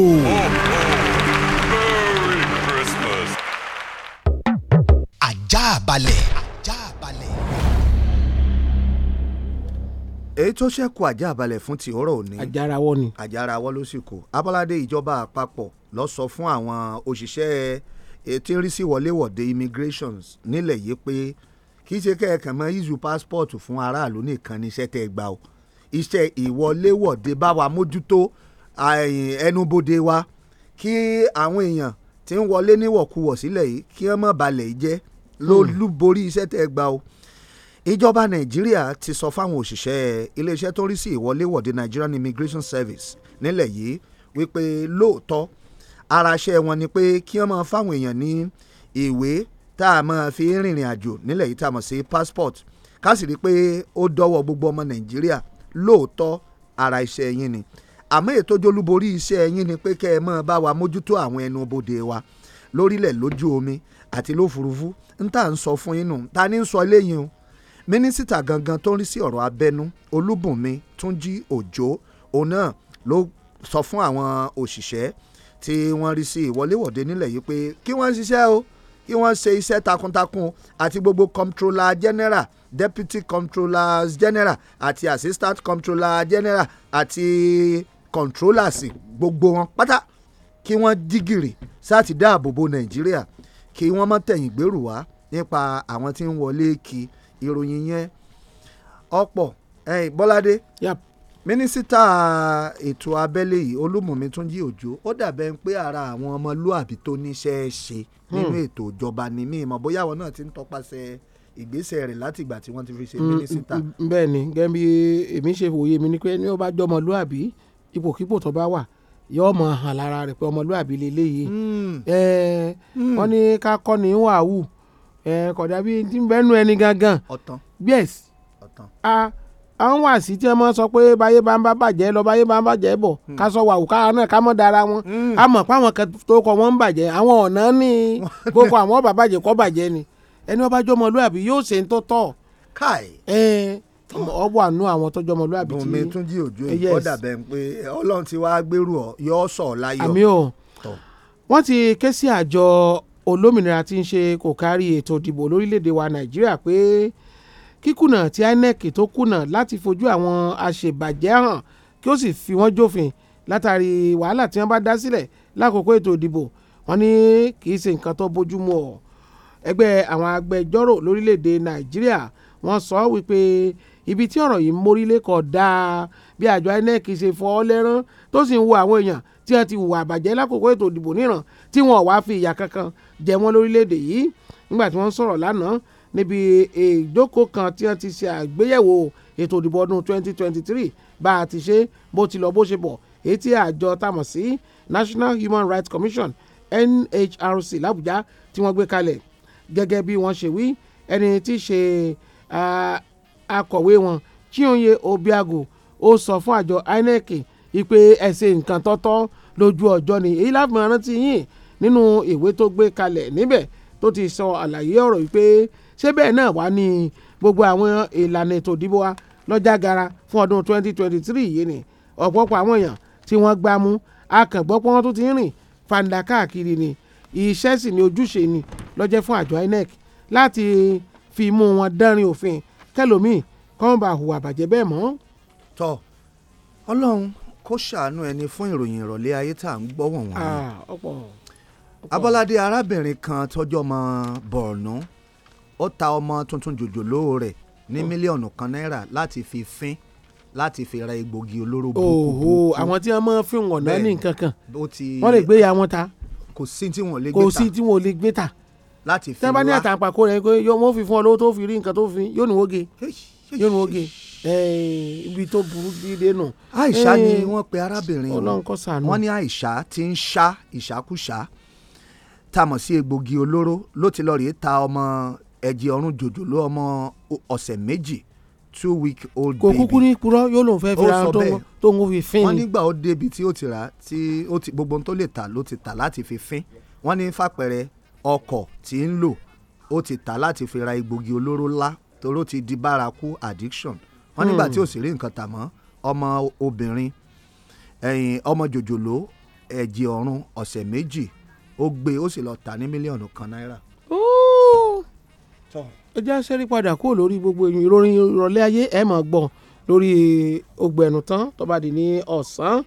ajá balẹ̀. èyí tó ṣẹ́kù ajá balẹ̀ fún ti ọ̀rọ̀ òní. àjàrawọ́ ni. àjàrawọ́ ló sì kù abọ́ládé ìjọba àpapọ̀ lọ sọ fún àwọn òṣìṣẹ́ eh, tí ń rí sí wọléwọ̀de immigrations nílẹ̀ yìí pé kì í ṣe kẹ́ẹ̀kan mọ́ iṣu passport fún aráàlú nìkan níṣẹ́ tẹ́ ẹ gbà o iṣẹ́ ìwọléwọ̀de bá wa mójútó ẹnubodè wa kí àwọn èèyàn tí ń wọlé níwọ̀kuwọ̀ sílẹ̀ yìí kí wọ́n má balẹ̀ jẹ́ lólúborí hmm. iṣẹ́ tẹ́ ẹ gbà o ìjọba nàìjíríà ti sọ fáwọn òṣìṣẹ́ iléeṣẹ́ tó ń rí sí ìwọléwọ̀de Nigerian Immigration Service nílẹ̀ yìí wípé lóòótọ́ araṣẹ́ wọn ni pé kí wọ́n máa fáwọn èèyàn ní ìwé tá a máa fi rìnrìn àjò nílẹ̀ yìí tá a mọ̀ sí passport ká sì rí i pé ó dọ́wọ́ gbogbo ọmọ nàìjíríà lóòótọ́ ara iṣẹ́ yín ni àmọ́ ètò ìjọlúborí iṣẹ́ yín ni pé kẹ́ ẹ máa bá wa mójútó àwọn ẹnu bodè wa lórílẹ̀ lójú omi àti lófurufú ń tà ń sọ fún inú ta ni ń sọ eléyìí o mínísítà gangan tó ń rí sí ọ̀rọ̀ abẹ́nú olúbùnmi túnjí òjó òun náà ló sọ fún àwọn òṣìṣẹ́ tí wọ́n rí sí ìwọléwọ̀de nílẹ̀ yìí pé kí wọ́n ṣiṣẹ́ o kí wọ́n ṣe iṣẹ́ takuntakun àti gbogbo comptroller general deputy comptrollers general àti assistant comptroller general àti controllers gbogbo wọn pátá kí wọ́n dígìrì sáti dáàbò bo nàìjíríà kí wọ́n má tẹ̀yìn gbèrú wá nípa àwọn tí ń wọlé kí ìròyìn yẹn ọ̀pọ̀ Bọ́ládé. Yep mínísítà ètò abẹ́lé yìí olúmọ̀mí túnjí òjò ó dàbẹ̀ ń pé ara àwọn ọmọlúàbí tó níṣẹ́ ṣe nínú hmm. ètò ìjọba ni mí ìmọ̀ bóyá àwọn náà ti ń tọpasẹ̀ ìgbésẹ̀ rẹ̀ láti ìgbà tí wọ́n ti fi ṣe hmm, mínísítà. Hmm, bẹ́ẹ̀ ni gẹ́gẹ́ bí èmi ṣe wòye mi ni pé ní ó bá jọ ọmọlúàbí ipòkípò tó bá wà yóò mọ hàn lára rẹ̀ pé ọmọlúàbí leléyìí wọ́n ní ká kọ́ ní wàhù kódà bí tí ń bẹ́nu ẹni gangan yes ọ̀tàn a à ń wà sí tí ẹ mọ sọ pé báyé bá ń bá bàjẹ́ lọ báyé bá ń bàjẹ́ bọ̀ hmm. ká sọ wà òkà náà ká mọ̀ dára wọn hmm. a mọ̀ pé àwọn tó kọ wọn ń bàjẹ́ àwọn ọ̀nà ní gbogbo àwọn ọba bàjẹ́ kọ́ bàjẹ́ ni ẹni ọba jọmọlúàbí yóò ṣe ń tó tọ̀ ọ wà nú àwọn tọjọ ọmọlúàbí tí mi tún jí òjò yìí kọ́ dàbẹ̀ pé ọlọ́run ti wá gbèrú ọ yọ ọ sọ̀ láyọ̀. àmì o wọ́n ti ké sí àjọ olómìnira tí ń ṣe kò kárí ètò ìdìbò lórílẹ̀‐èdè wa nàìjíríà pé kíkùnà tí INEC tó kùnà láti fojú àwọn àṣebàjẹ́ hàn kí ó sì fi wọ́n jófin látàrí wàhálà tí wọ́n bá dá sílẹ̀ lákòókò ètò ìdìbò wọ́n ní kì í ṣe nǹkan tó bójúmu ọ̀ ẹgbẹ́ àwọn agbẹjọ́rò lórílẹ̀‐èdè Nàìjíríà wọ́n sọ wípé ibi tí ọ̀rọ̀ yìí mórílé kọ̀ dáa bí àjọ INEC ṣe fọ́ lẹ́rán tó sì ń wo àwọn èèyàn tí wọ́n ti hùwà àbàjẹ́ lákòókò ètò ìdìbò níran tí wọ́n wá fi ìyà kankan jẹ wọ́n lórílẹ̀‐èdè yìí nígbà tí wọ́n sọ̀rọ̀ lánàá níbi ìjókòó kan tí wọ́n ti ṣe àgbéyẹ̀wò ètò ìdìbò ọdún 2023 bá a ti ṣe bó ti lọ bó ṣe bọ̀ èyí tí àjọ tamọ̀ sí National Human Rights Commission NHRC làbújá tí wọ́n gbé kalẹ̀ gẹ́gẹ́ bí wọ́n ṣe wí ẹni tí í ṣe akọ̀wé wọn Chinyere Obiago ó sọ fún àjọ INEC ipe ẹ̀sìn nǹkan tọ́tọ́ lójú ọjọ́ ni èyí láti máa rántí yín nínú ìwé tó gbé kalẹ̀ níbẹ̀ tó ti sọ àlàyé ọ̀rọ̀ yìí pé ṣé bẹ́ẹ̀ náà wà ní gbogbo àwọn ìlànà ètò ìdìbò wa lọ́jà gara fún ọdún 2023 yìí ni ọ̀pọ̀pọ̀ àwọn èèyàn tí wọ́n gbá mú akàngbọ́pọ̀ wọn tó ti ń rìn fàǹdà káàkiri ni iṣẹ́ sì ni ojúṣe ni lọ́jẹ́ fún àjọ INEC láti fi mú wọn dánrin òfin kẹlòmíì kọ́ńbà hùwà bàjẹ́ bẹ́ẹ̀ mọ́. tọ́ ọlọ́run kó ṣàánú ẹni fún ìròyìn ìrọ̀lẹ́ ayé tá à ń gbọ́ wọ̀n wọ̀n. abọ́ládé arábìnrin kan tọ́jọ́ mọ́ Borno ó ta ọmọ tuntun jòjòló rẹ̀ ní oh. mílíọ̀nù kan náírà láti fi fín láti fi ra egbògi olóró burúkú. ooo àwọn tí wọn máa fi wọn náà ní nǹkan kan wọn lè gbé ya wọn ta kò sí tí wọn lè gbé ta kò sí tí wọn lè gbé ta láti fi wá. tẹ́bá ní àtàǹpàkò rẹ̀ pé wọ́n fi fún ọ lówó tó fi rí nǹkan tó fi yóò ní wóge yóò ní wóge ibi tó burú dídé nù. àìṣá ni wọ́n pe arábìnrin wọn ní àìṣá tí ń ṣá ìṣákúṣá tá a mọ̀ sí egbògi olóró ló ti lọ rèé ta ọmọ ẹ̀jẹ̀ ọ̀run jòjòló ọmọ ọ̀sẹ̀ méjì two week old baby. kò kúkú ní purọ́ yóò lòun fẹ́ẹ́ fira tó ń fi fín ni. wọ́n nígbà ó débi tí ó ti rà tí ó ti gbogbo ohun tó lè tà ló ti tà láti fi fín wọ́n ní fàpẹ̀rẹ̀ ọkọ̀ tí ń lò ó ti tà láti fi ra egbògi olóró ńlá toró ti di bárakú addiction wọ́n nígbà tí ò hmm. sì rí nǹkan tà mọ́ ọmọ obìnrin ẹ̀yìn ọmọ jòjòló ẹ̀jẹ̀ ọ̀run ọ̀sẹ̀ méjì ó gbé ó sì lọ tà ní mílíọ̀nù kan náírà. ooo ẹ já sẹ́rí padà kúrò lórí gbogbo ìròyìn ìrọ̀lẹ́ ayé ẹ̀ máa gbọ́ lórí ọgbẹ̀nù tán tó bá ní ọ̀sán